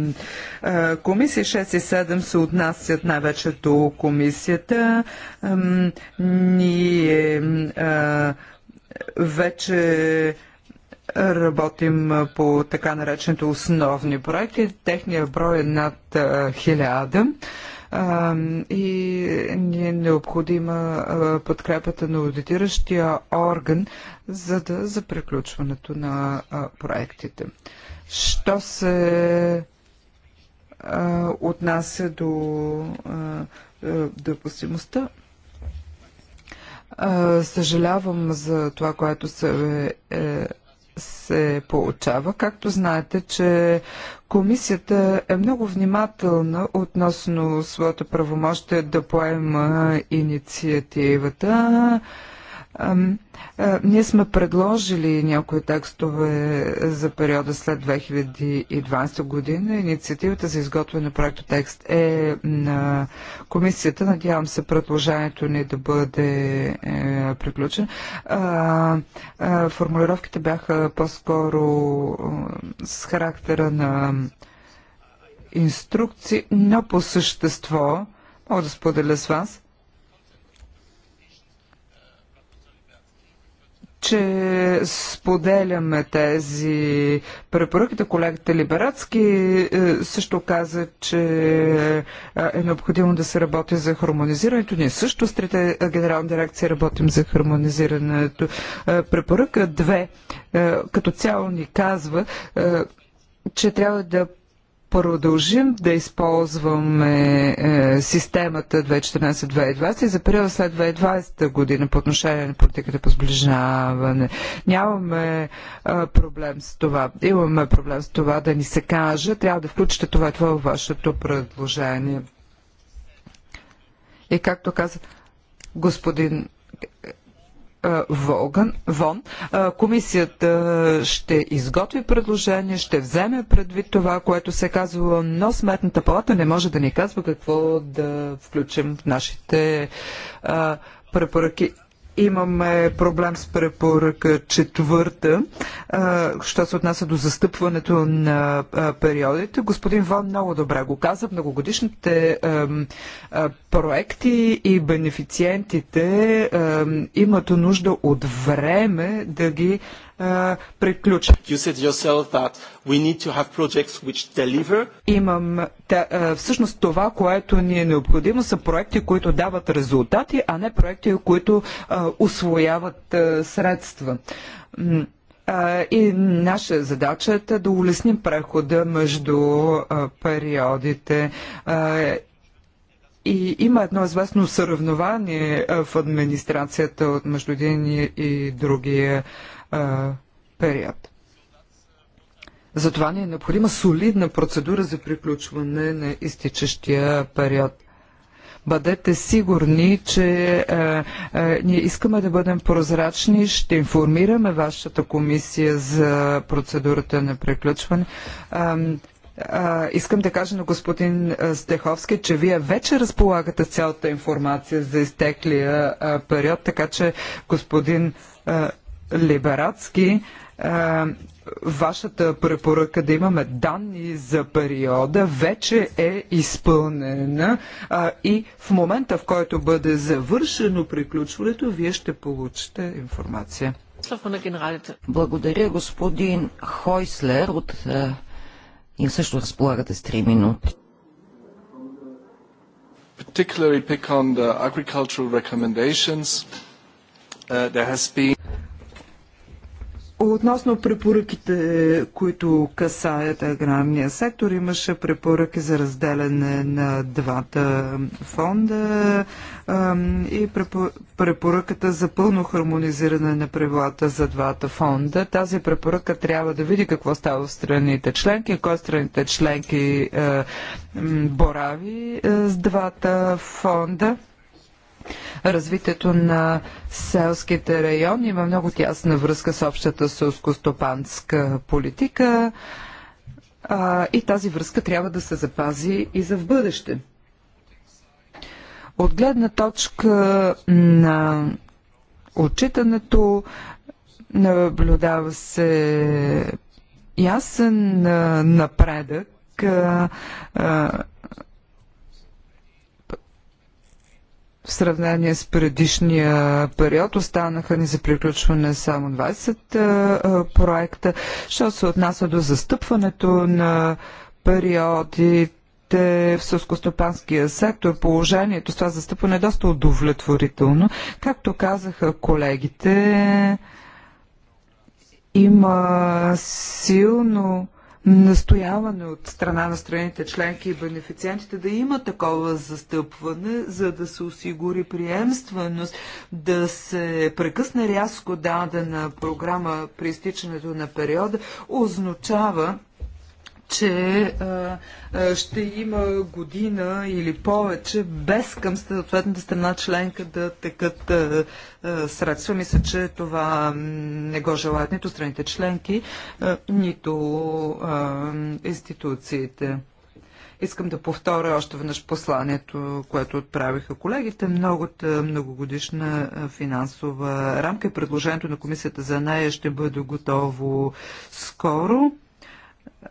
Комисии 6 и 7 се отнасят най-вече до комисията. Ние вече работим по така наречените основни проекти. Техният брой е над хиляда и ни е необходима подкрепата на аудитиращия орган, за да за приключването на проектите. Що се отнася до е, допустимостта, съжалявам за това, което се е се получава. Както знаете, че комисията е много внимателна относно своето правомощие да поема инициативата. Ние сме предложили някои текстове за периода след 2020 година. Инициативата за изготвяне на проекто текст е на комисията. Надявам се предложението ни да бъде е, приключено. Формулировките бяха по-скоро с характера на инструкции, но по същество мога да споделя с вас че споделяме тези препоръките. Колегата Либерацки е, също каза, че е, е необходимо да се работи за хармонизирането. Ние също с трите е, генерална дирекция работим за хармонизирането. Препоръка 2 като цяло ни казва, че трябва да продължим да използваме е, системата 2014-2020 и за периода след 2020 година по отношение на политиката по сближаване. Нямаме е, проблем с това. Имаме проблем с това да ни се каже. Трябва да включите това, това във вашето предложение. И както каза господин е, Волган, Вон, е, комисията ще изготви предложение, ще вземе предвид това, което се казва, но Сметната палата не може да ни казва какво да включим в нашите е, препоръки. Имаме проблем с препоръка четвърта, що се отнася до застъпването на периодите. Господин Вон много добре го каза. Многогодишните проекти и бенефициентите имат нужда от време да ги е, приключи. You Имам е, всъщност това, което ни е необходимо са проекти, които дават резултати, а не проекти, които освояват е, средства. И наша задача е да улесним прехода между периодите. И има едно известно съревнование в администрацията от между един и другия а, период. Затова ни е необходима солидна процедура за приключване на изтичащия период. Бъдете сигурни, че е, е, ние искаме да бъдем прозрачни, ще информираме вашата комисия за процедурата на приключване. Е, е, искам да кажа на господин Стеховски, че вие вече разполагате цялата информация за изтеклия е, период, така че господин Либератски, е, вашата препоръка да имаме данни за периода вече е изпълнена а, и в момента, в който бъде завършено приключването, вие ще получите информация. Благодаря, господин Хойслер. От, е, и също разполагате с 3 минути. Particularly pick on the agricultural recommendations. Uh, there has been Относно препоръките, които касаят аграрния сектор, имаше препоръки за разделяне на двата фонда и препоръката за пълно хармонизиране на правилата за двата фонда. Тази препоръка трябва да види какво става в страните членки, кой страните членки е, борави е, с двата фонда. Развитието на селските райони има много тясна връзка с общата селскостопанска политика а, и тази връзка трябва да се запази и за в бъдеще. От гледна точка на отчитането наблюдава се ясен напредък в сравнение с предишния период останаха ни за приключване само 20 проекта. Що се отнася до застъпването на периодите в сълскостопанския сектор, положението с това застъпване е доста удовлетворително. Както казаха колегите, има силно настояване от страна на страните членки и бенефициентите да има такова застъпване, за да се осигури приемственост, да се прекъсне рязко дадена програма при изтичането на периода, означава че ще има година или повече без към съответната страна членка да текат средства. Мисля, че това не го желаят нито страните членки, нито институциите. Искам да повторя още веднъж посланието, което отправиха колегите. Многота многогодишна финансова рамка и предложението на комисията за нея ще бъде готово скоро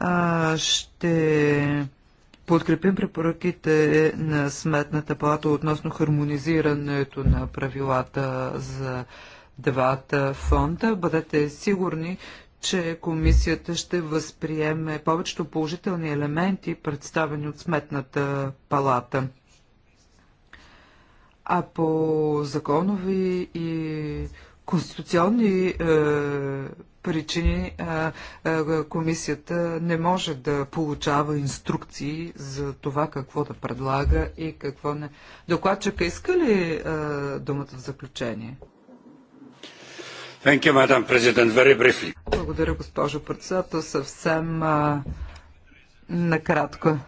а, ще подкрепим препоръките на Сметната палата относно хармонизирането на правилата за двата фонда. Бъдете сигурни, че комисията ще възприеме повечето положителни елементи, представени от Сметната палата. А по законови и конституционни е, причини комисията не може да получава инструкции за това какво да предлага и какво не. Докладчика иска ли думата в заключение? Thank you, Madam President. Very briefly. Благодаря, госпожо председател. Съвсем а, накратко.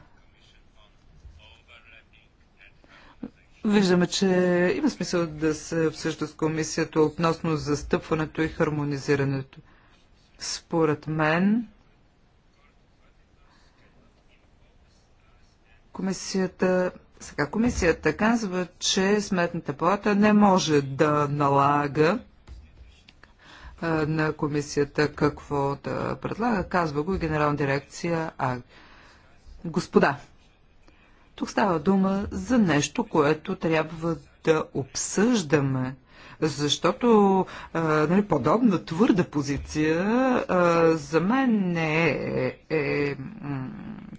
Виждаме, че има смисъл да се обсъжда с комисията относно застъпването и хармонизирането. Според мен, комисията сега комисията казва, че Сметната палата не може да налага на комисията какво да предлага. Казва го и генерална дирекция А. Господа, тук става дума за нещо, което трябва да обсъждаме. Защото а, нали, подобна твърда позиция а, за мен не е, е,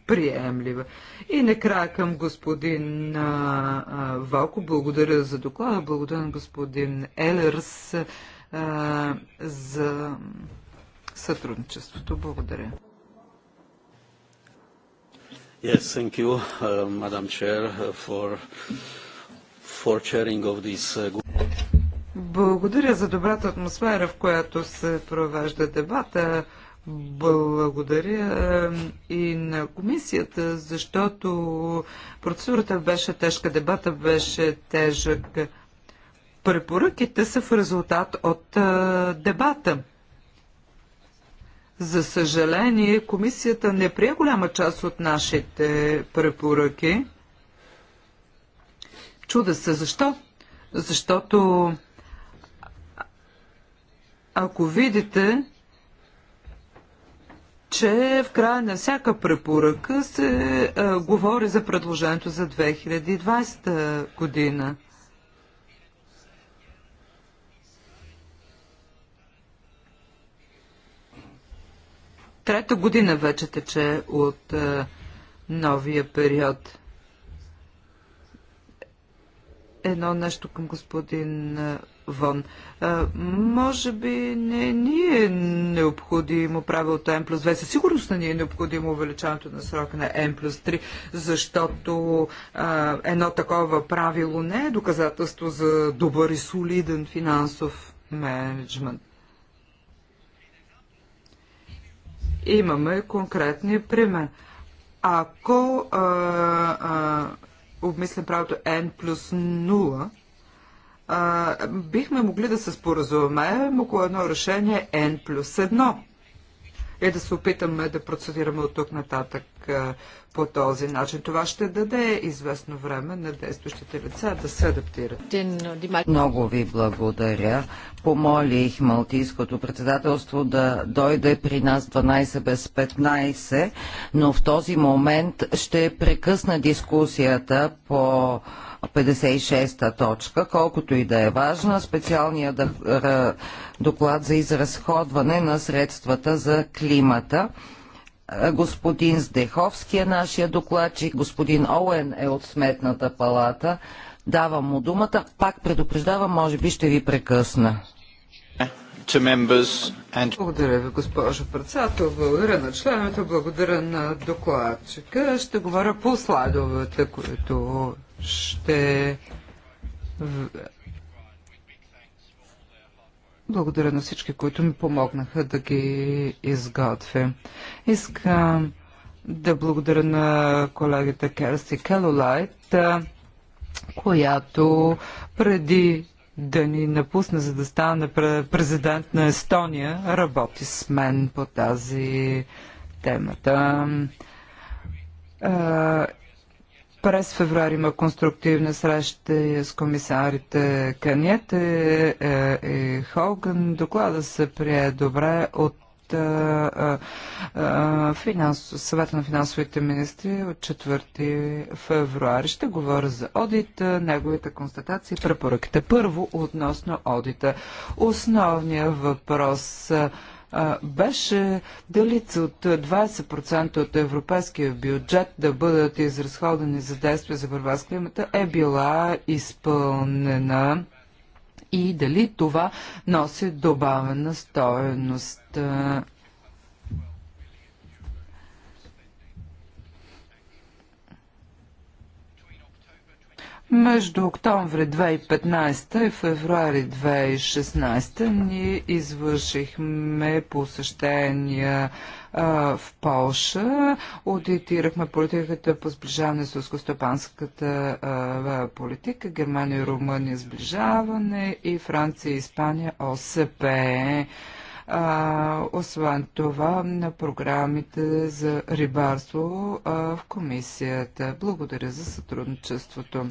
приемлива. И накрая към господин а, а, Валко. Благодаря за доклада. Благодаря на господин Елерс а, за сътрудничеството. Благодаря. Yes, thank you, uh, Madam Chair, uh, for, for chairing of this. Uh... Благодаря за добрата атмосфера, в която се провежда дебата. Благодаря и на комисията, защото процедурата беше тежка, дебата беше тежък. Препоръките са в резултат от е, дебата. За съжаление, комисията не прие голяма част от нашите препоръки. Чуда се защо? Защото ако видите, че в края на всяка препоръка се а, говори за предложението за 2020 година. Трета година вече тече от а, новия период. Едно нещо към господин вън. А, може би не ни е необходимо правилото N плюс 2. Със сигурност не ни е необходимо увеличаването на срока на N плюс 3, защото а, едно такова правило не е доказателство за добър и солиден финансов менеджмент. Имаме конкретни пример. Ако а, а, обмислям правото N плюс 0, а, бихме могли да се споразумеем около едно решение е N плюс 1 и да се опитаме да процедираме от тук нататък а, по този начин. Това ще даде известно време на действащите лица да се адаптират. Много ви благодаря. Помолих Малтийското председателство да дойде при нас 12 без 15, но в този момент ще прекъсна дискусията по 56-та точка, колкото и да е важна, специалния доклад за изразходване на средствата за климата. Господин Здеховски е нашия докладчик, господин Оуен е от Сметната палата. Давам му думата. Пак предупреждавам, може би ще ви прекъсна. And... Благодаря ви, госпожо председател. Благодаря на членовете, благодаря на докладчика. Ще говоря по слайдовете, които ще благодаря на всички, които ми помогнаха да ги изготвя. Искам да благодаря на колегата Керси Келолайт, която преди да ни напусне, за да стане президент на Естония, работи с мен по тази темата. През февруари има конструктивна среща с комисарите Каниете е, и Холган. Доклада се прие добре от е, е, съвета на финансовите министри от 4 февруари. Ще говоря за одита, неговите констатации препоръките. Първо, относно одита. Основният въпрос беше дали от 20% от европейския бюджет да бъдат изразходени за действия за борба с климата е била изпълнена и дали това носи добавена стоеност. Между октомври 2015 и февруари 2016 ние извършихме посещения а, в Полша, аудитирахме политиката по сближаване с ускостопанската политика, Германия и Румъния сближаване и Франция и Испания ОСП. А, освен това на програмите за рибарство а, в комисията. Благодаря за сътрудничеството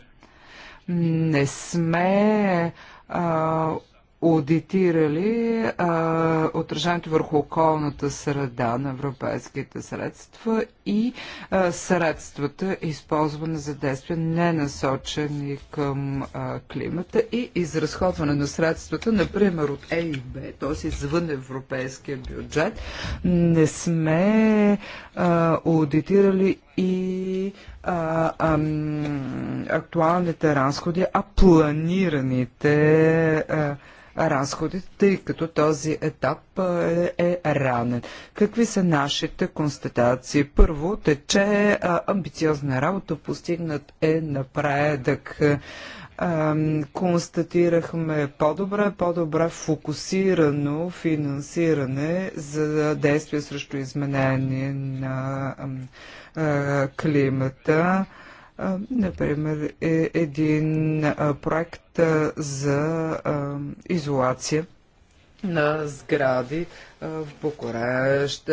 не сме а, аудитирали а, отражението върху околната среда на европейските средства и а, средствата, използване за действия не насочени към а, климата и изразходване на средствата, например от ЕИБ, т.е. извън европейския бюджет, не сме а, аудитирали и а, а, актуалните разходи, а планираните а, разходи, тъй като този етап е, е ранен. Какви са нашите констатации? Първо, тече амбициозна работа, постигнат е напредък констатирахме по добра по-добре фокусирано финансиране за действия срещу изменение на климата. Например, е един проект за изолация на сгради в Букурещ.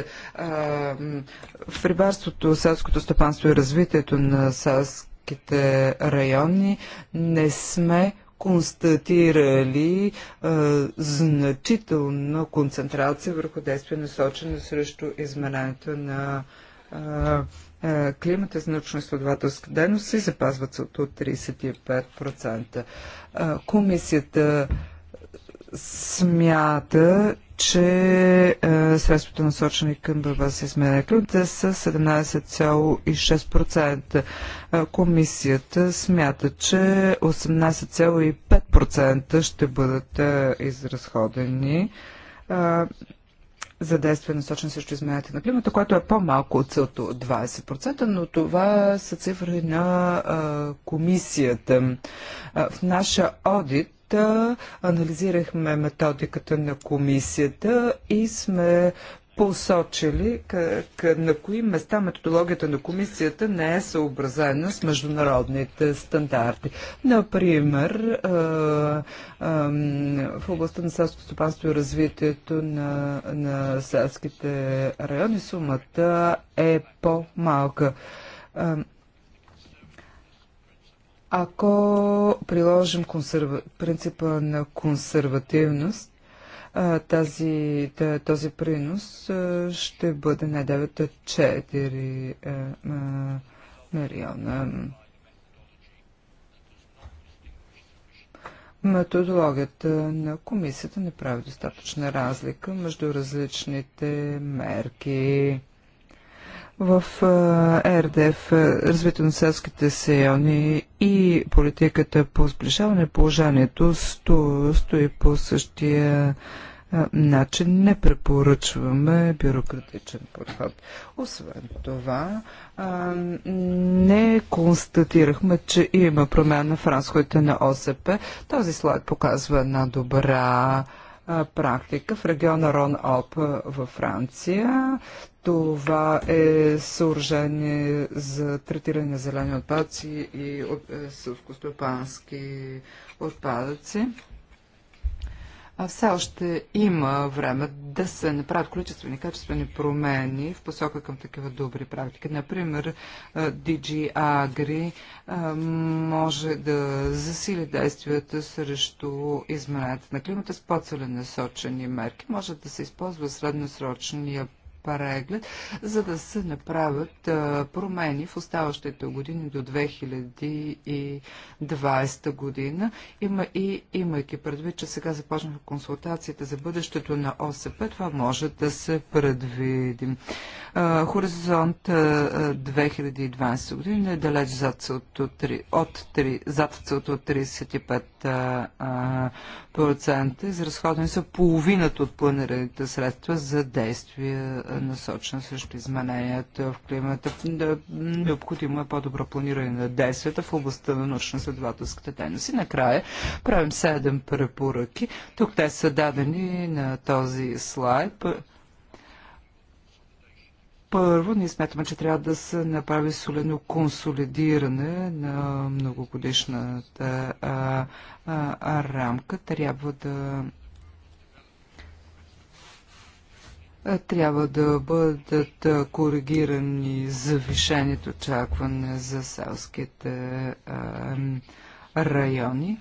В рибарството, селското стопанство и развитието на селско селските райони не сме констатирали а, е, значителна концентрация върху действие, насочено срещу изменението на а, е, а, е, климата за научно-изследователска дейност и запазват се от 35%. А, комисията смята, че е, средствата насочени към борба с изменение климата са 17,6%. Е, комисията смята, че 18,5% ще бъдат е, изразходени е, за действия насочени срещу изменението на климата, което е по-малко от целта от 20%, но това са цифри на е, комисията. Е, в нашия одит комисията, анализирахме методиката на комисията и сме посочили на кои места методологията на комисията не е съобразена с международните стандарти. Например, в областта на селското стопанство и развитието на, на селските райони сумата е по-малка. Ако приложим консерва... принципа на консервативност, тази, този принос ще бъде на 9,4 е, милиона. Методологията на комисията не прави достатъчна разлика между различните мерки в РДФ, развитие на селските сеони и политиката по сближаване, положението сто, стои по същия начин. Не препоръчваме бюрократичен подход. Освен това, не констатирахме, че има промяна в разходите на ОСП. Този слайд показва една добра практика в региона Рон-Оп във Франция. Това е съоръжение за третиране на зелени отпадъци и е, селскостопански отпадъци. А все още има време да се направят количествени и качествени промени в посока към такива добри практики. Например, DG е, Agri е, може да засили действията срещу измененията на климата с по-целенасочени мерки. Може да се използва средносрочния преглед, за да се направят промени в оставащите години до 2020 година. Има и, имайки предвид, че сега започнаха консултацията за бъдещето на ОСП, това може да се предвиди. Хоризонт 2020 година е далеч зад от 3, зад целта от 35% изразходени са половината от планираните средства за действия насочена срещу измененията в климата. Необходимо е по-добро планиране на действията в областта на научно-следователската дейност. И накрая правим 7 препоръки. Тук те са дадени на този слайд. Първо, ние сметаме, че трябва да се направи солено консолидиране на многогодишната а, а, а, рамка. Трябва да Е, трябва да бъдат е, коригирани завишените очакване за селските е, райони.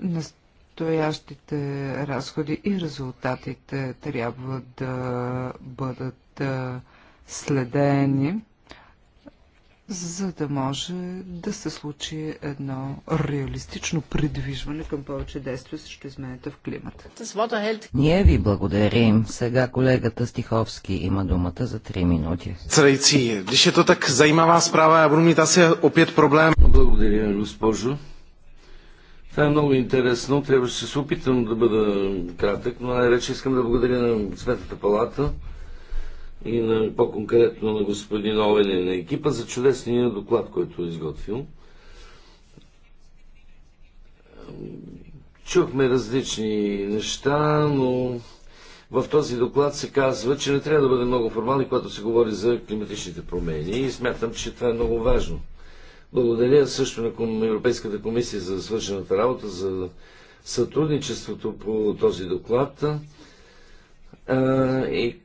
Настоящите разходи и резултатите трябва да бъдат следени за да може да се случи едно реалистично придвижване към повече действия срещу измените в климата. Ние ви благодарим. Сега колегата Стиховски има думата за 3 минути. Царейци, když je to tak zajímavá а já budu mít проблем. Благодаря, госпожо. Това е много интересно. Трябваше да се опитам да бъда кратък, но най рече искам да благодаря на Светата палата и на, по-конкретно на господин Овен и на екипа за чудесния доклад, който е изготвил. Чухме различни неща, но в този доклад се казва, че не трябва да бъде много формални, когато се говори за климатичните промени и смятам, че това е много важно. Благодаря също на Европейската комисия за свършената работа, за сътрудничеството по този доклад. И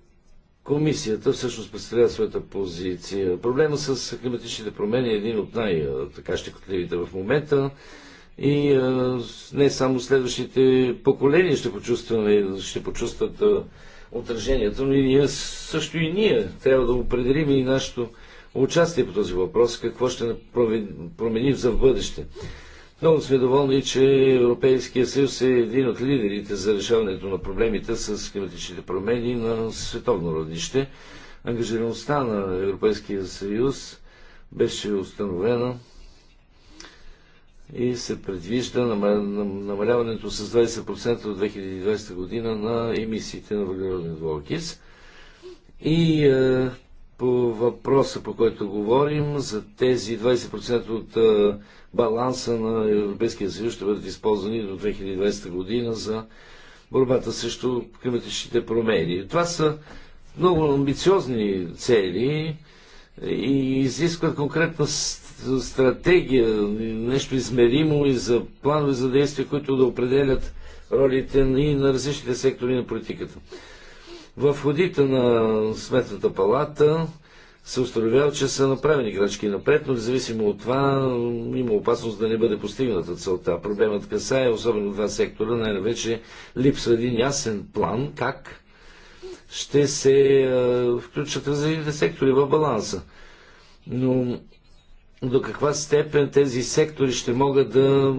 Комисията всъщност представлява своята позиция. Проблема с климатичните промени е един от най-така щекотливите в момента. И а, не само следващите поколения ще почувстваме, ще почувстват а, отражението, но и ние, също и ние трябва да определим и нашето участие по този въпрос, какво ще променим за в бъдеще. Много сме доволни, че Европейския съюз е един от лидерите за решаването на проблемите с климатичните промени на световно равнище. Ангажираността на Европейския съюз беше установена и се предвижда намаляването с 20% от 2020 година на емисиите на въглероден двуокис. И е, по въпроса, по който говорим, за тези 20% от баланса на Европейския съюз ще бъдат използвани до 2020 година за борбата срещу климатичните промени. Това са много амбициозни цели и изискват конкретна стратегия, нещо измеримо и за планове за действия, които да определят ролите и на различните сектори на политиката. В ходите на Сметната палата се установява, че са направени грачки напред, но независимо от това има опасност да не бъде постигната целта. Проблемът касае особено два сектора, най навече липсва един ясен план как ще се включат различните сектори в баланса. Но до каква степен тези сектори ще могат да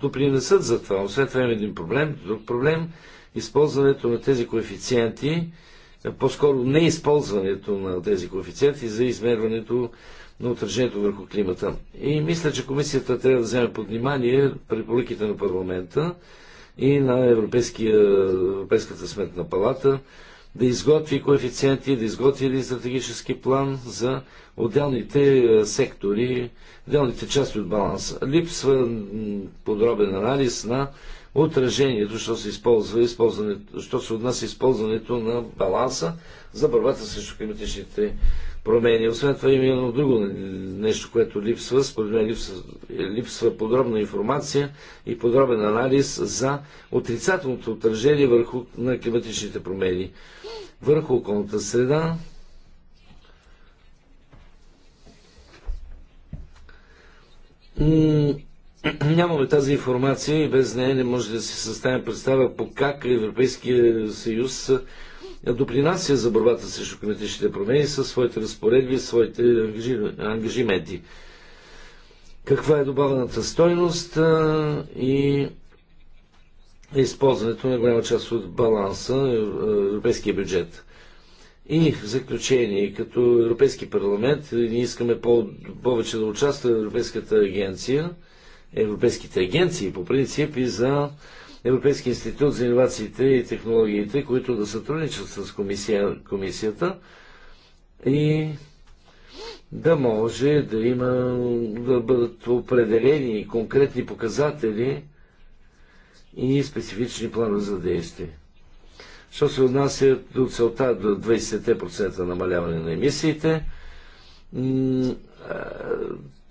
допринесат за това? Освен това има един проблем, друг проблем – използването на тези коефициенти, по-скоро неизползването на тези коефициенти за измерването на отражението върху климата. И мисля, че комисията трябва да вземе под внимание препоръките на парламента и на Европейската сметна палата да изготви коефициенти, да изготви един стратегически план за отделните е, сектори, отделните части от баланса. Липсва подробен анализ на отражението, що се използва, използването, що се отнася използването на баланса за борбата срещу климатичните промени. Освен това има едно друго нещо, което липсва. Според мен липсва, липсва подробна информация и подробен анализ за отрицателното отражение върху, на климатичните промени върху околната среда, [clears throat] Нямаме тази информация и без нея не може да се съставим представа по как Европейския съюз допринася за борбата срещу климатичните промени със своите разпоредби, своите ангажименти. Каква е добавената стойност и използването на голяма част от баланса на е, е, европейския бюджет. И в заключение, като Европейски парламент, ние искаме повече да участва Европейската агенция – европейските агенции по принцип и за Европейски институт за инновациите и технологиите, които да сътрудничат с комисия, комисията и да може да има, да бъдат определени конкретни показатели и специфични планове за действие. Що се отнася до целта до 20% намаляване на емисиите,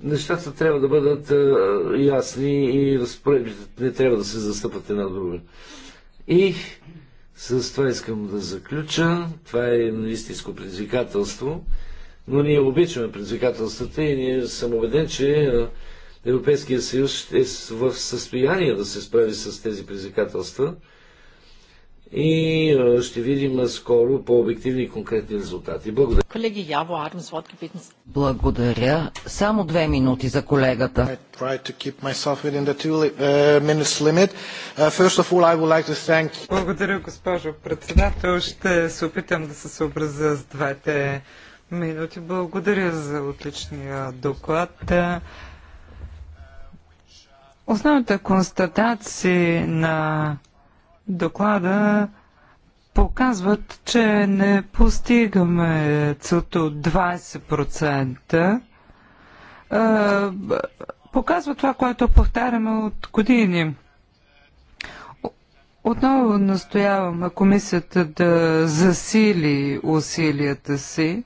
нещата трябва да бъдат ясни и разпоредбите не трябва да се застъпват една друга. И с това искам да заключа. Това е истинско предизвикателство, но ние обичаме предизвикателствата и ние съм убеден, че Европейския съюз е в състояние да се справи с тези предизвикателства и ще видим скоро по обективни и конкретни резултати. Благодаря. Колеги Яво Армс, Благодаря. Само две минути за колегата. Благодаря, госпожо председател. Ще се опитам да се съобразя с двете минути. Благодаря за отличния доклад. Основната констатация на доклада показват, че не постигаме целта от 20%. Показва това, което повтаряме от години. Отново настояваме комисията да засили усилията си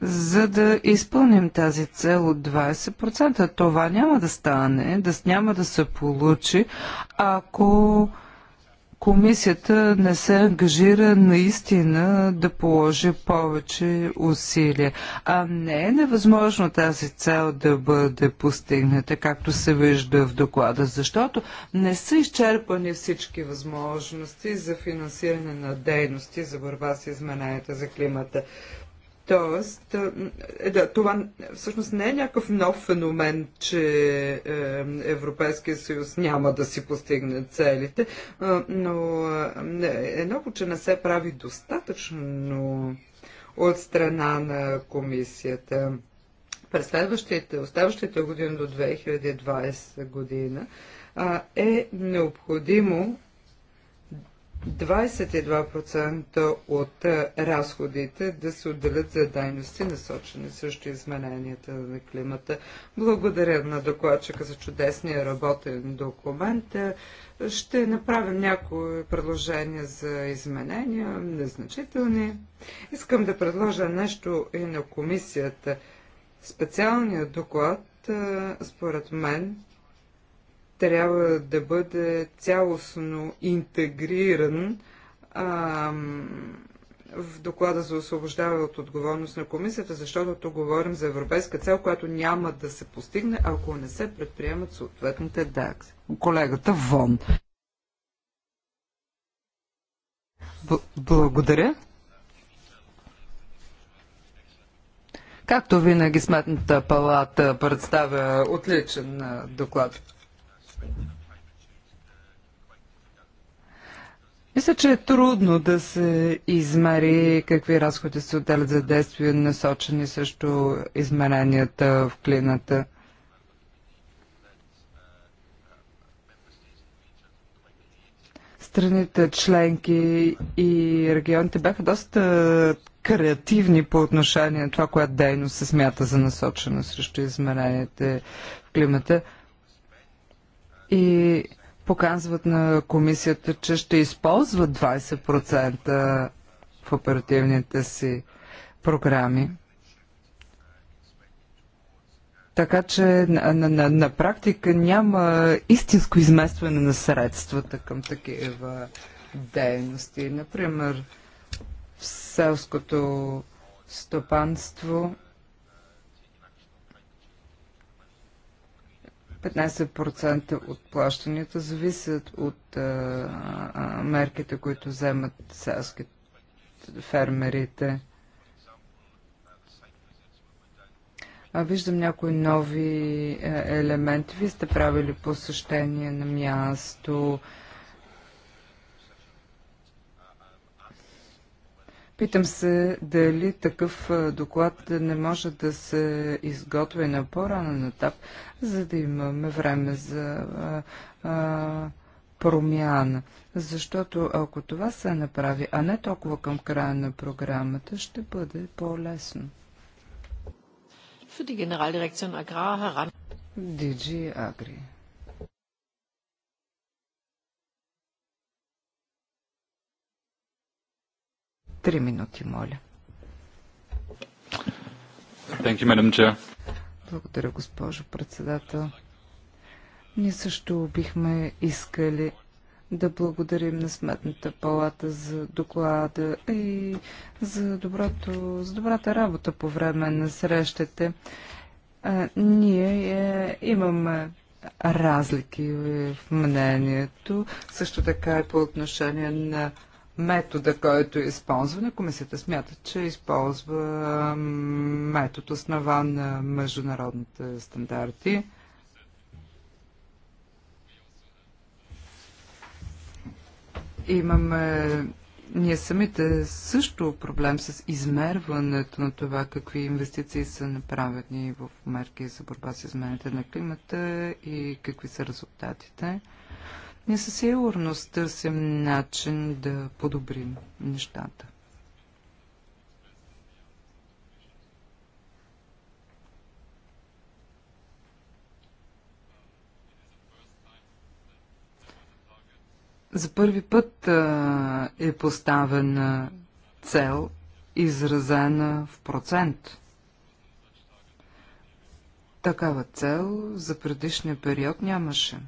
за да изпълним тази цел от 20%. Това няма да стане, да, няма да се получи, ако комисията не се ангажира наистина да положи повече усилия. А не е невъзможно тази цел да бъде постигната, както се вижда в доклада, защото не са изчерпани всички възможности за финансиране на дейности за борба с измененията за климата. Тоест, е, да, това всъщност не е някакъв нов феномен, че е, Европейския съюз няма да си постигне целите, но е много, е че не се прави достатъчно от страна на комисията. През следващите, оставащите години до 2020 година е необходимо 22% от разходите да се отделят за дайности, насочени срещу измененията на климата. Благодаря на докладчика за чудесния работен документ. Ще направим някои предложения за изменения, незначителни. Искам да предложа нещо и на комисията. Специалният доклад, според мен, трябва да бъде цялостно интегриран а, в доклада за освобождаване от отговорност на комисията, защото тук говорим за европейска цел, която няма да се постигне, ако не се предприемат съответните дакси. Колегата Вон. Б благодаря. Както винаги Сметната палата представя отличен доклад. Мисля, че е трудно да се измери какви разходи се отделят за действия, насочени срещу измеренията в клината. Страните членки и регионите бяха доста креативни по отношение на това, която дейност се смята за насочена срещу измеренията в климата и показват на комисията, че ще използват 20% в оперативните си програми. Така че на, на, на, практика няма истинско изместване на средствата към такива дейности. Например, в селското стопанство 15% от плащанията зависят от а, а, мерките, които вземат селските фермерите. А, виждам някои нови е, елементи. Вие сте правили посещение на място. Питам се дали такъв е, доклад не може да се изготви на по-ранен етап, за да имаме време за а, промяна. Защото ако това се направи, а не толкова към края на програмата, ще бъде по-лесно. Диджи Агри. Три минути, моля. Thank you, Madam Chair. Благодаря, госпожо председател. Ние също бихме искали да благодарим на Сметната палата за доклада и за, доброто, за добрата работа по време на срещите. А, ние е, имаме разлики в мнението, също така и по отношение на метода, който е използван. Комисията смята, че използва метод основан на международните стандарти. Имаме ние самите също проблем с измерването на това какви инвестиции са направени в мерки за борба с измените на климата и какви са резултатите. Ние със сигурност търсим начин да подобрим нещата. За първи път а, е поставена цел, изразена в процент. Такава цел за предишния период нямаше.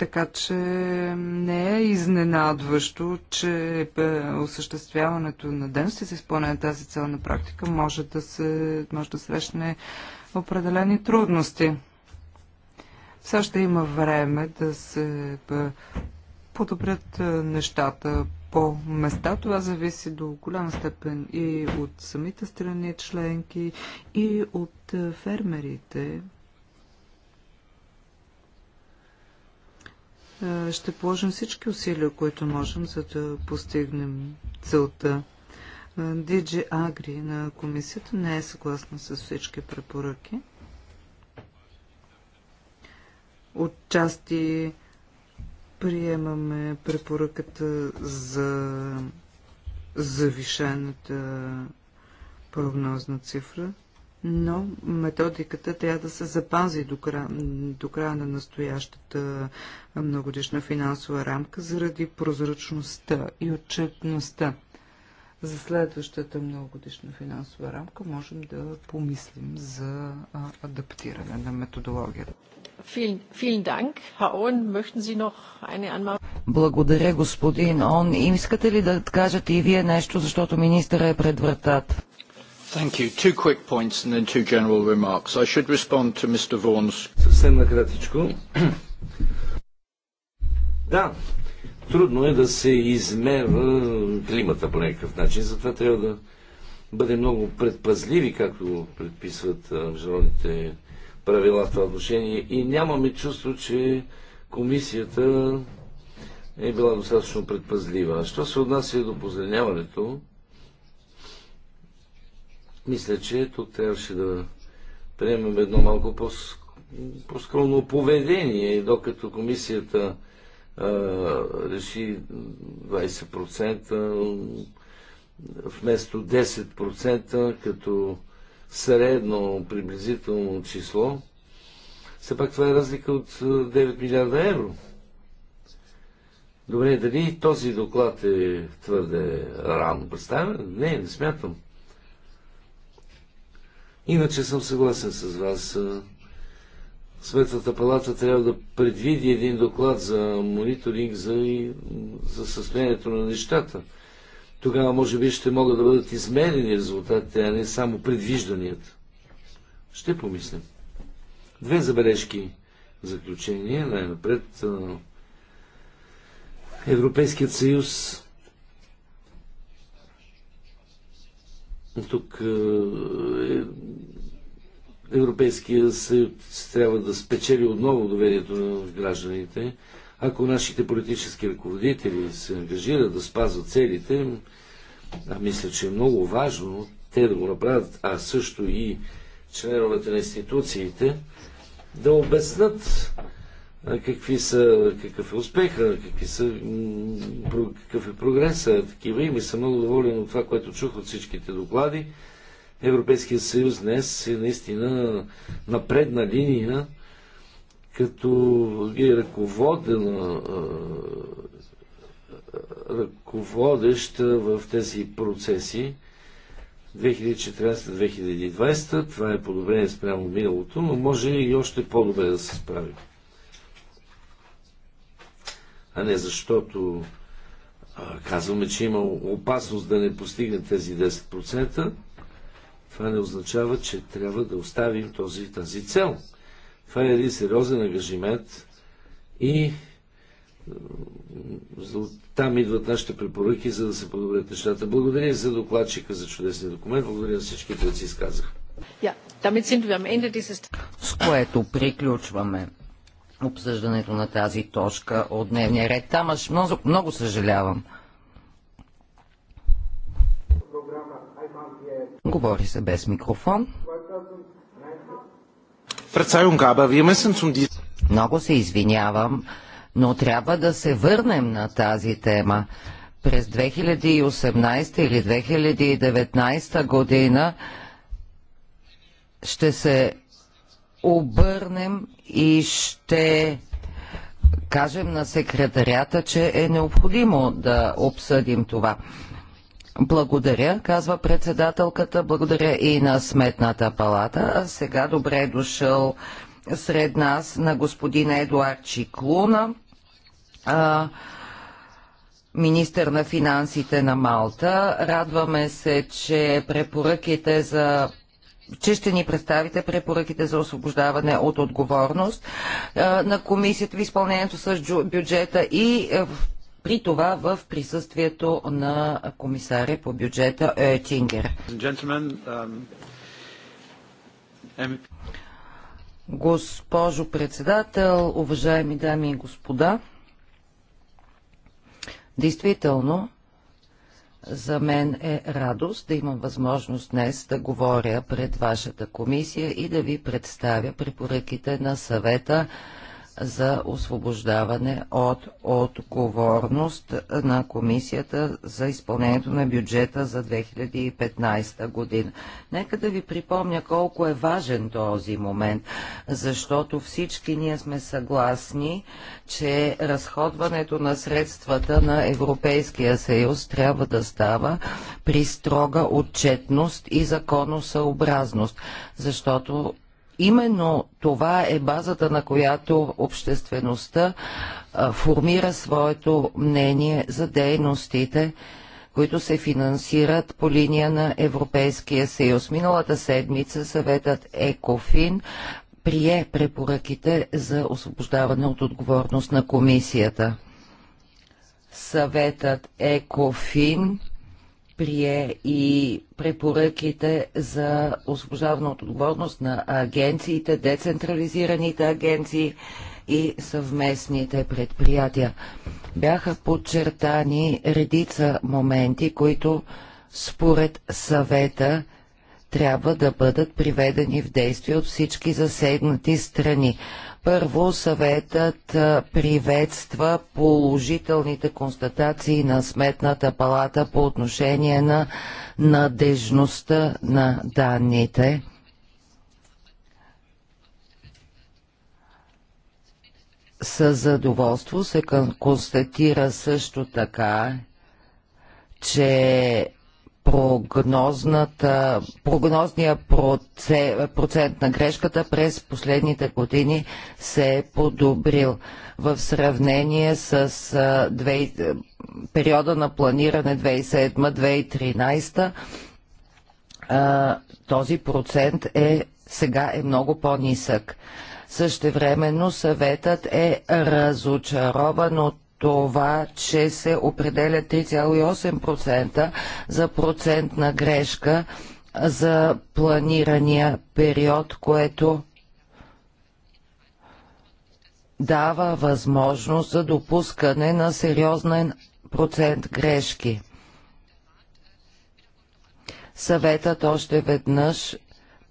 Така че не е изненадващо, че е, осъществяването на дейности с изпълнение на тази цел на практика може да, се, може да срещне определени трудности. Все още има време да се е, подобрят е, нещата по места. Това зависи до голяма степен и от самите страни членки, и от фермерите, Е, ще положим всички усилия, които можем, за да постигнем целта. Е, Диджи Агри на комисията не е съгласна с всички препоръки. Отчасти приемаме препоръката за завишената прогнозна цифра но методиката трябва да се запази до края, до края на настоящата многодишна финансова рамка заради прозрачността и отчетността. За следващата многодишна финансова рамка можем да помислим за адаптиране на методологията. Благодаря, господин Он. Искате ли да кажете и вие нещо, защото министъра е пред вратата? Thank you. Two quick points and then two general remarks. I should respond to Mr. Vaughan's. Съвсем накратичко. да, трудно е да се измерва климата по някакъв начин, затова трябва да бъдем много предпазливи, както предписват международните правила в това отношение. И нямаме чувство, че комисията е била достатъчно предпазлива. А що се отнася до позеленяването, мисля, че тук трябваше да приемем едно малко по-скромно поведение и докато комисията а, реши 20% вместо 10% като средно приблизително число, все пак това е разлика от 9 милиарда евро. Добре, дали този доклад е твърде рано представен? Не, не смятам. Иначе съм съгласен с вас. Светлата палата трябва да предвиди един доклад за мониторинг за, и за състоянието на нещата. Тогава може би ще могат да бъдат измерени резултатите, а не само предвижданията. Ще помислим. Две забележки в заключение. Най-напред Европейският съюз Тук е, е, Европейския съюз трябва да спечели отново доверието на гражданите. Ако нашите политически ръководители се ангажират да спазват целите, а мисля, че е много важно те да го направят, а също и членовете на институциите, да обяснат какви са, какъв е успеха, какви са, какъв е прогреса, такива има и съм много доволен от това, което чух от всичките доклади. Европейския съюз днес е наистина на предна линия, като е ръководена ръководеща в тези процеси 2014-2020. Това е подобрение спрямо миналото, но може и още по-добре да се справим а не защото а, казваме, че има опасност да не постигне тези 10%, това не означава, че трябва да оставим този, тази цел. Това е един сериозен ангажимент и там идват нашите препоръки, за да се подобрят нещата. Благодаря за докладчика за чудесния документ. Благодаря на всички, които си изказаха. С което приключваме обсъждането на тази точка от дневния ред. Там аз много, много съжалявам. Говори се без микрофон. Много се извинявам, но трябва да се върнем на тази тема. През 2018 или 2019 година ще се обърнем и ще кажем на секретарята, че е необходимо да обсъдим това. Благодаря, казва председателката, благодаря и на Сметната палата. А сега добре е дошъл сред нас на господин Едуард Чиклуна, а, министър на финансите на Малта. Радваме се, че препоръките за че ще ни представите препоръките за освобождаване от отговорност на комисията в изпълнението с бюджета и е, при това в присъствието на комисаря по бюджета Тингер. Um, Госпожо председател, уважаеми дами и господа, действително за мен е радост да имам възможност днес да говоря пред вашата комисия и да ви представя препоръките на съвета за освобождаване от отговорност на Комисията за изпълнението на бюджета за 2015 година. Нека да ви припомня колко е важен този момент, защото всички ние сме съгласни, че разходването на средствата на Европейския съюз трябва да става при строга отчетност и законосъобразност, защото Именно това е базата, на която обществеността формира своето мнение за дейностите, които се финансират по линия на Европейския съюз. Миналата седмица съветът ЕКОФИН прие препоръките за освобождаване от отговорност на комисията. Съветът ЕКОФИН прие и препоръките за освобождаване от отговорност на агенциите, децентрализираните агенции и съвместните предприятия. Бяха подчертани редица моменти, които според съвета трябва да бъдат приведени в действие от всички засегнати страни. Първо, съветът приветства положителните констатации на Сметната палата по отношение на надежността на данните. С задоволство се констатира също така, че прогнозната, прогнозния процент, процент на грешката през последните години се е подобрил в сравнение с две, периода на планиране 2007-2013. Този процент е, сега е много по-нисък. Същевременно съветът е разочарован от това, че се определя 3,8% за процентна грешка за планирания период, което дава възможност за допускане на сериозен процент грешки. Съветът още веднъж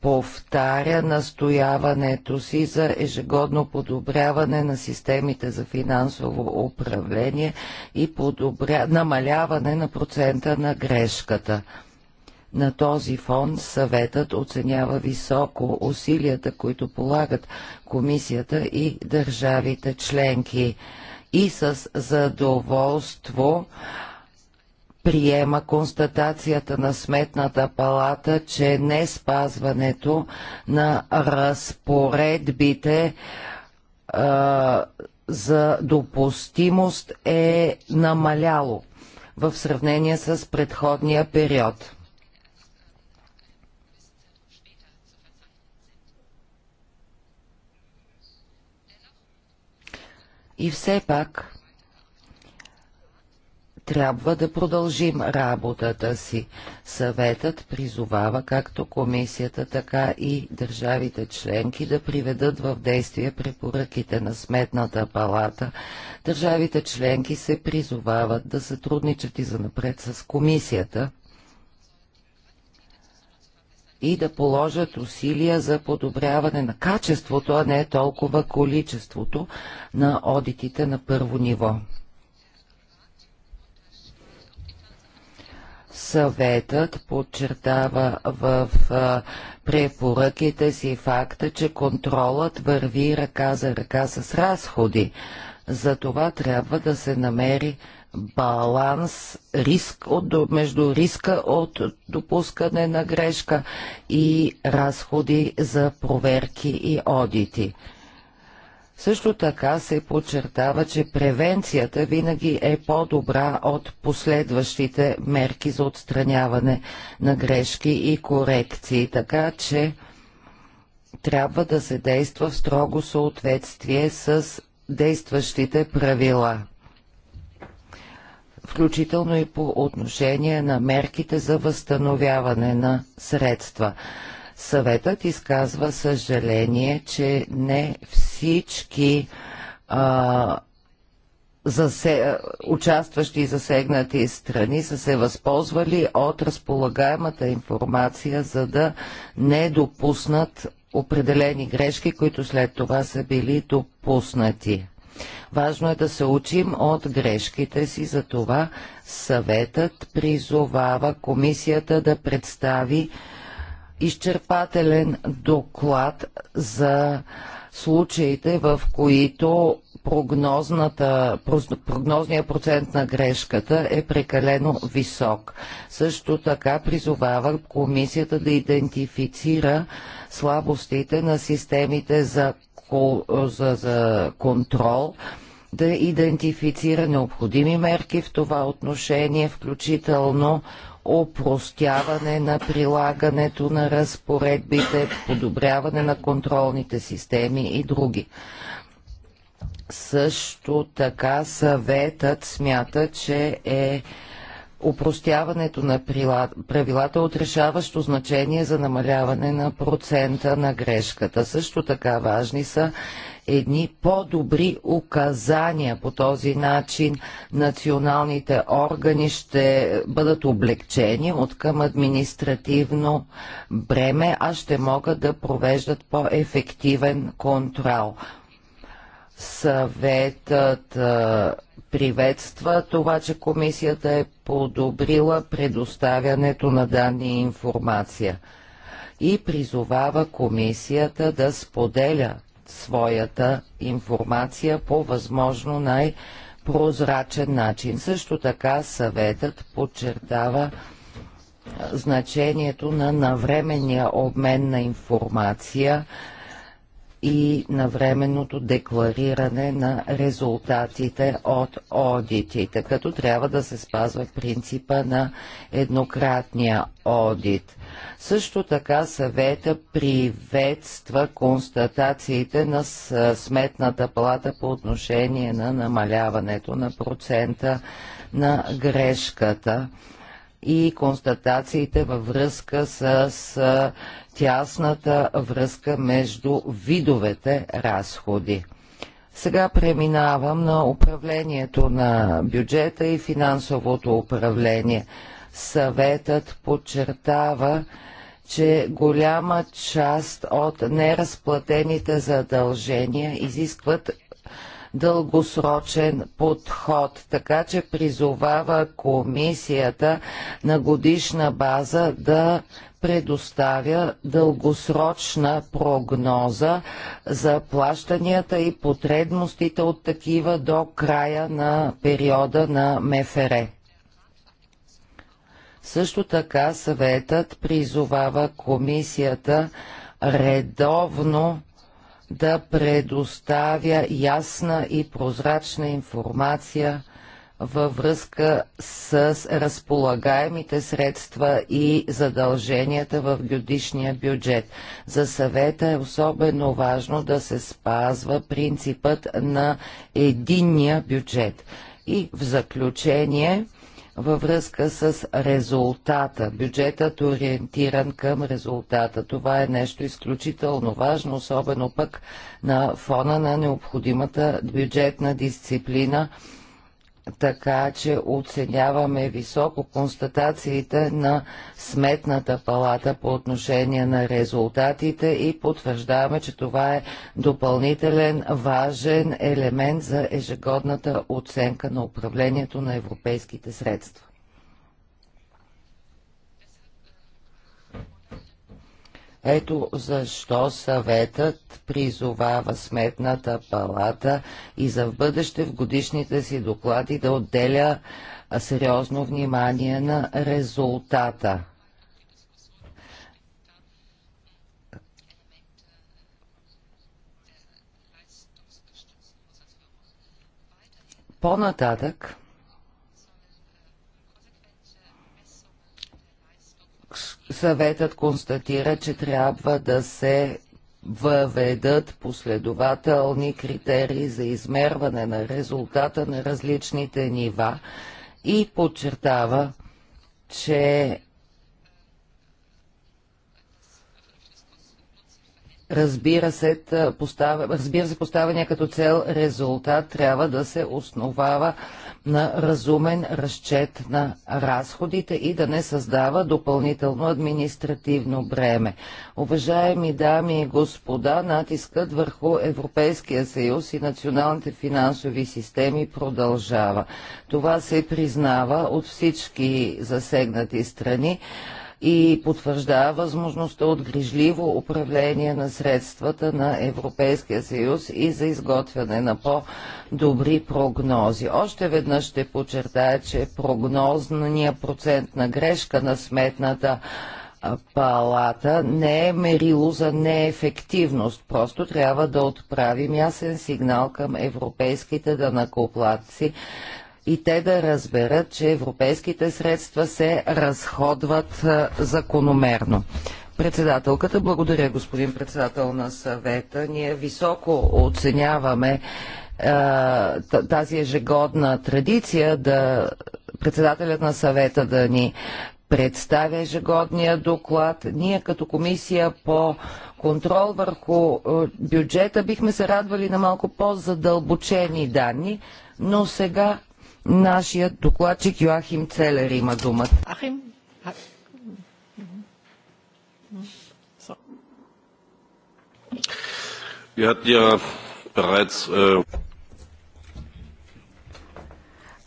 повтаря настояването си за ежегодно подобряване на системите за финансово управление и подобря... намаляване на процента на грешката. На този фон съветът оценява високо усилията, които полагат комисията и държавите членки. И с задоволство приема констатацията на Сметната палата, че не спазването на разпоредбите а, за допустимост е намаляло в сравнение с предходния период. И все пак трябва да продължим работата си. Съветът призовава както комисията, така и държавите членки да приведат в действие препоръките на Сметната палата. Държавите членки се призовават да сътрудничат и занапред с комисията и да положат усилия за подобряване на качеството, а не толкова количеството на одитите на първо ниво. Съветът подчертава в препоръките си факта, че контролът върви ръка за ръка с разходи. За това трябва да се намери баланс риск от, между риска от допускане на грешка и разходи за проверки и одити. Също така се подчертава, че превенцията винаги е по-добра от последващите мерки за отстраняване на грешки и корекции, така че трябва да се действа в строго съответствие с действащите правила включително и по отношение на мерките за възстановяване на средства. Съветът изказва съжаление, че не всички а, засе... участващи и засегнати страни са се възползвали от разполагаемата информация, за да не допуснат определени грешки, които след това са били допуснати. Важно е да се учим от грешките си, за това съветът призовава комисията да представи изчерпателен доклад за случаите, в които прогнозният процент на грешката е прекалено висок. Също така призовава комисията да идентифицира слабостите на системите за, за, за контрол, да идентифицира необходими мерки в това отношение, включително опростяване на прилагането на разпоредбите, подобряване на контролните системи и други. Също така съветът смята, че е Опростяването на правилата е от решаващо значение за намаляване на процента на грешката. Също така важни са едни по-добри указания. По този начин националните органи ще бъдат облегчени от към административно бреме, а ще могат да провеждат по-ефективен контрол. Съветът приветства това, че комисията е подобрила предоставянето на данни и информация и призовава комисията да споделя своята информация по възможно най-прозрачен начин. Също така съветът подчертава значението на навременния обмен на информация и на временното деклариране на резултатите от одитите, като трябва да се спазва принципа на еднократния одит. Също така съвета приветства констатациите на Сметната палата по отношение на намаляването на процента на грешката и констатациите във връзка с тясната връзка между видовете разходи. Сега преминавам на управлението на бюджета и финансовото управление. Съветът подчертава, че голяма част от неразплатените задължения изискват дългосрочен подход. Така че призовава комисията на годишна база да предоставя дългосрочна прогноза за плащанията и потребностите от такива до края на периода на МФР. Също така съветът призовава комисията редовно да предоставя ясна и прозрачна информация във връзка с разполагаемите средства и задълженията в годишния бюджет. За съвета е особено важно да се спазва принципът на единния бюджет. И в заключение – във връзка с резултата, бюджетът ориентиран към резултата. Това е нещо изключително важно, особено пък на фона на необходимата бюджетна дисциплина – така че оценяваме високо констатациите на Сметната палата по отношение на резултатите и потвърждаваме, че това е допълнителен важен елемент за ежегодната оценка на управлението на европейските средства. Ето защо съветът призовава Сметната палата и за в бъдеще в годишните си доклади да отделя сериозно внимание на резултата. По-нататък Съветът констатира, че трябва да се въведат последователни критерии за измерване на резултата на различните нива и подчертава, че Разбира се, поставя, разбира се, поставения като цел резултат трябва да се основава на разумен разчет на разходите и да не създава допълнително административно бреме. Уважаеми дами и господа, натискът върху Европейския съюз и националните финансови системи продължава. Това се признава от всички засегнати страни и потвърждава възможността от грижливо управление на средствата на Европейския съюз и за изготвяне на по-добри прогнози. Още веднъж ще подчертая, че прогнозния процент на грешка на сметната палата не е мерило за неефективност. Просто трябва да отправим ясен сигнал към европейските данакоплатци и те да разберат, че европейските средства се разходват е, закономерно. Председателката, благодаря господин председател на съвета. Ние високо оценяваме е, тази ежегодна традиция да председателят на съвета да ни представя ежегодния доклад. Ние като комисия по контрол върху е, бюджета бихме се радвали на малко по-задълбочени данни, но сега Нашият докладчик Йоахим Целер има думата. Ахим? в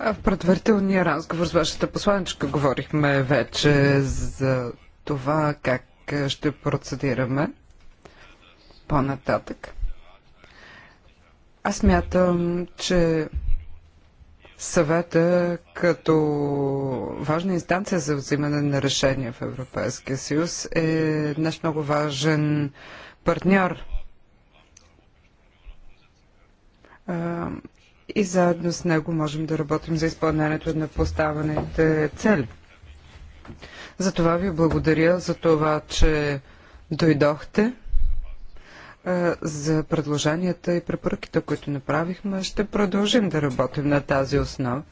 äh, предварителния разговор с вашата посланичка говорихме вече за това как е, ще процедираме по-нататък. Аз мятам, че съвета като важна инстанция за взимане на решения в Европейския съюз е наш много важен партньор. И заедно с него можем да работим за изпълнението на поставените цели. Затова ви благодаря за това, че дойдохте е, за предложенията и препоръките, които направихме. Ще продължим да работим на тази основа.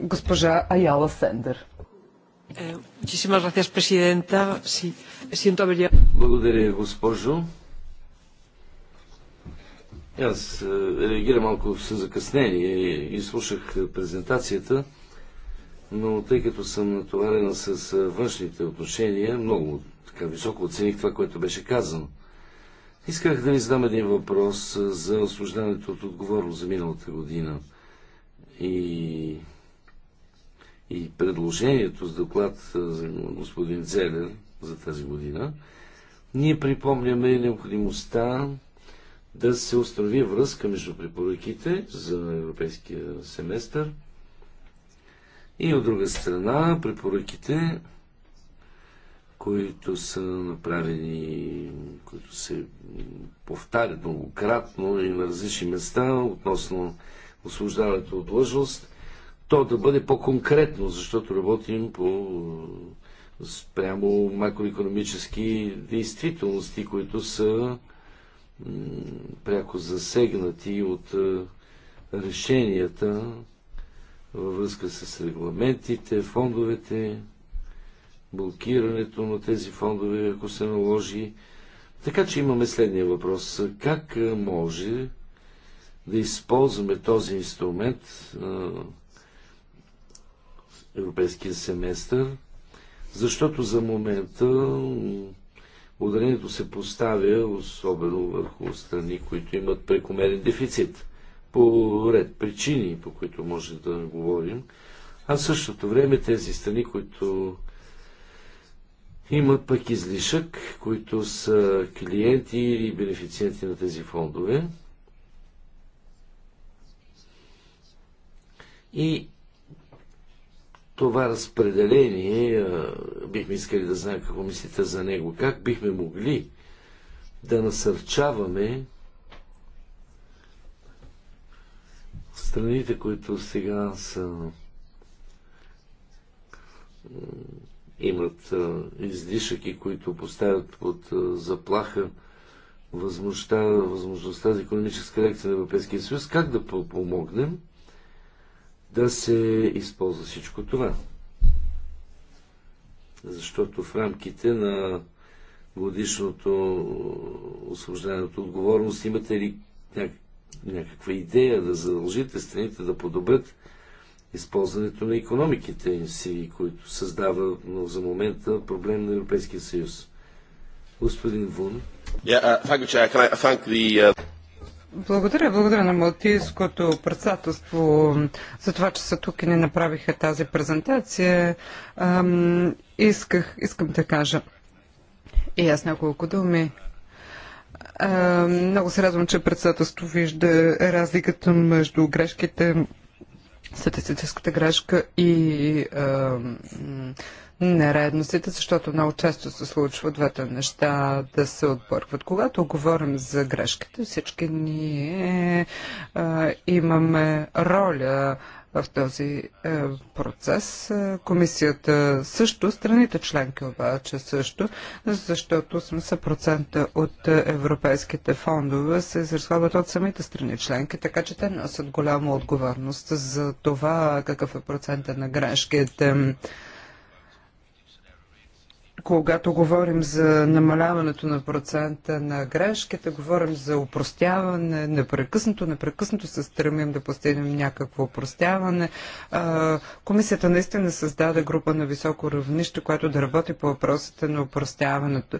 Госпожа Аяла Сендер. Е, Благодаря, госпожо. Аз е, реагирам малко с закъснение и слушах презентацията, но тъй като съм натоварена с външните отношения, много така високо оцених това, което беше казано. Исках да ви задам един въпрос за освобождането от отговорност за миналата година и, и предложението с доклад за господин Целер за тази година. Ние припомняме необходимостта да се установи връзка между препоръките за европейския семестър и от друга страна препоръките които са направени, които се повтарят многократно и на различни места относно освобождаването от длъжност, то да бъде по-конкретно, защото работим по прямо макроекономически действителности, които са пряко засегнати от е, решенията във връзка с регламентите, фондовете, блокирането на тези фондове, ако се наложи. Така че имаме следния въпрос. Как може да използваме този инструмент, европейския семестър, защото за момента ударението се поставя особено върху страни, които имат прекомерен дефицит по ред причини, по които може да говорим, а в същото време тези страни, които има пък излишък, които са клиенти и бенефициенти на тези фондове. И това разпределение, бихме искали да знаем какво мислите за него, как бихме могли да насърчаваме страните, които сега са имат излишъки, които поставят под заплаха възможността, възможността за економическа реакция на Европейския съюз, как да помогнем да се използва всичко това. Защото в рамките на годишното освобождение от отговорност имате ли някаква идея да задължите страните да подобрят използването на економиките си, които създава за момента проблем на Европейския съюз. Господин Вун. Uh, uh, благодаря, благодаря на Малтийското председателство за това, че са тук и не направиха тази презентация. Ам, исках, искам да кажа и аз няколко думи. Ам, много се радвам, че председателство вижда разликата между грешките статистическата грешка и а, нередностите, защото много често се случва двете неща да се отбъркват. Когато говорим за грешките, всички ние а, имаме роля в този е, процес. Комисията също, страните членки обаче също, защото 80% от европейските фондове се изразходват от самите страни членки, така че те носят голяма отговорност за това какъв е процента на грешките когато говорим за намаляването на процента на грешките, говорим за упростяване, непрекъснато, непрекъснато се стремим да постигнем някакво упростяване. Комисията наистина създаде група на високо равнище, която да работи по въпросите на упростяването.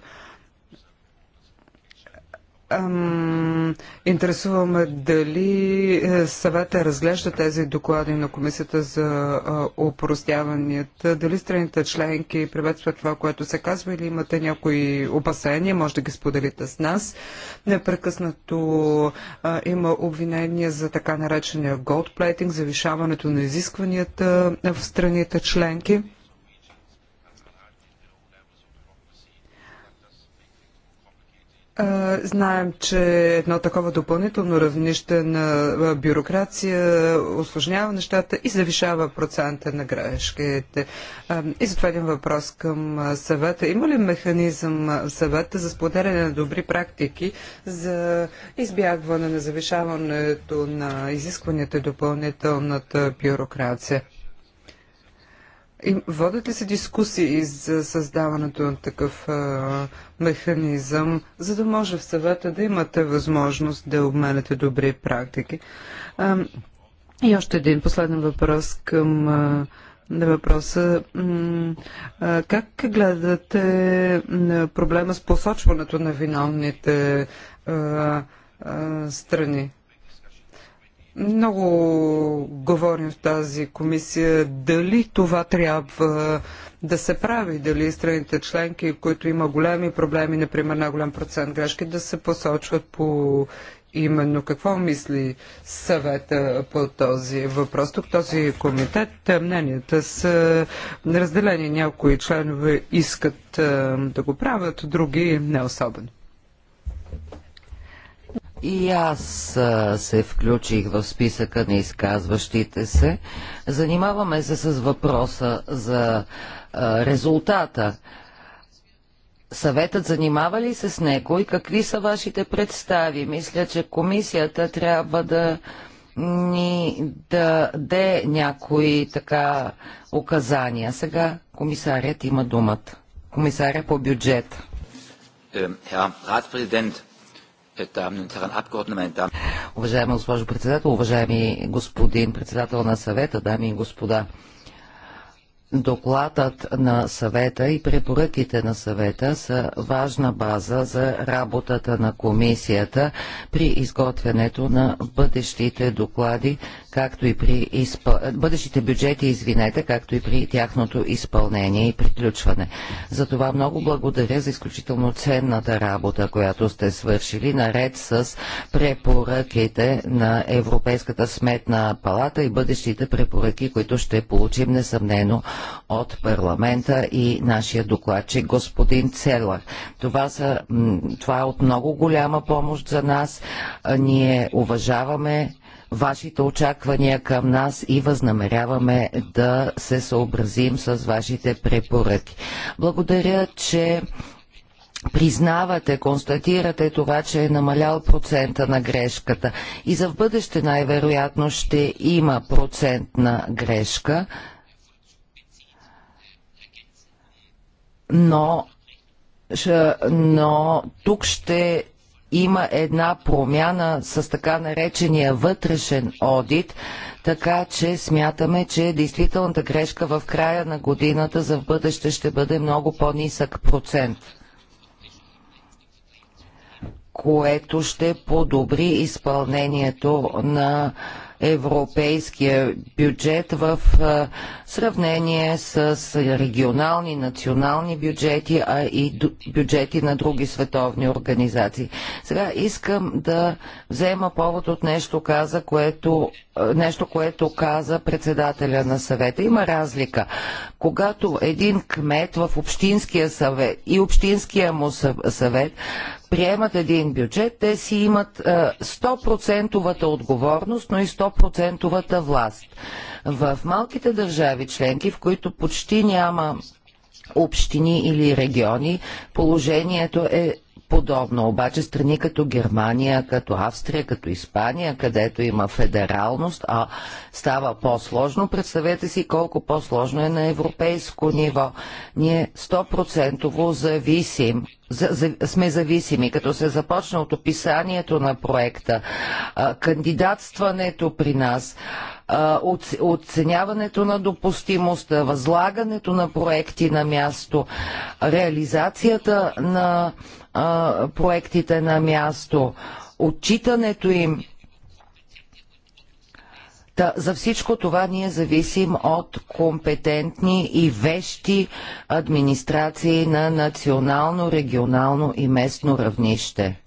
Ам, интересуваме дали е, съвета разглежда тези доклади на комисията за опростяванията, дали страните членки приветстват това, което се казва или имате някои опасения, може да ги споделите с нас. Непрекъснато а, има обвинения за така наречения gold plating, завишаването на изискванията в страните членки. Знаем, че едно такова допълнително равнище на бюрокрация осложнява нещата и завишава процента на грешките. И затова един въпрос към съвета. Има ли механизъм съвета за споделяне на добри практики за избягване на завишаването на изискванията и допълнителната бюрокрация? И водят ли се дискусии за създаването на такъв а, механизъм, за да може в съвета да имате възможност да обменяте добри практики? А, и още един последен въпрос към а, на въпроса. А, как гледате проблема с посочването на виновните а, а, страни? Много говорим в тази комисия дали това трябва да се прави, дали страните членки, които има големи проблеми, например на голям процент грешки, да се посочват по именно какво мисли съвета по този въпрос. Тук този комитет, е, мненията са разделени. Някои членове искат е, да го правят, други не особено. И аз се включих в списъка на изказващите се. Занимаваме се с въпроса за резултата. Съветът занимава ли се с него и какви са вашите представи? Мисля, че комисията трябва да ни да де някои така указания. Сега комисарят има думата. Комисаря по бюджет. Е, Ратпрезидент, е, Уважаема госпожо председател, уважаеми господин председател на съвета, дами и господа, Докладът на съвета и препоръките на съвета са важна база за работата на комисията при изготвянето на бъдещите доклади както и при изпъл... бъдещите бюджети, извинете, както и при тяхното изпълнение и приключване. За това много благодаря за изключително ценната работа, която сте свършили, наред с препоръките на Европейската сметна палата и бъдещите препоръки, които ще получим несъмнено от парламента и нашия докладчик господин Целър. Това, са, това е от много голяма помощ за нас. Ние уважаваме вашите очаквания към нас и възнамеряваме да се съобразим с вашите препоръки. Благодаря, че признавате, констатирате това, че е намалял процента на грешката и за в бъдеще най-вероятно ще има процентна грешка, но, но тук ще има една промяна с така наречения вътрешен одит, така че смятаме, че действителната грешка в края на годината за в бъдеще ще бъде много по-нисък процент което ще подобри изпълнението на европейския бюджет в сравнение с регионални, национални бюджети, а и бюджети на други световни организации. Сега искам да взема повод от нещо, каза, което, нещо, което каза председателя на съвета. Има разлика. Когато един кмет в общинския съвет и общинския му съвет приемат един бюджет, те си имат 100 е, отговорност, но и 100 власт. В малките държави членки, в които почти няма общини или региони, положението е Подобно обаче страни като Германия, като Австрия, като Испания, където има федералност, а става по-сложно, представете си колко по-сложно е на европейско ниво. Ние 100% зависим за, за, сме зависими. Като се започна от описанието на проекта, а, кандидатстването при нас, а, от, оценяването на допустимостта, възлагането на проекти на място, реализацията на а, проектите на място, отчитането им. Та, за всичко това ние зависим от компетентни и вещи администрации на национално, регионално и местно равнище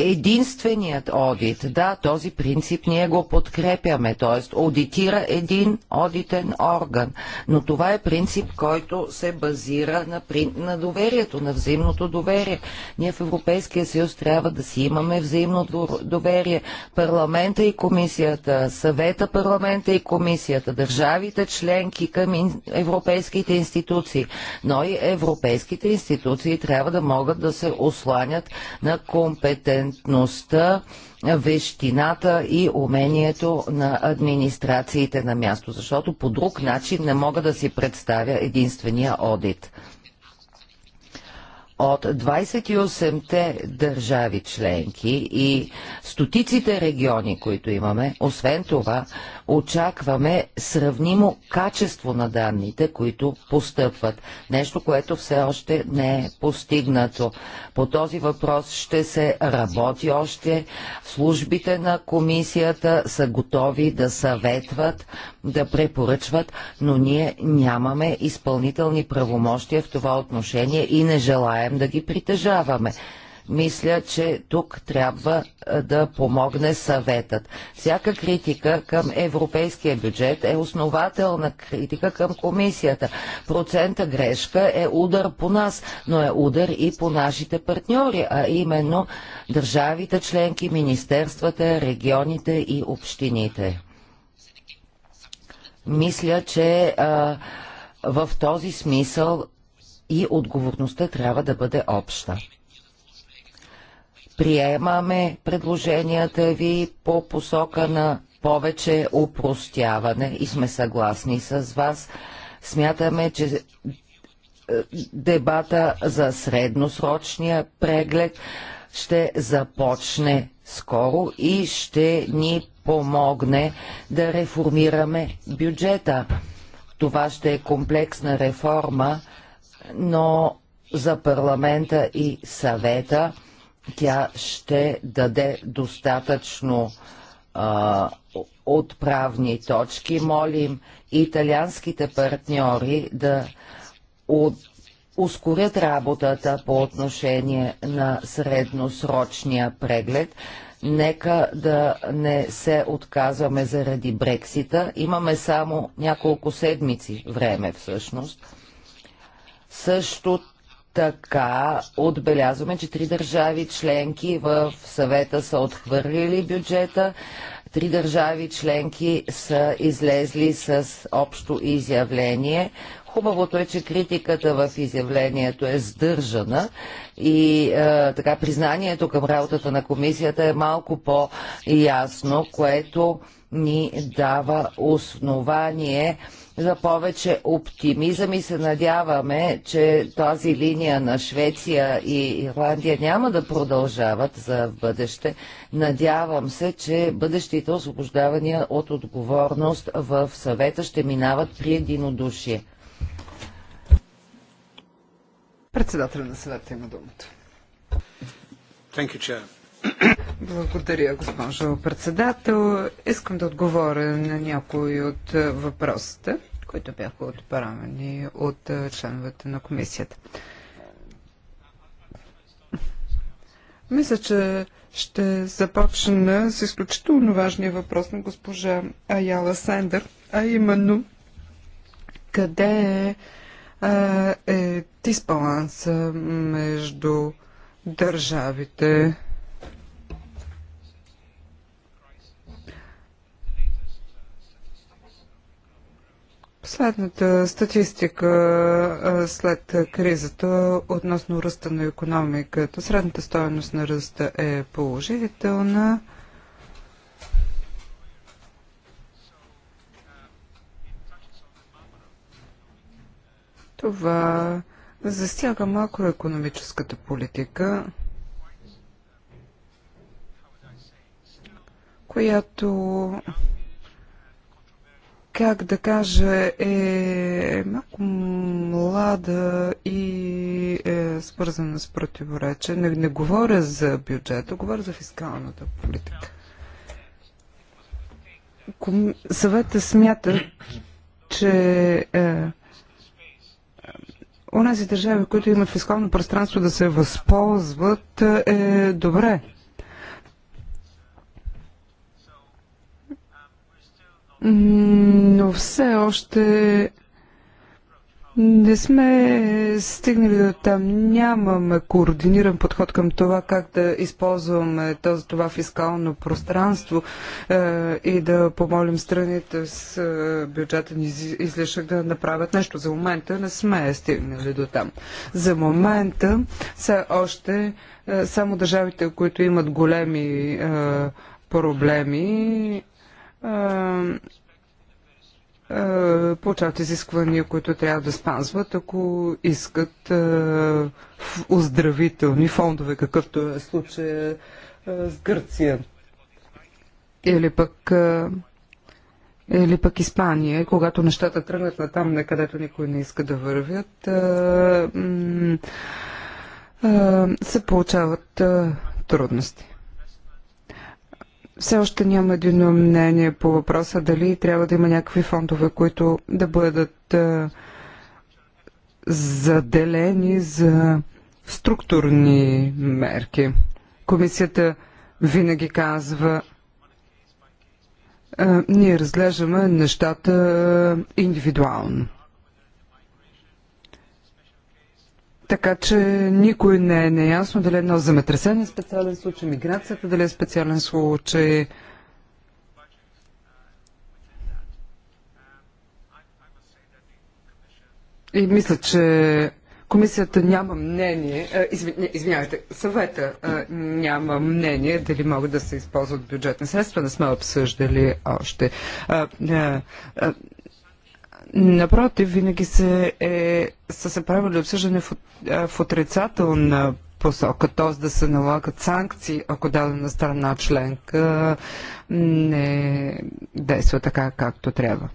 единственият одит. Да, този принцип ние го подкрепяме, т.е. аудитира един одитен орган. Но това е принцип, който се базира на, на доверието, на взаимното доверие. Ние в Европейския съюз трябва да си имаме взаимно доверие. Парламента и комисията, съвета парламента и комисията, държавите членки към европейските институции. Но и европейските институции трябва да могат да се осланят на компетентност компетентността, вещината и умението на администрациите на място, защото по друг начин не мога да си представя единствения одит от 28-те държави членки и стотиците региони, които имаме, освен това, очакваме сравнимо качество на данните, които постъпват. Нещо, което все още не е постигнато. По този въпрос ще се работи още. Службите на комисията са готови да съветват, да препоръчват, но ние нямаме изпълнителни правомощия в това отношение и не желаем желаем да ги притежаваме. Мисля, че тук трябва да помогне съветът. Всяка критика към европейския бюджет е основателна критика към комисията. Процента грешка е удар по нас, но е удар и по нашите партньори, а именно държавите членки, министерствата, регионите и общините. Мисля, че а, в този смисъл и отговорността трябва да бъде обща. Приемаме предложенията ви по посока на повече упростяване и сме съгласни с вас. Смятаме, че е, дебата за средносрочния преглед ще започне скоро и ще ни помогне да реформираме бюджета. Това ще е комплексна реформа, но за парламента и съвета тя ще даде достатъчно а, отправни точки. Молим италианските партньори да от, ускорят работата по отношение на средносрочния преглед. Нека да не се отказваме заради Брексита. Имаме само няколко седмици време всъщност също така отбелязваме, че три държави членки в съвета са отхвърлили бюджета. Три държави членки са излезли с общо изявление. Хубавото е, че критиката в изявлението е сдържана и е, така признанието към работата на комисията е малко по-ясно, което ни дава основание за повече оптимизъм и се надяваме, че тази линия на Швеция и Ирландия няма да продължават за бъдеще. Надявам се, че бъдещите освобождавания от отговорност в съвета ще минават при единодушие. Председателя на съвета има думата. Thank you, Chair. Благодаря, госпожо председател. Искам да отговоря на някои от въпросите, които бяха отправени от е, членовете на комисията. Мисля, че ще започна с изключително важния въпрос на госпожа Аяла Сендър, а именно къде е, е дисбаланса между държавите Последната статистика след кризата относно ръста на економиката, средната стоеност на ръста е положителна. Това засяга макроекономическата политика, която как да кажа, е малко млада и е свързана с противоречие. Не, не говоря за бюджета, говоря за фискалната политика. Ком... Съвета смята, че е, Онези държави, които имат фискално пространство да се възползват, е добре. но все още не сме стигнали до там. Нямаме координиран подход към това как да използваме този, това фискално пространство е, и да помолим страните с е, бюджетен излишък да направят нещо. За момента не сме стигнали до там. За момента все още е, само държавите, които имат големи е, проблеми, получават изисквания, които трябва да спазват, ако искат оздравителни фондове, какъвто е случай с Гърция. Или пък, или пък Испания, когато нещата тръгнат на там, на където никой не иска да вървят, се получават трудности все още няма един мнение по въпроса дали трябва да има някакви фондове, които да бъдат заделени за структурни мерки. Комисията винаги казва, ние разглеждаме нещата индивидуално. Така че никой не е неясно дали е едно земетресение е специален случай, миграцията дали е специален случай. И мисля, че комисията няма мнение, извинявайте, съвета няма мнение дали могат да се използват бюджетни средства, не сме обсъждали още. Напротив, винаги се е, са се правили обсъждане в, в отрицателна посока, т.е. да се налагат санкции, ако дадена страна членка не действа така, както трябва.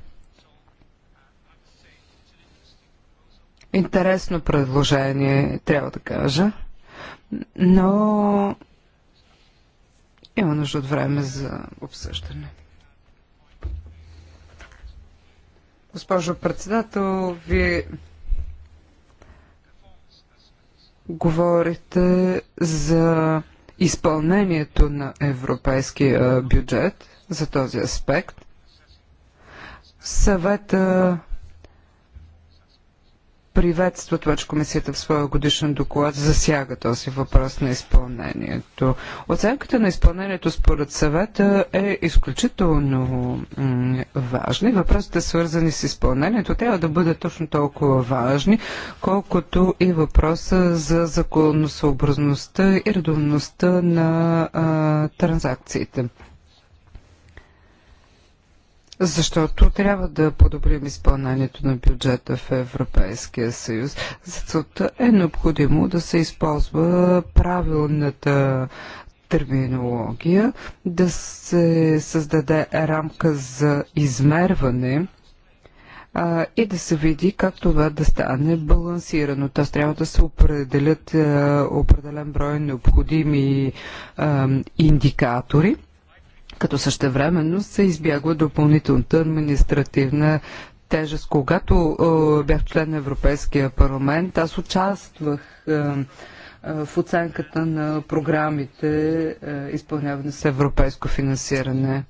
Интересно предложение, трябва да кажа, но има нужда от време за обсъждане. Госпожо председател, вие говорите за изпълнението на европейския бюджет за този аспект. Съвета приветства това, че комисията в своя годишен доклад засяга този въпрос на изпълнението. Оценката на изпълнението според съвета е изключително важна и въпросите свързани с изпълнението трябва да бъдат точно толкова важни, колкото и въпроса за законосъобразността и редовността на а, транзакциите. Защото трябва да подобрим изпълнението на бюджета в Европейския съюз. За целта е необходимо да се използва правилната терминология, да се създаде рамка за измерване а, и да се види как това да стане балансирано. Т.е. трябва да се определят а, определен брой необходими а, индикатори като същевременно се избягва допълнителната административна тежест. Когато е, бях член на Европейския парламент, аз участвах е, е, в оценката на програмите, изпълнявани с европейско финансиране.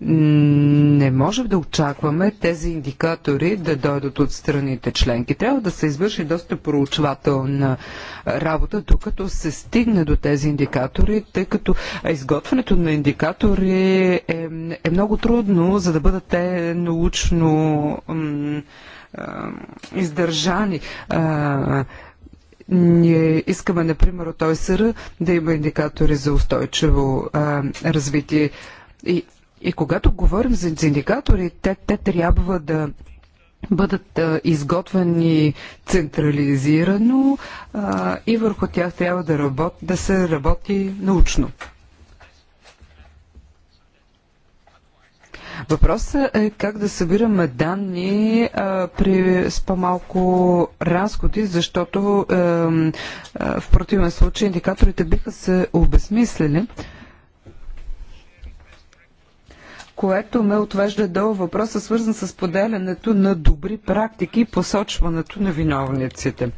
Не можем да очакваме тези индикатори да дойдат от страните членки. Трябва да се извърши доста проучвателна работа, докато се стигне до тези индикатори, тъй като изготвянето на индикатори е, е много трудно, за да бъдат те научно издържани. Ние искаме, например, от ОСР да има индикатори за устойчиво развитие. И и когато говорим за индикатори, те, те трябва да бъдат а, изготвени централизирано а, и върху тях трябва да, работ, да се работи научно. Въпросът е как да събираме данни а, при, с по-малко разходи, защото а, а, в противен случай индикаторите биха се обезмислили. А, което ме отвежда до въпроса, свързан с поделянето на добри практики и посочването на виновниците.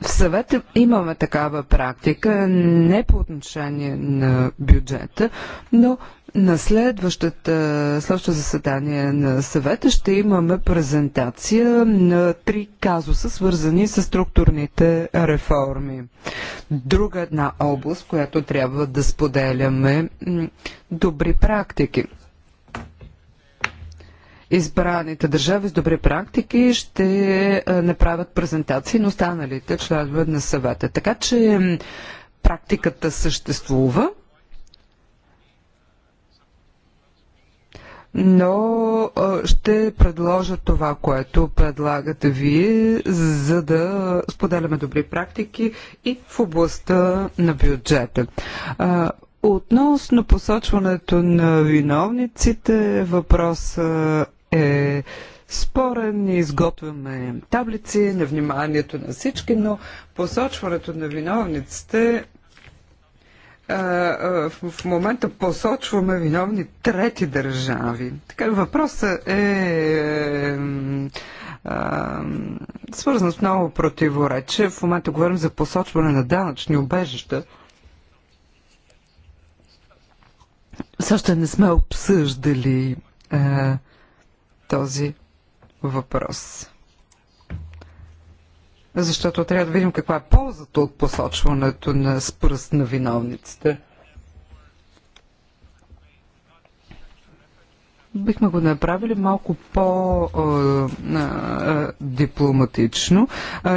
В съвета имаме такава практика, не по отношение на бюджета, но на следващата, следващото заседание на съвета ще имаме презентация на три казуса, свързани с структурните реформи. Друга една област, която трябва да споделяме добри практики избраните държави с добри практики ще направят презентации на останалите членове на съвета. Така че практиката съществува. но ще предложа това, което предлагате вие, за да споделяме добри практики и в областта на бюджета. Относно посочването на виновниците, въпросът е спорен, изготвяме таблици на вниманието на всички, но посочването на виновниците в момента посочваме виновни трети държави. Така, въпросът е свързан с много противоречие. В момента говорим за посочване на данъчни обежища. Също не сме обсъждали е, този въпрос. Защото трябва да видим каква е ползата от посочването на спръст на виновниците. бихме го направили малко по-дипломатично.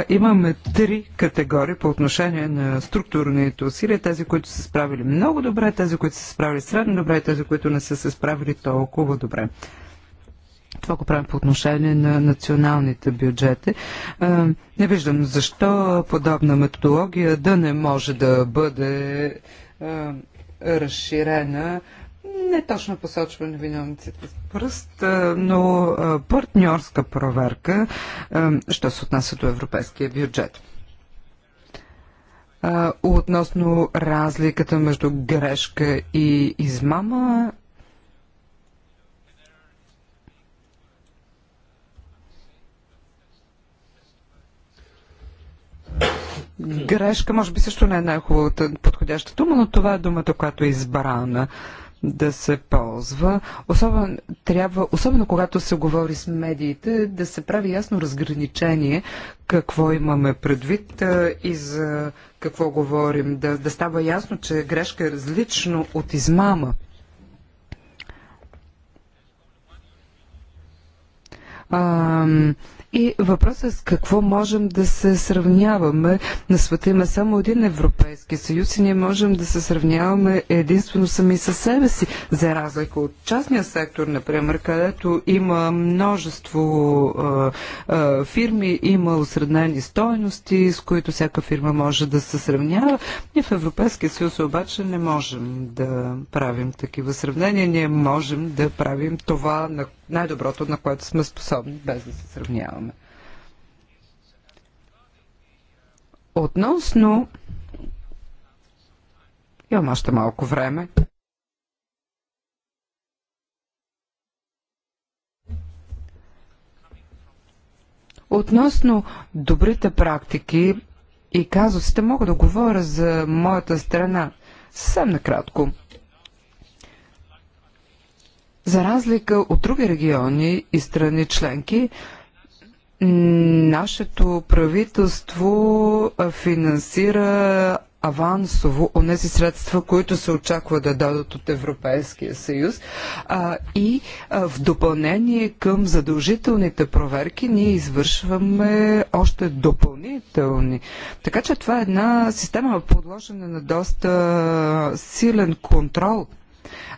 Имаме три категории по отношение на структурните усилия. Тези, които са справили много добре, тези, които са справили средно добре и тези, които не са се справили толкова добре. Това го правим по отношение на националните бюджети. Не виждам защо подобна методология да не може да бъде разширена не точно посочване виновниците с пръст, но партньорска проверка, що се отнася до европейския бюджет. Относно разликата между грешка и измама, Грешка, може би също не е най-хубавата подходяща дума, но това е думата, която е избрана да се ползва. Особено, трябва, особено когато се говори с медиите, да се прави ясно разграничение какво имаме предвид и за какво говорим. Да, да става ясно, че грешка е различно от измама. Ам и въпросът е с какво можем да се сравняваме. На света има само един Европейски съюз и ние можем да се сравняваме единствено сами със себе си, за разлика от частния сектор, например, където има множество а, а, фирми, има осреднени стоености, с които всяка фирма може да се сравнява. Ние в Европейския съюз обаче не можем да правим такива сравнения. Ние можем да правим това на най-доброто, на което сме способни, без да се сравняваме. Относно... Имам още малко време. Относно добрите практики и казусите, мога да говоря за моята страна. Съвсем накратко. За разлика от други региони и страни членки, Нашето правителство финансира авансово онези средства, които се очаква да дадат от Европейския съюз. А, и а, в допълнение към задължителните проверки ние извършваме още допълнителни. Така че това е една система подложена на доста силен контрол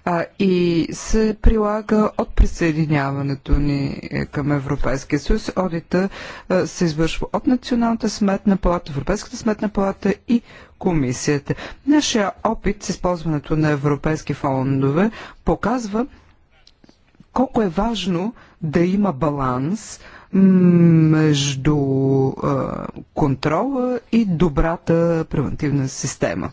а, и се прилага от присъединяването ни е, към Европейския съюз. Одита а, се извършва от Националната сметна палата, Европейската сметна палата и комисията. Нашия опит с използването на европейски фондове показва колко е важно да има баланс между контрола и добрата превентивна система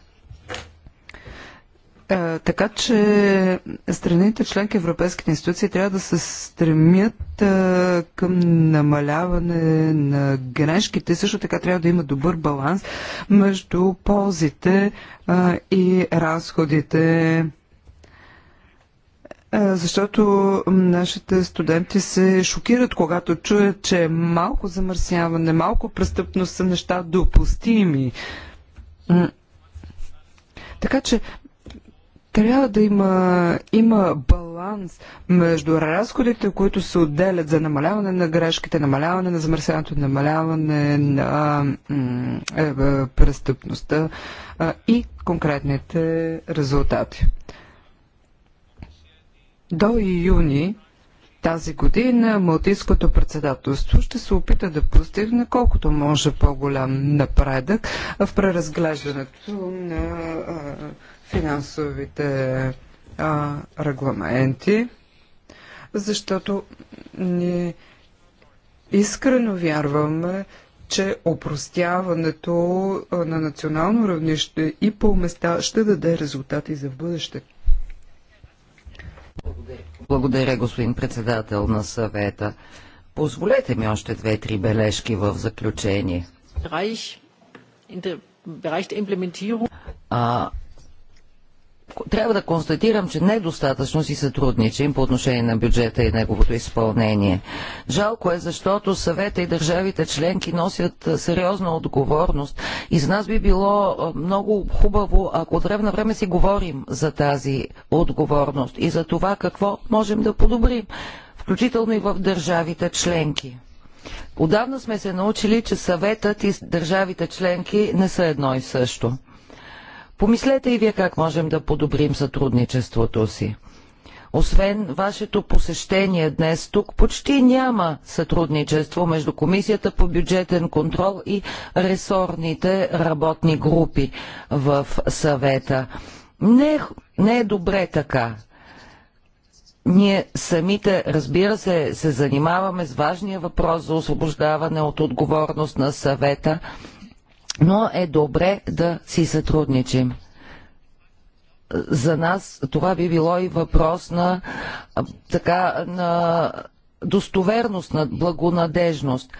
така че страните членки европейските институции трябва да се стремят а, към намаляване на грешките. Също така трябва да има добър баланс между ползите а, и разходите. защото нашите студенти се шокират, когато чуят, че малко замърсяване, малко престъпност са неща допустими. Така че трябва да има, има баланс между разходите, които се отделят за намаляване на грешките, намаляване на замърсяването, намаляване на е, е, престъпността е, и конкретните резултати. До июни тази година Малтийското председателство ще се опита да постигне колкото може по-голям напредък в преразглеждането на финансовите а, регламенти, защото ние искрено вярваме, че опростяването на национално равнище и по места ще даде резултати за в бъдеще. Благодаря. Благодаря, господин председател на съвета. Позволете ми още две-три бележки в заключение. А, трябва да констатирам, че недостатъчно си сътрудничим по отношение на бюджета и неговото изпълнение. Жалко е, защото съвета и държавите членки носят сериозна отговорност и за нас би било много хубаво, ако от време на време си говорим за тази отговорност и за това какво можем да подобрим, включително и в държавите членки. Отдавна сме се научили, че съветът и държавите членки не са едно и също. Помислете и вие как можем да подобрим сътрудничеството си. Освен вашето посещение днес тук, почти няма сътрудничество между Комисията по бюджетен контрол и ресорните работни групи в съвета. Не, не е добре така. Ние самите, разбира се, се занимаваме с важния въпрос за освобождаване от отговорност на съвета – но е добре да си сътрудничим. За нас това би било и въпрос на, така, на достоверност, на благонадежност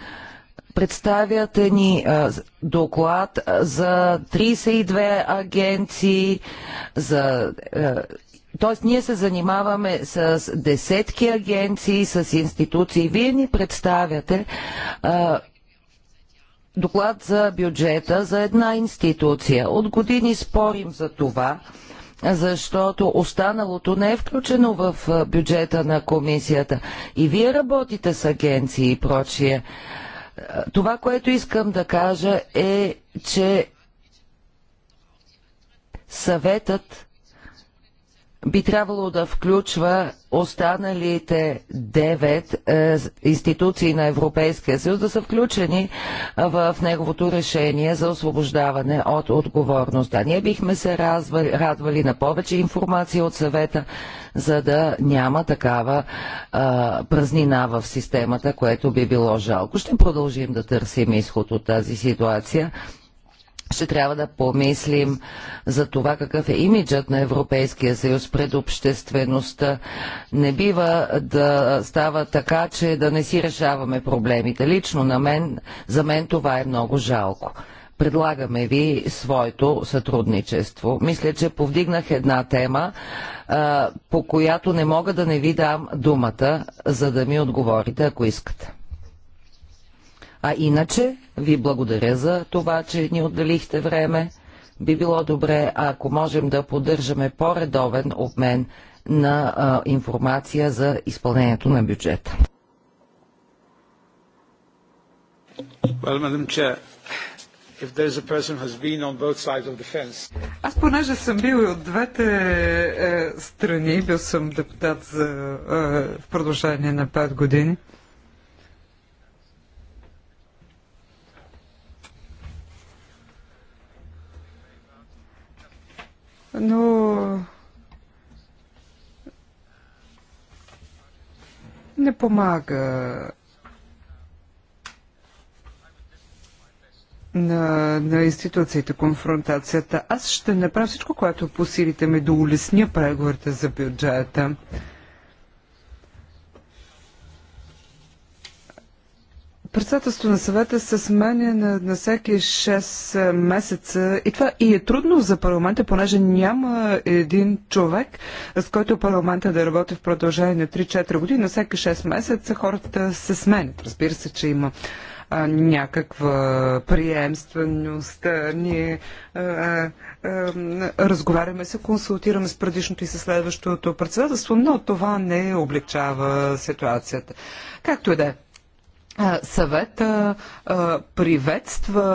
представяте ни а, доклад за 32 агенции, за. А, Тоест, ние се занимаваме с десетки агенции, с институции. Вие ни представяте а, доклад за бюджета за една институция. От години спорим за това, защото останалото не е включено в бюджета на комисията. И вие работите с агенции и прочие. Това, което искам да кажа е, че съветът би трябвало да включва останалите девет е, институции на Европейския съюз да са включени в неговото решение за освобождаване от отговорност. А ние бихме се развали, радвали на повече информация от съвета, за да няма такава е, празнина в системата, което би било жалко. Ще продължим да търсим изход от тази ситуация ще трябва да помислим за това какъв е имиджът на Европейския съюз пред обществеността. Не бива да става така, че да не си решаваме проблемите. Лично на мен, за мен това е много жалко. Предлагаме ви своето сътрудничество. Мисля, че повдигнах една тема, по която не мога да не ви дам думата, за да ми отговорите, ако искате. А иначе ви благодаря за това, че ни отделихте време. Би било добре, ако можем да поддържаме по-редовен обмен на а, информация за изпълнението на бюджета. Well, Madam Chair, Fence... Аз понеже съм бил и от двете е, страни, бил съм депутат за, е, в продължение на 5 години, но не помага на, на институциите конфронтацията. Аз ще направя всичко, което по силите ми да улесня преговорите за бюджета. Председателство на съвета се сменя на, на всеки 6 е, месеца и това и е трудно за парламента, понеже няма един човек, с който парламента да работи в продължение на 3-4 години. На всеки 6 месеца хората се сменят. Разбира се, че има а, някаква приемственост. Ние а, а, разговаряме се, консултираме с предишното и с следващото председателство, но това не облегчава ситуацията. Както и да е. Съвет приветства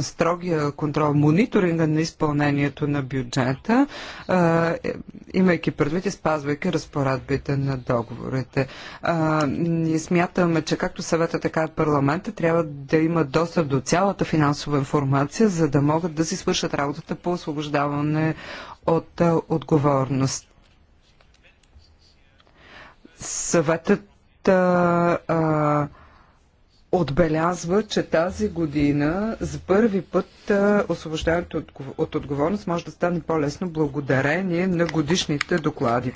строгия контрол, мониторинга на изпълнението на бюджета, е, имайки предвид и спазвайки разпоредбите на договорите. Ние смятаме, че както съвета, така и парламента трябва да има достъп до цялата финансова информация, за да могат да си свършат работата по освобождаване от отговорност. Съветът а, а, отбелязва, че тази година за първи път а, освобождаването от, от отговорност може да стане по-лесно благодарение на годишните доклади.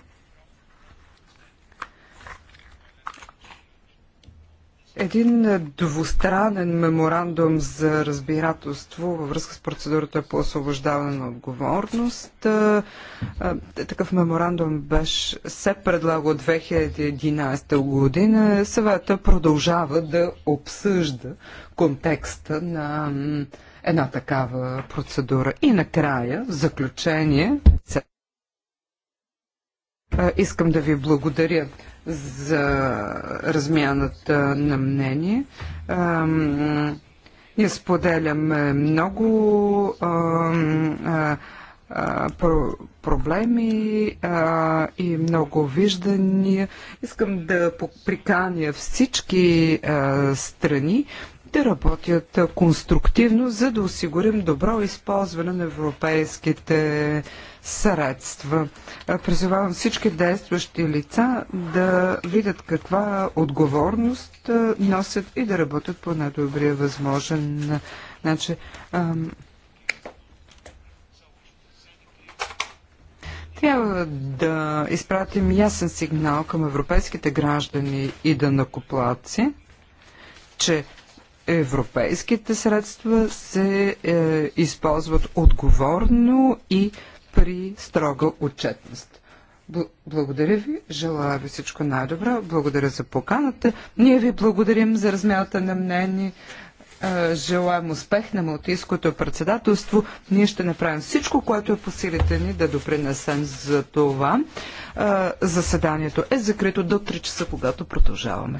един двустранен меморандум за разбирателство във връзка с процедурата по освобождаване на отговорност. Такъв меморандум беше, се предлага от 2011 година. Съвета продължава да обсъжда контекста на една такава процедура. И накрая, в заключение, искам да ви благодаря за размяната на мнение. Ние споделяме много проблеми и много виждания. Искам да приканя всички страни да работят конструктивно, за да осигурим добро използване на европейските средства. Е, призовавам всички действащи лица да видят каква отговорност е, носят и да работят по най-добрия възможен е, начин. трябва да изпратим ясен сигнал към европейските граждани и да накоплаци, че европейските средства се е, използват отговорно и при строга отчетност. Благодаря ви, желая ви всичко най-добро, благодаря за поканата. Ние ви благодарим за размяната на мнение. Желаем успех на Малтийското председателство. Ние ще направим всичко, което е по силите ни да допринесем за това. Заседанието е закрито до 3 часа, когато продължаваме.